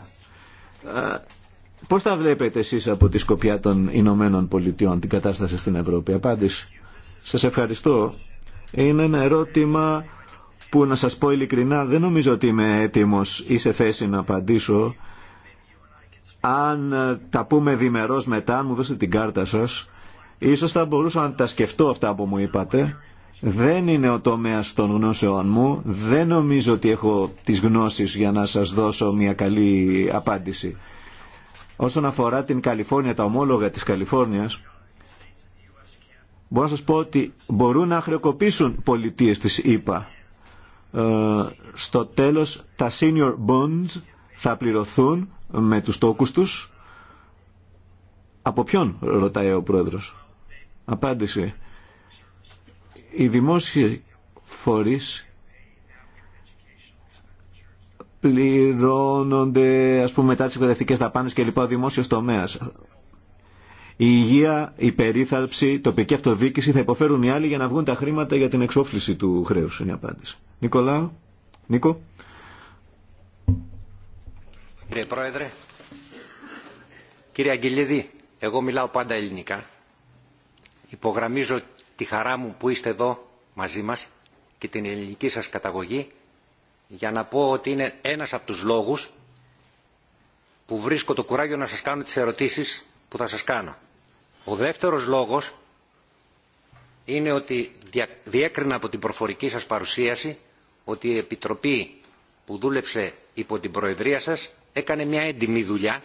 Ε, Πώ τα βλέπετε εσείς από τη σκοπιά των Ηνωμένων Πολιτειών την κατάσταση στην Ευρώπη. Απάντηση. Σας ευχαριστώ. Είναι ένα ερώτημα που να σας πω ειλικρινά δεν νομίζω ότι είμαι έτοιμος ή σε θέση να απαντήσω. Αν ε, τα πούμε διμερώς μετά, αν μου δώσετε την κάρτα σας, ίσως θα μπορούσα να τα σκεφτώ αυτά που μου είπατε. Δεν είναι ο τομέας των γνώσεών μου, δεν νομίζω ότι έχω τις γνώσεις για να σας δώσω μια καλή απάντηση. Όσον αφορά την Καλιφόρνια, τα ομόλογα της Καλιφόρνιας, Μπορώ να σας πω ότι μπορούν να χρεοκοπήσουν πολιτείες της ΕΠΑ. Ε, στο τέλος τα senior bonds θα πληρωθούν με τους τόκους τους. Από ποιον ρωτάει ο πρόεδρος. Απάντησε. Οι δημόσιοι φορείς πληρώνονται ας πούμε μετά τις εκπαιδευτικές δαπάνες και λοιπά ο δημόσιος τομέας η υγεία, η περίθαλψη, τοπική αυτοδιοίκηση θα υποφέρουν οι άλλοι για να βγουν τα χρήματα για την εξόφληση του χρέους. Είναι η απάντηση. Νίκο. Κύριε Πρόεδρε, κύριε Αγγελίδη, εγώ μιλάω πάντα ελληνικά. Υπογραμμίζω τη χαρά μου που είστε εδώ μαζί μας και την ελληνική σας καταγωγή για να πω ότι είναι ένας από τους λόγους που βρίσκω το κουράγιο να σας κάνω τις ερωτήσεις που θα σας κάνω. Ο δεύτερος λόγος είναι ότι διέκρινα από την προφορική σας παρουσίαση ότι η Επιτροπή που δούλεψε υπό την Προεδρία σας έκανε μια έντιμη δουλειά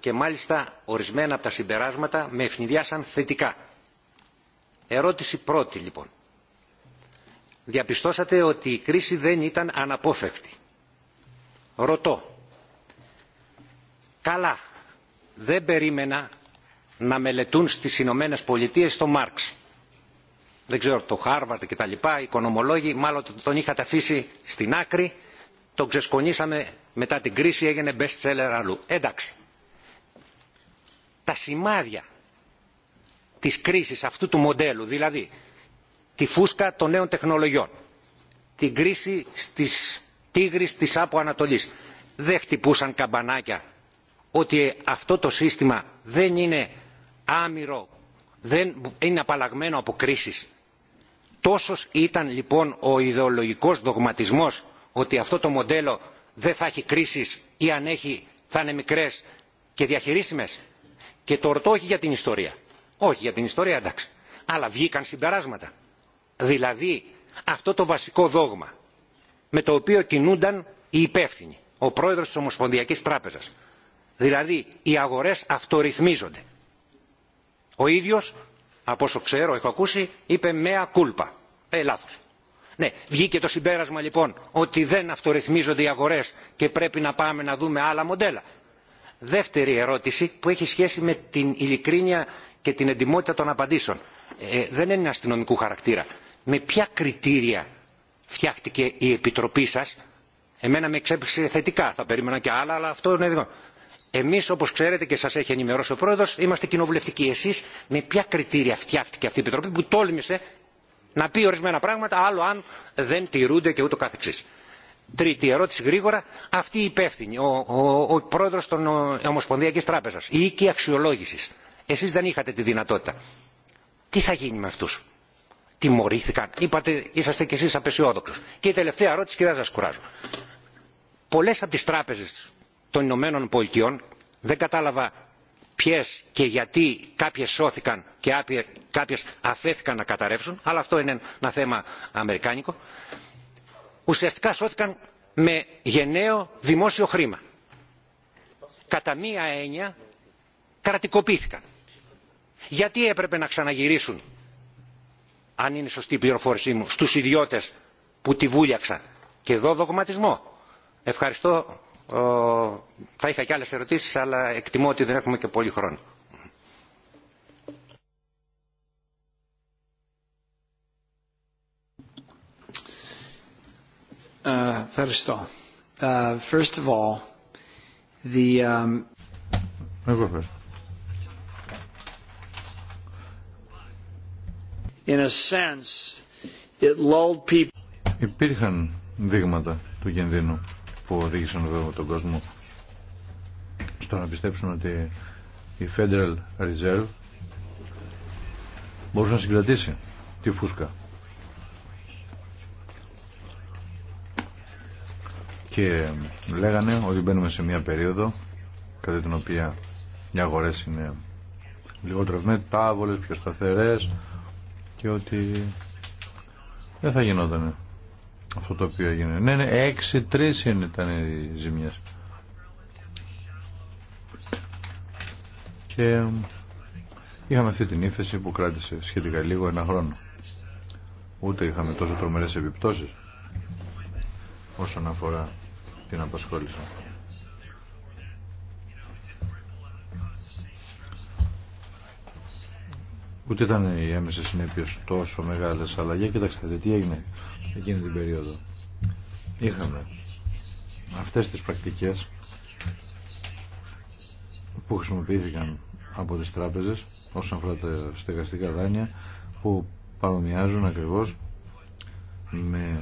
και μάλιστα ορισμένα από τα συμπεράσματα με ευνηδιάσαν θετικά. Ερώτηση πρώτη λοιπόν. Διαπιστώσατε ότι η κρίση δεν ήταν αναπόφευκτη. Ρωτώ. Καλά. Δεν περίμενα να μελετούν στις Ηνωμένε Πολιτείε τον Μάρξ. Δεν ξέρω, το Χάρβαρτ και τα λοιπά, οι οικονομολόγοι, μάλλον τον είχατε αφήσει στην άκρη, τον ξεσκονίσαμε μετά την κρίση, έγινε best seller αλλού. Εντάξει. Τα σημάδια της κρίσης αυτού του μοντέλου, δηλαδή τη φούσκα των νέων τεχνολογιών, την κρίση στις τίγρης της Άπου δεν χτυπούσαν καμπανάκια ότι αυτό το σύστημα δεν είναι άμυρο, δεν είναι απαλλαγμένο από κρίσεις. Τόσος ήταν λοιπόν ο ιδεολογικός δογματισμός ότι αυτό το μοντέλο δεν θα έχει κρίσεις ή αν έχει θα είναι μικρές και διαχειρίσιμες. Και το ρωτώ όχι για την ιστορία. Όχι για την ιστορία εντάξει. Αλλά βγήκαν συμπεράσματα. Δηλαδή αυτό το βασικό δόγμα με το οποίο κινούνταν οι υπεύθυνοι, ο πρόεδρος της Ομοσπονδιακής Τράπεζας. Δηλαδή οι αγορές αυτορυθμίζονται. Ο ίδιος, από όσο ξέρω, έχω ακούσει, είπε μέα κούλπα. Ε, λάθος. Ναι, βγήκε το συμπέρασμα λοιπόν ότι δεν αυτορυθμίζονται οι αγορές και πρέπει να πάμε να δούμε άλλα μοντέλα. Δεύτερη ερώτηση που έχει σχέση με την ειλικρίνεια και την εντιμότητα των απαντήσεων. Ε, δεν είναι αστυνομικού χαρακτήρα. Με ποια κριτήρια φτιάχτηκε η Επιτροπή σας. Εμένα με εξέπληξε θετικά. Θα περίμενα και άλλα, αλλά αυτό είναι δικό. Εμεί, όπω ξέρετε και σα έχει ενημερώσει ο πρόεδρο, είμαστε κοινοβουλευτικοί. Εσεί με ποια κριτήρια φτιάχτηκε αυτή η επιτροπή που τόλμησε να πει ορισμένα πράγματα, άλλο αν δεν τηρούνται και ούτω κάθεξή. Τρίτη ερώτηση γρήγορα. Αυτή η υπεύθυνη, ο, ο, ο πρόεδρο των Ομοσπονδιακή Τράπεζα, η οίκη αξιολόγηση. Εσεί δεν είχατε τη δυνατότητα. Τι θα γίνει με αυτού. Τιμωρήθηκαν. Είπατε, είσαστε κι εσεί απεσιόδοξο. Και η τελευταία ερώτηση, και δεν σα κουράζω. Πολλέ από τι τράπεζε των ηνωμένων πολιτειών δεν κατάλαβα ποιες και γιατί κάποιες σώθηκαν και κάποιες αφέθηκαν να καταρρεύσουν αλλά αυτό είναι ένα θέμα αμερικάνικο ουσιαστικά σώθηκαν με γενναίο δημόσιο χρήμα. Κατά μία έννοια κρατικοποιήθηκαν. Γιατί έπρεπε να ξαναγυρίσουν, αν είναι σωστή η πληροφόρησή μου, στους ιδιώτες που τη βούλιαξαν. Και εδώ δογματισμό. Ευχαριστώ ε, θα είχα και άλλες ερωτήσεις, αλλά εκτιμώ ότι δεν έχουμε και πολύ χρόνο. Uh, ευχαριστώ. Uh, first of all, the, um... Εγώ ευχαριστώ. In a sense, it lulled people... Υπήρχαν δείγματα του κινδύνου που οδήγησαν βέβαια τον κόσμο στο να πιστέψουν ότι η Federal Reserve μπορούσε να συγκρατήσει τη φούσκα. Και λέγανε ότι μπαίνουμε σε μια περίοδο κατά την οποία οι αγορές είναι λιγότερο μετάβολες, πιο σταθερές και ότι δεν θα γινότανε αυτό το οποίο έγινε. Ναι, ναι, έξι-τρεις ήταν οι ζημιές. Και είχαμε αυτή την ύφεση που κράτησε σχετικά λίγο ένα χρόνο. Ούτε είχαμε τόσο τρομερές επιπτώσεις όσον αφορά την απασχόληση. Ούτε ήταν οι έμεσες συνέπειες τόσο μεγάλες, αλλά κοιτάξτε τι έγινε εκείνη την περίοδο. Είχαμε αυτές τις πρακτικές που χρησιμοποιήθηκαν από τις τράπεζες όσον αφορά τα στεγαστικά δάνεια που παρομοιάζουν ακριβώς με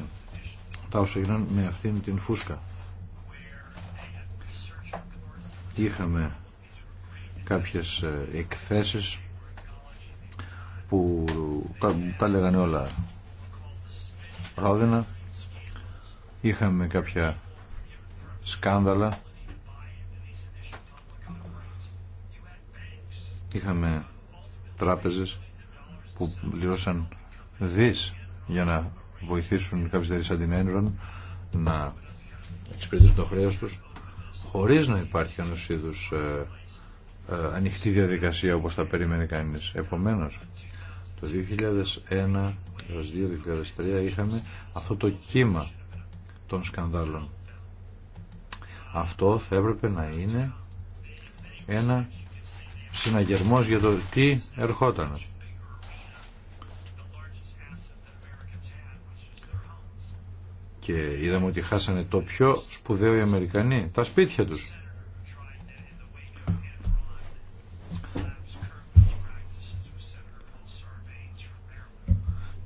τα όσα έγιναν με αυτήν την φούσκα. Είχαμε κάποιες ε, εκθέσεις που τα λέγανε όλα Ρόδινα είχαμε κάποια σκάνδαλα είχαμε τράπεζες που πληρώσαν δις για να βοηθήσουν κάποιες εταιρείες σαν να εξυπηρετήσουν το χρέος τους χωρίς να υπάρχει ενός είδους ε, ε, ανοιχτή διαδικασία όπως θα περίμενε κανείς. Επομένως, το 2001 2002-2003 είχαμε αυτό το κύμα των σκανδάλων. Αυτό θα έπρεπε να είναι ένα συναγερμός για το τι ερχόταν. Και είδαμε ότι χάσανε το πιο σπουδαίο οι Αμερικανοί, τα σπίτια τους.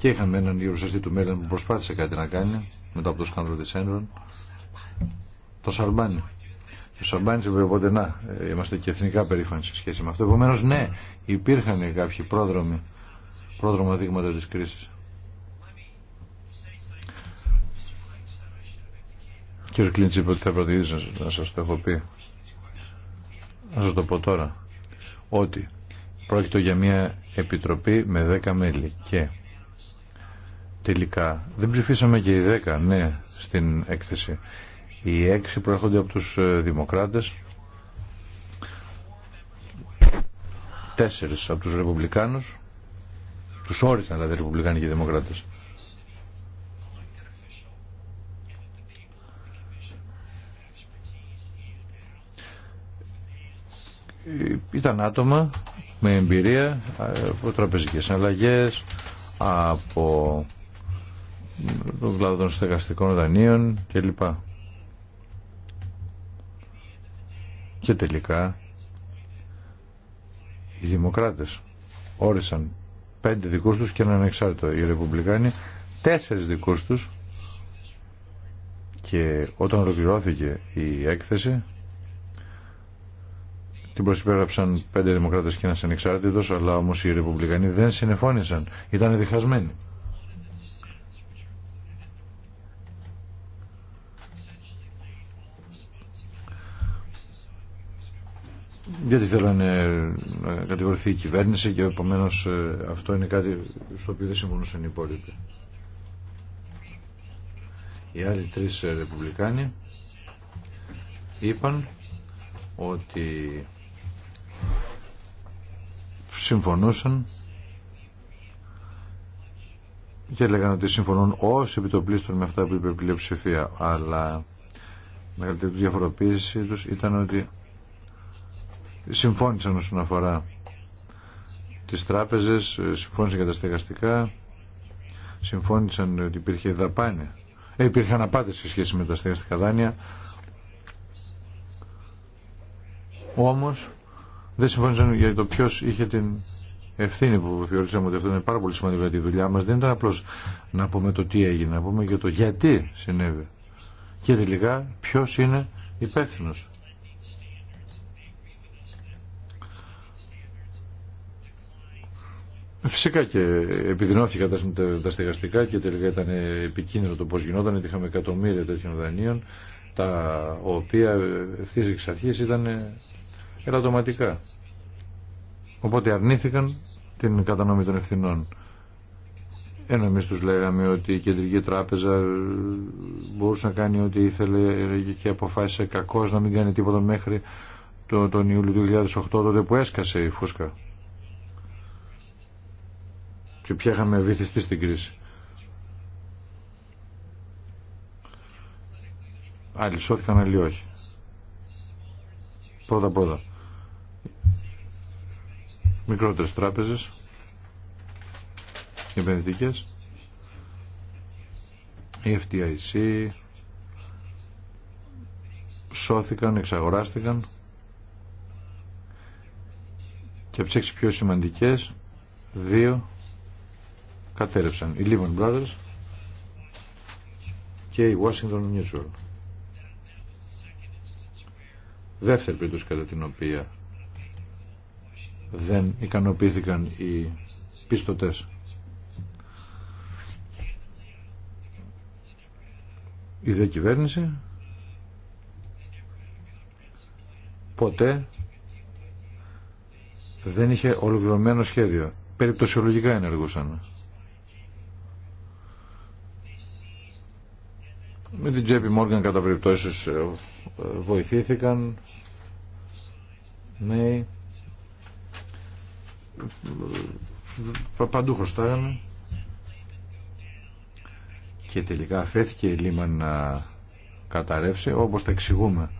Και είχαμε έναν γερουσιαστή του Μέλλον που προσπάθησε κάτι να κάνει μετά από το σκάνδαλο τη Ένρων. Το Σαρμπάνι. Το Σαρμπάνι, οπότε να, ε, είμαστε και εθνικά περήφανοι σε σχέση με αυτό. Επομένω, ναι, υπήρχαν κάποιοι πρόδρομοι, πρόδρομα δείγματα τη κρίση. Κύριε Κλίντς είπε ότι θα προτείνω να σα το έχω πει. Να σα το πω τώρα. Ότι πρόκειται για μια επιτροπή με 10 μέλη και τελικά. Δεν ψηφίσαμε και οι 10, ναι, στην έκθεση. Οι 6 προέρχονται από τους ε, Δημοκράτες, 4 από τους Ρεπουμπλικάνους, τους όρισαν δηλαδή Ρεπουμπλικάνοι και οι Δημοκράτες. Ήταν άτομα με εμπειρία ε, από τραπεζικές αλλαγές, από το κλάδο των στεγαστικών δανείων κλπ. Και τελικά οι δημοκράτες όρισαν πέντε δικούς τους και έναν εξάρτητο. Οι ρεπουμπλικάνοι τέσσερις δικούς τους και όταν ολοκληρώθηκε η έκθεση την προσυπέραψαν πέντε δημοκράτες και ένας ανεξάρτητος αλλά όμως οι ρεπουμπλικανοί δεν συνεφώνησαν. Ήταν διχασμένοι. γιατί θέλω να κατηγορηθεί η κυβέρνηση και επομένω ε, αυτό είναι κάτι στο οποίο δεν συμφωνούσαν οι υπόλοιποι. Οι άλλοι τρει ε, ρεπουμπλικάνοι είπαν ότι συμφωνούσαν και έλεγαν ότι συμφωνούν όσοι επιτοπλίστων με αυτά που είπε η πλειοψηφία αλλά μεγαλύτερη διαφοροποίησή τους ήταν ότι συμφώνησαν όσον αφορά τις τράπεζες, συμφώνησαν για τα στεγαστικά, συμφώνησαν ότι υπήρχε δαπάνη, ε, υπήρχαν απάτες σε σχέση με τα στεγαστικά δάνεια, όμως δεν συμφώνησαν για το ποιο είχε την ευθύνη που θεωρήσαμε ότι αυτό είναι πάρα πολύ σημαντικό για τη δουλειά μας. Δεν ήταν απλώς να πούμε το τι έγινε, να πούμε για το γιατί συνέβη. Και τελικά ποιο είναι υπεύθυνος. Φυσικά και επιδεινώθηκαν τα στεγαστικά και τελικά ήταν επικίνδυνο το πώ γινόταν, γιατί είχαμε εκατομμύρια τέτοιων δανείων, τα οποία ευθύ εξ αρχή ήταν ελαττωματικά. Οπότε αρνήθηκαν την κατανομή των ευθυνών. Ε, ενώ εμεί του λέγαμε ότι η Κεντρική Τράπεζα μπορούσε να κάνει ό,τι ήθελε και αποφάσισε κακώ να μην κάνει τίποτα μέχρι τον Ιούλιο του 2008, τότε που έσκασε η φούσκα και πια είχαμε βυθιστεί στην κρίση. Άλλοι σώθηκαν, άλλοι όχι. Πρώτα πρώτα. Μικρότερες τράπεζες, επενδυτικές, η FDIC, σώθηκαν, εξαγοράστηκαν και από πιο σημαντικές δύο κατέρευσαν. Οι Lehman Brothers και η Washington Mutual. Δεύτερη περίπτωση κατά την οποία δεν ικανοποιήθηκαν οι πιστωτές. Η δε κυβέρνηση ποτέ δεν είχε ολοκληρωμένο σχέδιο. Περιπτωσιολογικά ενεργούσαν. Με την JP Morgan κατά περιπτώσεις ε, ε, βοηθήθηκαν ναι παντού χρωστάγανε και τελικά αφέθηκε η Λίμαν να καταρρεύσει όπως τα εξηγούμε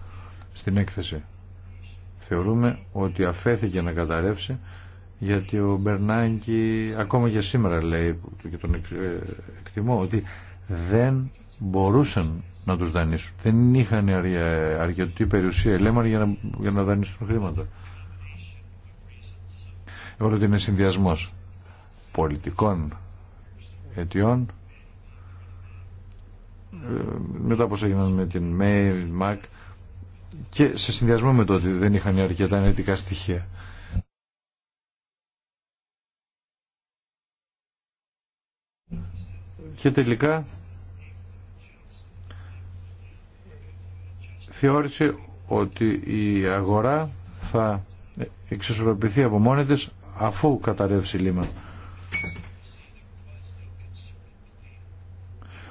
στην έκθεση θεωρούμε ότι αφέθηκε να καταρρεύσει γιατί ο Μπερνάγκη ακόμα και σήμερα λέει και τον ε, εκτιμώ ότι δεν μπορούσαν να τους δανείσουν. Δεν είχαν αρκετή περιουσία ελέμαρ για να, για να δανείσουν χρήματα. Εγώ ότι είναι συνδυασμό πολιτικών αιτιών ε, μετά πως έγιναν με την ΜΕΙ, ΜΑΚ και σε συνδυασμό με το ότι δεν είχαν αρκετά ενετικά στοιχεία. Και τελικά θεώρησε ότι η αγορά θα εξισορροπηθεί από μόνη της αφού καταρρεύσει λίμα.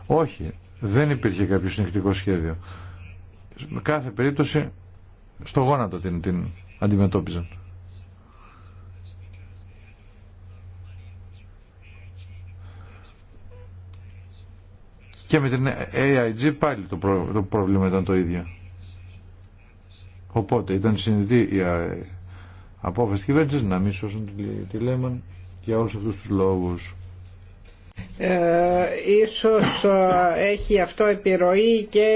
Όχι, δεν υπήρχε κάποιο συνεχτικό σχέδιο. Με κάθε περίπτωση στο γόνατο την, την αντιμετώπιζαν. Και με την AIG πάλι το, το πρόβλημα ήταν το ίδιο. Οπότε ήταν συνειδητή η απόφαση της να μην σώσουν τη Λέμαν για όλους αυτούς τους λόγους. Ε, ίσως έχει αυτό επιρροή και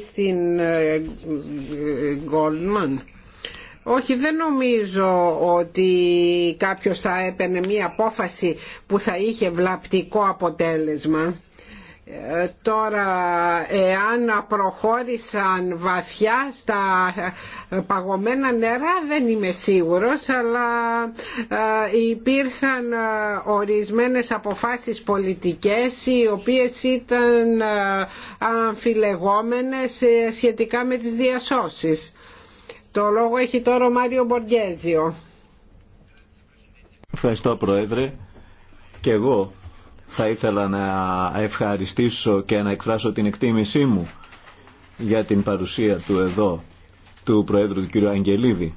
στην ε, Goldman. Όχι, δεν νομίζω ότι κάποιος θα έπαιρνε μία απόφαση που θα είχε βλαπτικό αποτέλεσμα. Ε, τώρα εάν προχώρησαν βαθιά στα ε, παγωμένα νερά δεν είμαι σίγουρος αλλά ε, υπήρχαν ορισμένες αποφάσεις πολιτικές οι οποίες ήταν αμφιλεγόμενες σχετικά με τις διασώσεις. Το λόγο έχει τώρα ο Μάριο Μποργέζιο. Ευχαριστώ Πρόεδρε και εγώ θα ήθελα να ευχαριστήσω και να εκφράσω την εκτίμησή μου για την παρουσία του εδώ, του Προέδρου του κ. Αγγελίδη.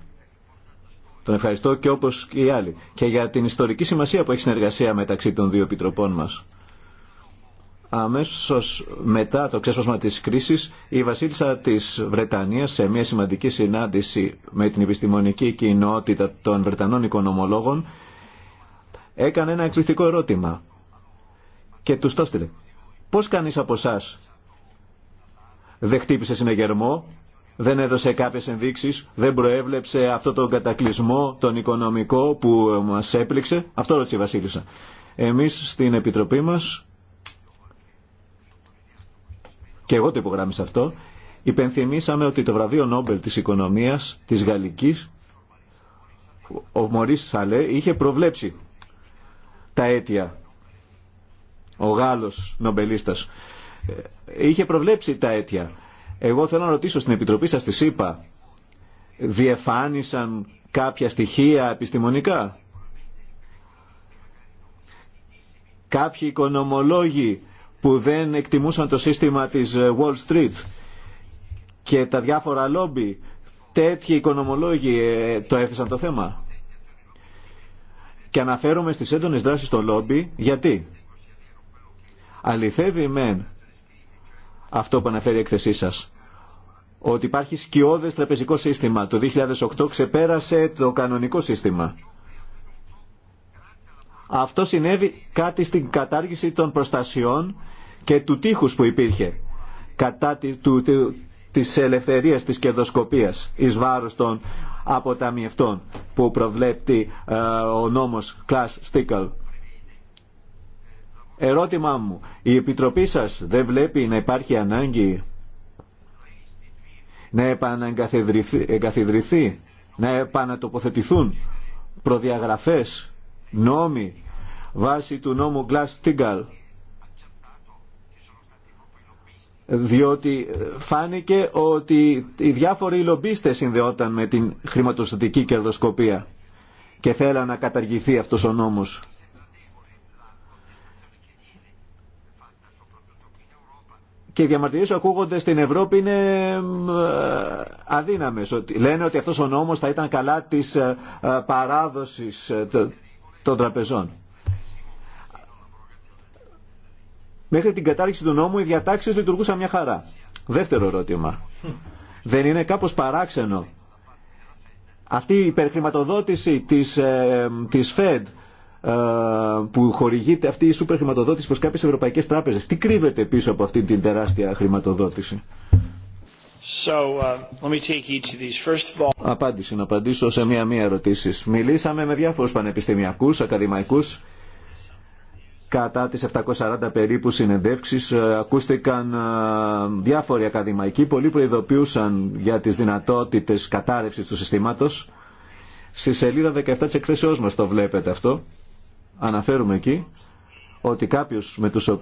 Τον ευχαριστώ και όπως και οι άλλοι. Και για την ιστορική σημασία που έχει συνεργασία μεταξύ των δύο επιτροπών μας. Αμέσως μετά το ξέσπασμα της κρίσης, η βασίλισσα της Βρετανίας σε μια σημαντική συνάντηση με την επιστημονική κοινότητα των Βρετανών οικονομολόγων έκανε ένα εκπληκτικό ερώτημα και του το έστειλε. Πώ κανεί από εσά δεν χτύπησε συνεγερμό, δεν έδωσε κάποιε ενδείξει, δεν προέβλεψε αυτό τον κατακλυσμό, τον οικονομικό που μα έπληξε. Αυτό ρώτησε η Βασίλισσα. Εμεί στην Επιτροπή μα, και εγώ το υπογράμμισα αυτό, υπενθυμίσαμε ότι το βραβείο Νόμπελ της οικονομίας της Γαλλικής ο Μωρίς Σαλέ είχε προβλέψει τα αίτια ο Γάλλος νομπελίστας, ε, είχε προβλέψει τα αίτια. Εγώ θέλω να ρωτήσω στην Επιτροπή σας τη είπα, διεφάνισαν κάποια στοιχεία επιστημονικά. Κάποιοι οικονομολόγοι που δεν εκτιμούσαν το σύστημα της Wall Street και τα διάφορα λόμπι, τέτοιοι οικονομολόγοι ε, το έθεσαν το θέμα. Και αναφέρομαι στις έντονες δράσεις στο λόμπι, γιατί Αληθεύει μεν αυτό που αναφέρει η έκθεσή σας ότι υπάρχει σκιώδε τραπεζικό σύστημα. Το 2008 ξεπέρασε το κανονικό σύστημα. Αυτό συνέβη κάτι στην κατάργηση των προστασιών και του τείχους που υπήρχε κατά τη, του, της ελευθερίας της κερδοσκοπίας εις βάρος των αποταμιευτών που προβλέπει ε, ο νόμος Κλάς Στίκαλ. Ερώτημά μου, η Επιτροπή σας δεν βλέπει να υπάρχει ανάγκη να επαναγκαθιδρυθεί, να επανατοποθετηθούν προδιαγραφές, νόμοι βάσει του νόμου Glass-Steagall διότι φάνηκε ότι οι διάφοροι λομπίστες συνδεόταν με την χρηματοστατική κερδοσκοπία και θέλαν να καταργηθεί αυτός ο νόμος. και οι διαμαρτυρίες που ακούγονται στην Ευρώπη είναι ε, αδύναμες. Λένε ότι αυτός ο νόμος θα ήταν καλά της ε, ε, παράδοσης των τραπεζών. Μέχρι την κατάρριξη του νόμου οι διατάξεις λειτουργούσαν μια χαρά. Δεύτερο ερώτημα. Δεν είναι κάπως παράξενο αυτή η υπερχρηματοδότηση της, της ΦΕΔ ε, που χορηγείται αυτή η σούπερ χρηματοδότηση προς κάποιες ευρωπαϊκές τράπεζες. Τι κρύβεται πίσω από αυτή την τεράστια χρηματοδότηση. So, uh, let me take each of these. First of all... Απάντηση, να απαντήσω σε μία-μία ερωτήσει. Μιλήσαμε με διάφορους πανεπιστημιακούς, ακαδημαϊκούς. Κατά τις 740 περίπου συνεντεύξεις ε, ακούστηκαν ε, διάφοροι ακαδημαϊκοί, πολλοί προειδοποιούσαν για τις δυνατότητες κατάρρευσης του συστήματος. Στη σελίδα 17 της εκθέσεώς μας το βλέπετε αυτό αναφέρουμε εκεί ότι κάποιος με τους, ο...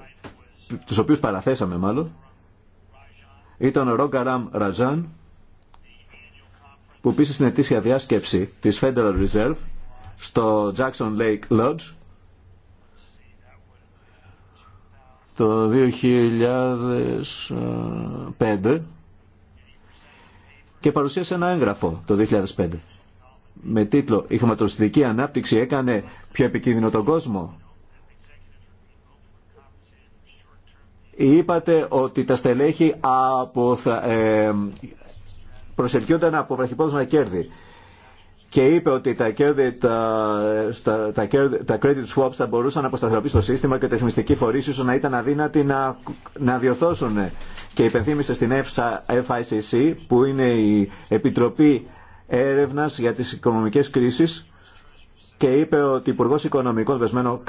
τους οποίους παραθέσαμε μάλλον ήταν ο Ρόγκαραμ Ρατζάν που πήσε στην ετήσια διάσκεψη της Federal Reserve στο Jackson Lake Lodge το 2005 και παρουσίασε ένα έγγραφο το 2005 με τίτλο «Η χρηματοπιστική ανάπτυξη έκανε πιο επικίνδυνο τον κόσμο». Είπατε ότι τα στελέχη από, ε, προσελκύονταν από βραχυπόδοσμα κέρδη και είπε ότι τα, κέρδη, τα, τα, κέρδη, τα credit swaps θα μπορούσαν να αποσταθεροποιήσουν το σύστημα και τα εθνιστικοί φορεί να ήταν αδύνατοι να, να διορθώσουν. Και υπενθύμησε στην FICC, που είναι η Επιτροπή Έρευνα για τι οικονομικέ κρίσει και είπε ότι ο υπουργό Οικονομικών δεσμένο,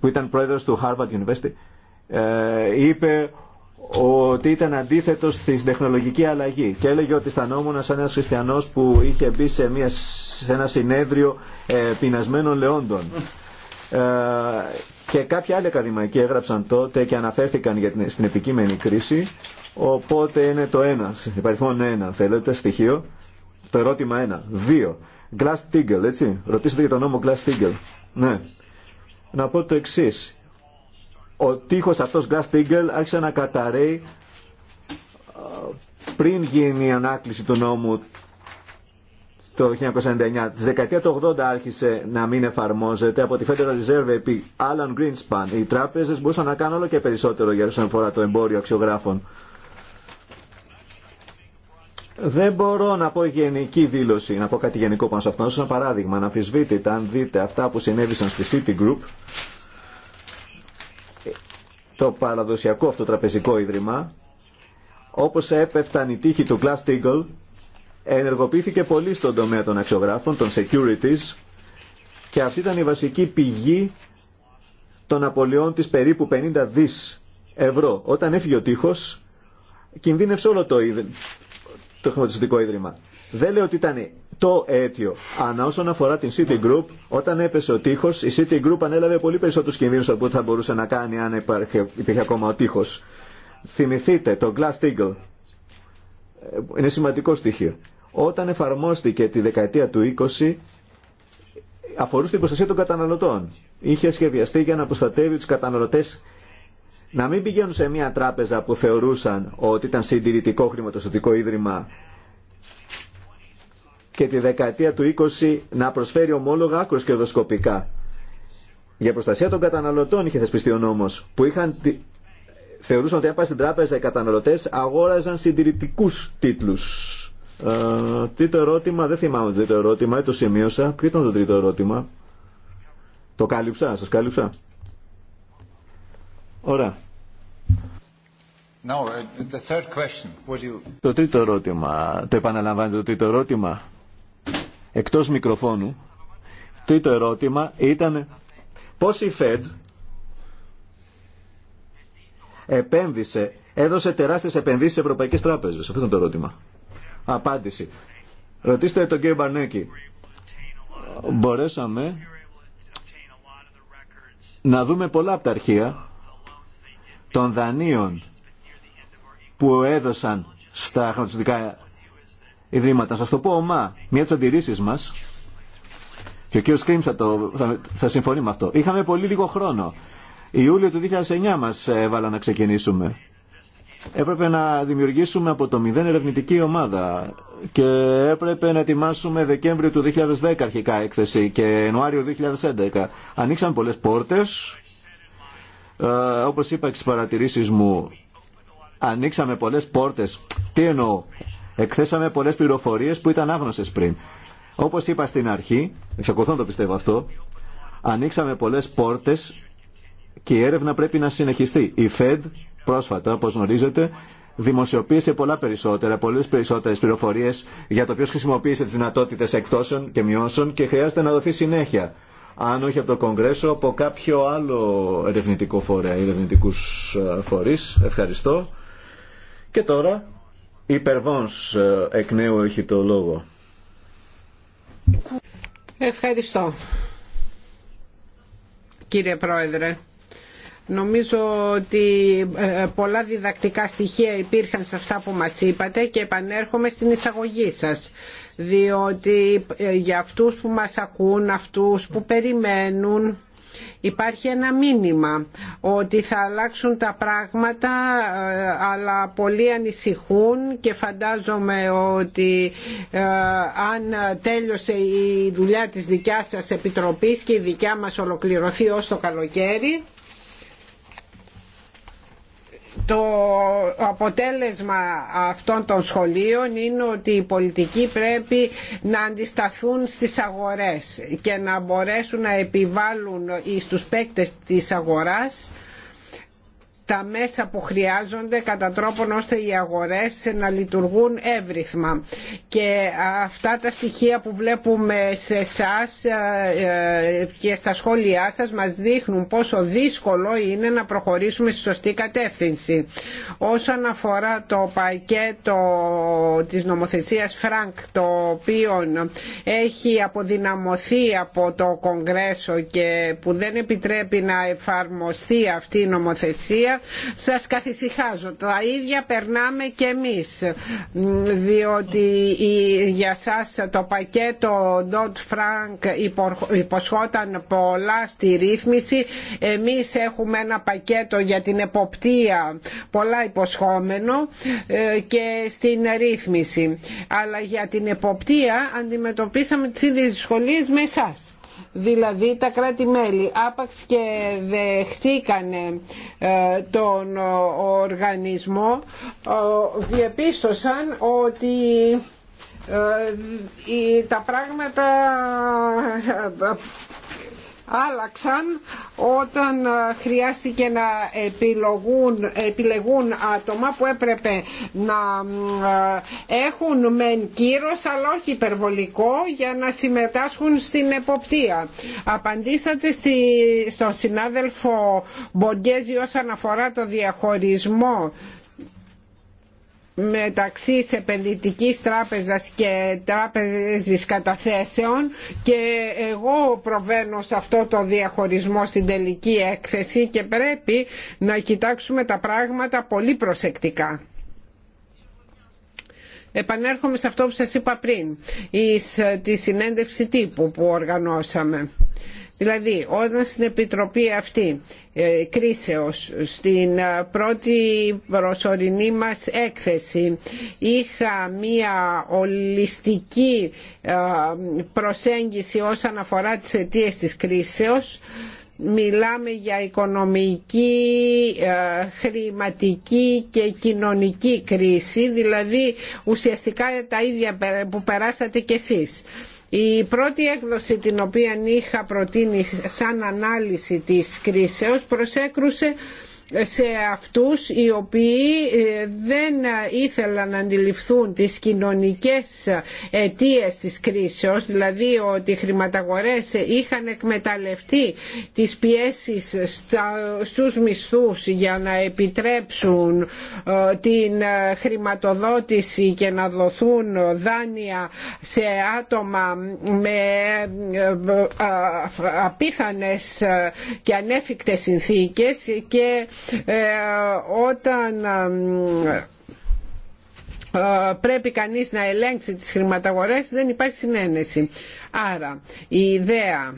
που ήταν πρόεδρο του Harvard University ε, είπε ότι ήταν αντίθετο στην τεχνολογική αλλαγή και έλεγε ότι αισθανόμουν σαν ένα Χριστιανό που είχε μπει σε, σε ένα συνέδριο ε, πεινασμένων λεόντων. Ε, και κάποιοι άλλοι ακαδημαϊκοί έγραψαν τότε και αναφέρθηκαν για την, στην επικείμενη κρίση οπότε είναι το ένα, υπαριθμόν ένα θέλετε στοιχείο ερώτημα 1. 2. Glass-Steagall, έτσι. Ρωτήσατε για τον νόμο Glass-Steagall. Ναι. Να πω το εξή. Ο τείχο αυτό αυτός Glass-Steagall άρχισε να καταραίει πριν γίνει η ανάκληση του νόμου το 1999. Τη δεκαετία του 1980 άρχισε να μην εφαρμόζεται από τη Federal Reserve επί Alan Greenspan. Οι τράπεζε μπορούσαν να κάνουν όλο και περισσότερο για όσον αφορά το εμπόριο αξιογράφων. Δεν μπορώ να πω γενική δήλωση, να πω κάτι γενικό πάνω σε αυτό. Να ένα παράδειγμα, να αμφισβήτητα, αν δείτε αυτά που συνέβησαν στη City Group, το παραδοσιακό αυτό τραπεζικό ίδρυμα, όπως έπεφταν η τύχη του Glass Steagall, ενεργοποιήθηκε πολύ στον τομέα των αξιογράφων, των securities, και αυτή ήταν η βασική πηγή των απολειών της περίπου 50 δις ευρώ. Όταν έφυγε ο τείχος, κινδύνευσε όλο το, το χρηματιστικό ίδρυμα. Δεν λέω ότι ήταν το αίτιο. Αλλά όσον αφορά την Citigroup, όταν έπεσε ο τείχο, η Citigroup ανέλαβε πολύ περισσότερου κινδύνου από ό,τι θα μπορούσε να κάνει αν υπήρχε ακόμα ο τείχο. Θυμηθείτε το Glass-Steagall. Ε, είναι σημαντικό στοιχείο. Όταν εφαρμόστηκε τη δεκαετία του 20, αφορούσε την προστασία των καταναλωτών. Είχε σχεδιαστεί για να προστατεύει του καταναλωτέ να μην πηγαίνουν σε μια τράπεζα που θεωρούσαν ότι ήταν συντηρητικό χρηματοστατικό ίδρυμα και τη δεκαετία του 20 να προσφέρει ομόλογα άκρος Για προστασία των καταναλωτών είχε θεσπιστεί ο νόμος, που είχαν, θεωρούσαν ότι αν πάει στην τράπεζα οι καταναλωτές αγόραζαν συντηρητικούς τίτλους. Ε, τρίτο ερώτημα, δεν θυμάμαι το τρίτο ερώτημα, το σημείωσα. Ποιο ήταν το τρίτο ερώτημα. Το κάλυψα, σας κάλυψα. Ωραία. Uh, το τρίτο ερώτημα. Το επαναλαμβάνετε το τρίτο ερώτημα. Εκτός μικροφώνου. το Τρίτο ερώτημα ήταν πώς η Fed επένδυσε, έδωσε τεράστιες επενδύσεις σε ευρωπαϊκές τράπεζες. Αυτό ήταν το ερώτημα. Απάντηση. Ρωτήστε τον κύριο Μπαρνέκη. Μπορέσαμε να δούμε πολλά από τα αρχεία των δανείων που έδωσαν στα χρηματιστικά ιδρύματα. Σας το πω ομά, μία από τις αντιρρήσεις μας, και ο κ. Σκρίντ θα, θα, θα συμφωνεί με αυτό, είχαμε πολύ λίγο χρόνο. Ιούλιο του 2009 μας έβαλα να ξεκινήσουμε. Έπρεπε να δημιουργήσουμε από το μηδέν ερευνητική ομάδα και έπρεπε να ετοιμάσουμε Δεκέμβριο του 2010 αρχικά έκθεση και Ιανουάριο 2011. Ανοίξαν πολλές πόρτες, ε, όπως είπα στις παρατηρήσεις μου ανοίξαμε πολλέ πόρτε. Τι εννοώ, εκθέσαμε πολλέ πληροφορίε που ήταν άγνωσε πριν. Όπω είπα στην αρχή, εξακολουθώ να το πιστεύω αυτό, ανοίξαμε πολλέ πόρτε και η έρευνα πρέπει να συνεχιστεί. Η Fed πρόσφατα, όπω γνωρίζετε, δημοσιοποίησε πολλά περισσότερα, πολλέ περισσότερε πληροφορίε για το ποιο χρησιμοποίησε τι δυνατότητε εκτόσεων και μειώσεων και χρειάζεται να δοθεί συνέχεια. Αν όχι από το Κογκρέσο, από κάποιο άλλο ερευνητικό φορέα ή ερευνητικού ε, φορεί. Ευχαριστώ. Και τώρα η ε, εκ νέου έχει το λόγο. Ευχαριστώ. Κύριε Πρόεδρε. Νομίζω ότι ε, πολλά διδακτικά στοιχεία υπήρχαν σε αυτά που μας είπατε και επανέρχομαι στην εισαγωγή σας διότι ε, για αυτούς που μας ακούν, αυτούς που περιμένουν Υπάρχει ένα μήνυμα ότι θα αλλάξουν τα πράγματα ε, αλλά πολλοί ανησυχούν και φαντάζομαι ότι ε, αν τέλειωσε η δουλειά της δικιάς σας επιτροπής και η δικιά μας ολοκληρωθεί ως το καλοκαίρι το αποτέλεσμα αυτών των σχολείων είναι ότι οι πολιτικοί πρέπει να αντισταθούν στις αγορές και να μπορέσουν να επιβάλλουν στους παίκτες της αγοράς τα μέσα που χρειάζονται κατά τρόπον ώστε οι αγορές να λειτουργούν εύρυθμα. Και αυτά τα στοιχεία που βλέπουμε σε εσά ε, και στα σχόλιά σας μας δείχνουν πόσο δύσκολο είναι να προχωρήσουμε στη σωστή κατεύθυνση. Όσον αφορά το πακέτο της νομοθεσίας Φρανκ το οποίο έχει αποδυναμωθεί από το Κογκρέσο και που δεν επιτρέπει να εφαρμοστεί αυτή η νομοθεσία σας καθησυχάζω. Τα ίδια περνάμε και εμείς, διότι για σας το πακέτο Dodd Frank υποσχόταν πολλά στη ρύθμιση. Εμείς έχουμε ένα πακέτο για την εποπτεία πολλά υποσχόμενο ε, και στην ρύθμιση. Αλλά για την εποπτεία αντιμετωπίσαμε τις ίδιες δυσκολίες με εσάς δηλαδή τα κράτη-μέλη άπαξ και δεχθήκανε ε, τον οργανισμό διεπίστωσαν ότι ε, τα πράγματα άλλαξαν όταν ε, χρειάστηκε να επιλογούν, επιλεγούν άτομα που έπρεπε να ε, έχουν μεν κύρος αλλά όχι υπερβολικό για να συμμετάσχουν στην εποπτεία. Απαντήσατε στη, στον συνάδελφο Μπογκέζη όσον αφορά το διαχωρισμό μεταξύ επενδυτικής τράπεζας και τράπεζης καταθέσεων και εγώ προβαίνω σε αυτό το διαχωρισμό στην τελική έκθεση και πρέπει να κοιτάξουμε τα πράγματα πολύ προσεκτικά. Επανέρχομαι σε αυτό που σας είπα πριν, τη συνέντευξη τύπου που οργανώσαμε Δηλαδή, όταν στην Επιτροπή αυτή ε, κρίσεως, στην ε, πρώτη προσωρινή μας έκθεση, είχα μία ολιστική ε, προσέγγιση όσον αφορά τις αιτίες της κρίσεως, μιλάμε για οικονομική, ε, χρηματική και κοινωνική κρίση, δηλαδή ουσιαστικά τα ίδια που περάσατε κι εσείς. Η πρώτη έκδοση την οποία είχα προτείνει σαν ανάλυση της κρίσεως προσέκρουσε σε αυτούς οι οποίοι ε, δεν ε, ήθελαν να αντιληφθούν τις κοινωνικές αιτίες της κρίσεως, δηλαδή ότι οι χρηματαγορές είχαν εκμεταλλευτεί τις πιέσεις στους μισθούς για να επιτρέψουν ε, την χρηματοδότηση και να δοθούν δάνεια σε άτομα με απίθανες και ανέφικτες συνθήκες και ε, όταν ε, ε, πρέπει κανείς να ελέγξει τις χρηματαγορές δεν υπάρχει συνένεση. Άρα η ιδέα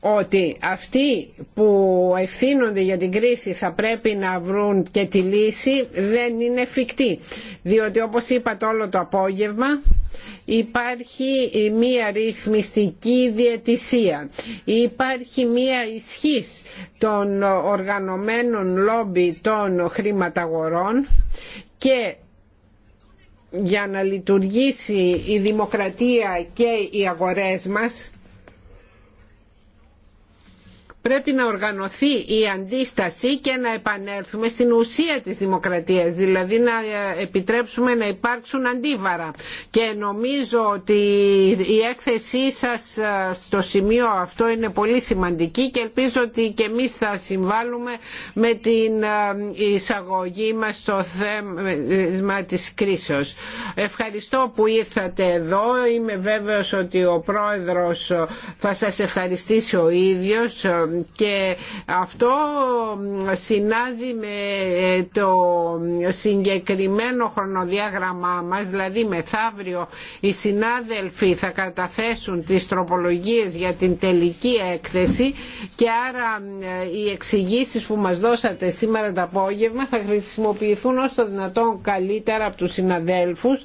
ότι αυτοί που ευθύνονται για την κρίση θα πρέπει να βρουν και τη λύση δεν είναι εφικτή. Διότι όπως είπατε όλο το απόγευμα υπάρχει μία ρυθμιστική διαιτησία. Υπάρχει μία ισχύς των οργανωμένων λόμπι των χρηματαγορών και για να λειτουργήσει η δημοκρατία και οι αγορές μας πρέπει να οργανωθεί η αντίσταση και να επανέλθουμε στην ουσία της δημοκρατίας, δηλαδή να ε, επιτρέψουμε να υπάρξουν αντίβαρα. Και νομίζω ότι η έκθεσή σας ε, στο σημείο αυτό είναι πολύ σημαντική και ελπίζω ότι και εμείς θα συμβάλλουμε με την ε, εισαγωγή μας στο θέμα της κρίσεως. Ευχαριστώ που ήρθατε εδώ. Είμαι βέβαιος ότι ο πρόεδρος θα σας ευχαριστήσει ο ίδιος και αυτό συνάδει με το συγκεκριμένο χρονοδιάγραμμά μας δηλαδή μεθαύριο οι συνάδελφοι θα καταθέσουν τις τροπολογίες για την τελική έκθεση και άρα ε, οι εξηγήσει που μας δώσατε σήμερα το απόγευμα θα χρησιμοποιηθούν όσο το δυνατόν καλύτερα από τους συναδέλφους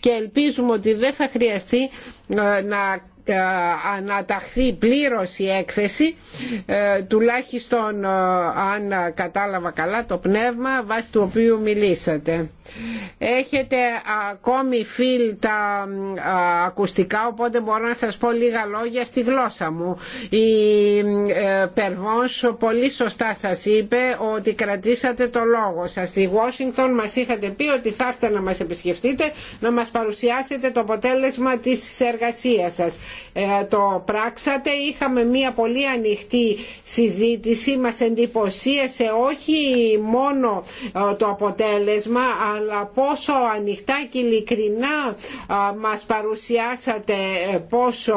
και ελπίζουμε ότι δεν θα χρειαστεί ε, να αναταχθεί πλήρως η έκθεση ε, τουλάχιστον ε, αν κατάλαβα καλά το πνεύμα βάσει του οποίου μιλήσατε. Έχετε ακόμη φίλ τα ε, ακουστικά οπότε μπορώ να σας πω λίγα λόγια στη γλώσσα μου. Η Περβόνς πολύ σωστά σας είπε ότι κρατήσατε το λόγο σας. Στη Washington μας είχατε πει ότι θα έρθετε να μας επισκεφτείτε να μας παρουσιάσετε το αποτέλεσμα της εργασίας σας ε, το πράξατε. Είχαμε μια πολύ ανοιχτή συζήτηση. Μας εντυπωσίασε όχι μόνο ε, το αποτέλεσμα αλλά πόσο ανοιχτά και ειλικρινά ε, μας παρουσιάσατε πόσο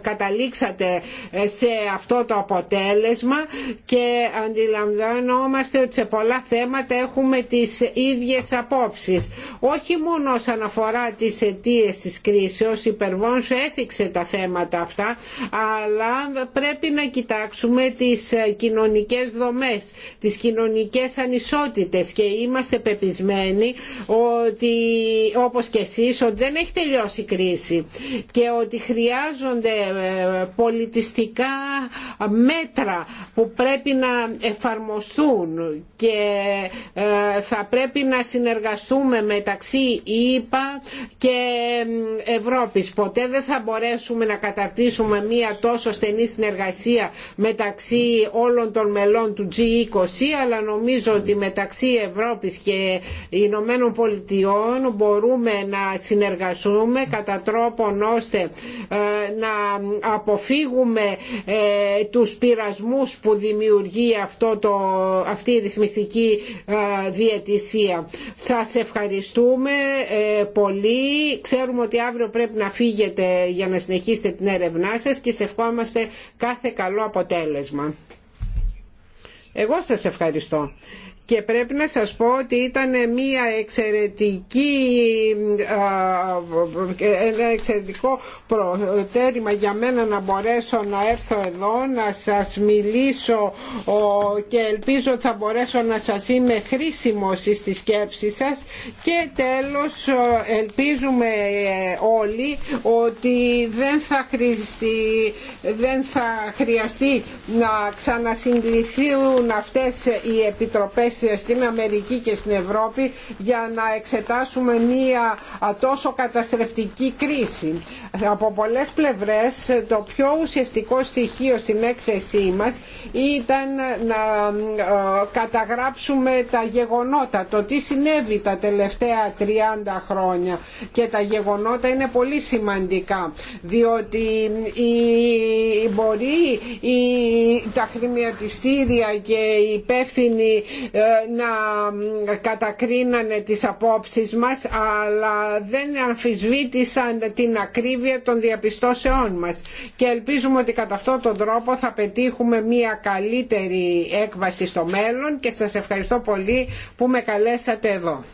καταλήξατε σε αυτό το αποτέλεσμα και αντιλαμβανόμαστε ότι σε πολλά θέματα έχουμε τις ίδιες απόψεις. Όχι μόνο όσον αφορά τις αιτίες της κρίσης υπερβών έθιξε τα θέματα αυτά αλλά πρέπει να κοιτάξουμε τις ε, κοινωνικές δομές, τις κοινωνικές ανισότητες και είμαστε πεπισμένοι ότι όπως και εσείς ότι δεν έχει τελειώσει η κρίση και ότι χρειάζονται ε, πολιτιστικά μέτρα που πρέπει να εφαρμοστούν και ε, θα πρέπει να συνεργαστούμε μεταξύ ΙΠΑ και Ευρώπη Ποτέ δεν θα μπορέσουμε να καταρτήσουμε μία τόσο στενή συνεργασία μεταξύ όλων των μελών του G20 αλλά νομίζω ότι μεταξύ Ευρώπης και Ηνωμένων Πολιτειών μπορούμε να συνεργαστούμε κατά τρόπον ώστε ε, να αποφύγουμε ε, τους πειρασμούς που δημιουργεί αυτό το, αυτή η ρυθμιστική ε, διαιτησία. Σας ευχαριστούμε πολύ. Ξέρουμε ότι αύριο πρέπει να να φύγετε για να συνεχίσετε την έρευνά σας και σε ευχόμαστε κάθε καλό αποτέλεσμα. Εγώ σας ευχαριστώ και πρέπει να σας πω ότι ήταν μια εξαιρετική, ένα εξαιρετικό προτέρημα για μένα να μπορέσω να έρθω εδώ, να σας μιλήσω και ελπίζω ότι θα μπορέσω να σας είμαι χρήσιμος στη σκέψη σας και τέλος ελπίζουμε ε, όλοι ότι δεν θα, χρειαστεί δεν θα χρειαστεί να ξανασυγκληθούν αυτές οι επιτροπές ε, στην Αμερική και στην Ευρώπη για να εξετάσουμε μία τόσο καταστρεπτική κρίση. Από πολλές πλευρές ε, το πιο ουσιαστικό στοιχείο στην έκθεσή μας ήταν να ε, καταγράψουμε τα γεγονότα, το τι συνέβη τα τελευταία 30 χρόνια και τα γεγονότα είναι πολύ σημαντικά διότι μπορεί τα χρηματιστήρια και οι υπεύθυνοι ε, να κατακρίνανε τις απόψεις μας αλλά δεν αμφισβήτησαν την ακρίβεια των διαπιστώσεών μας και ελπίζουμε ότι κατά αυτόν τον τρόπο θα πετύχουμε μια καλύτερη έκβαση στο μέλλον και σας ευχαριστώ πολύ που με καλέσατε εδώ.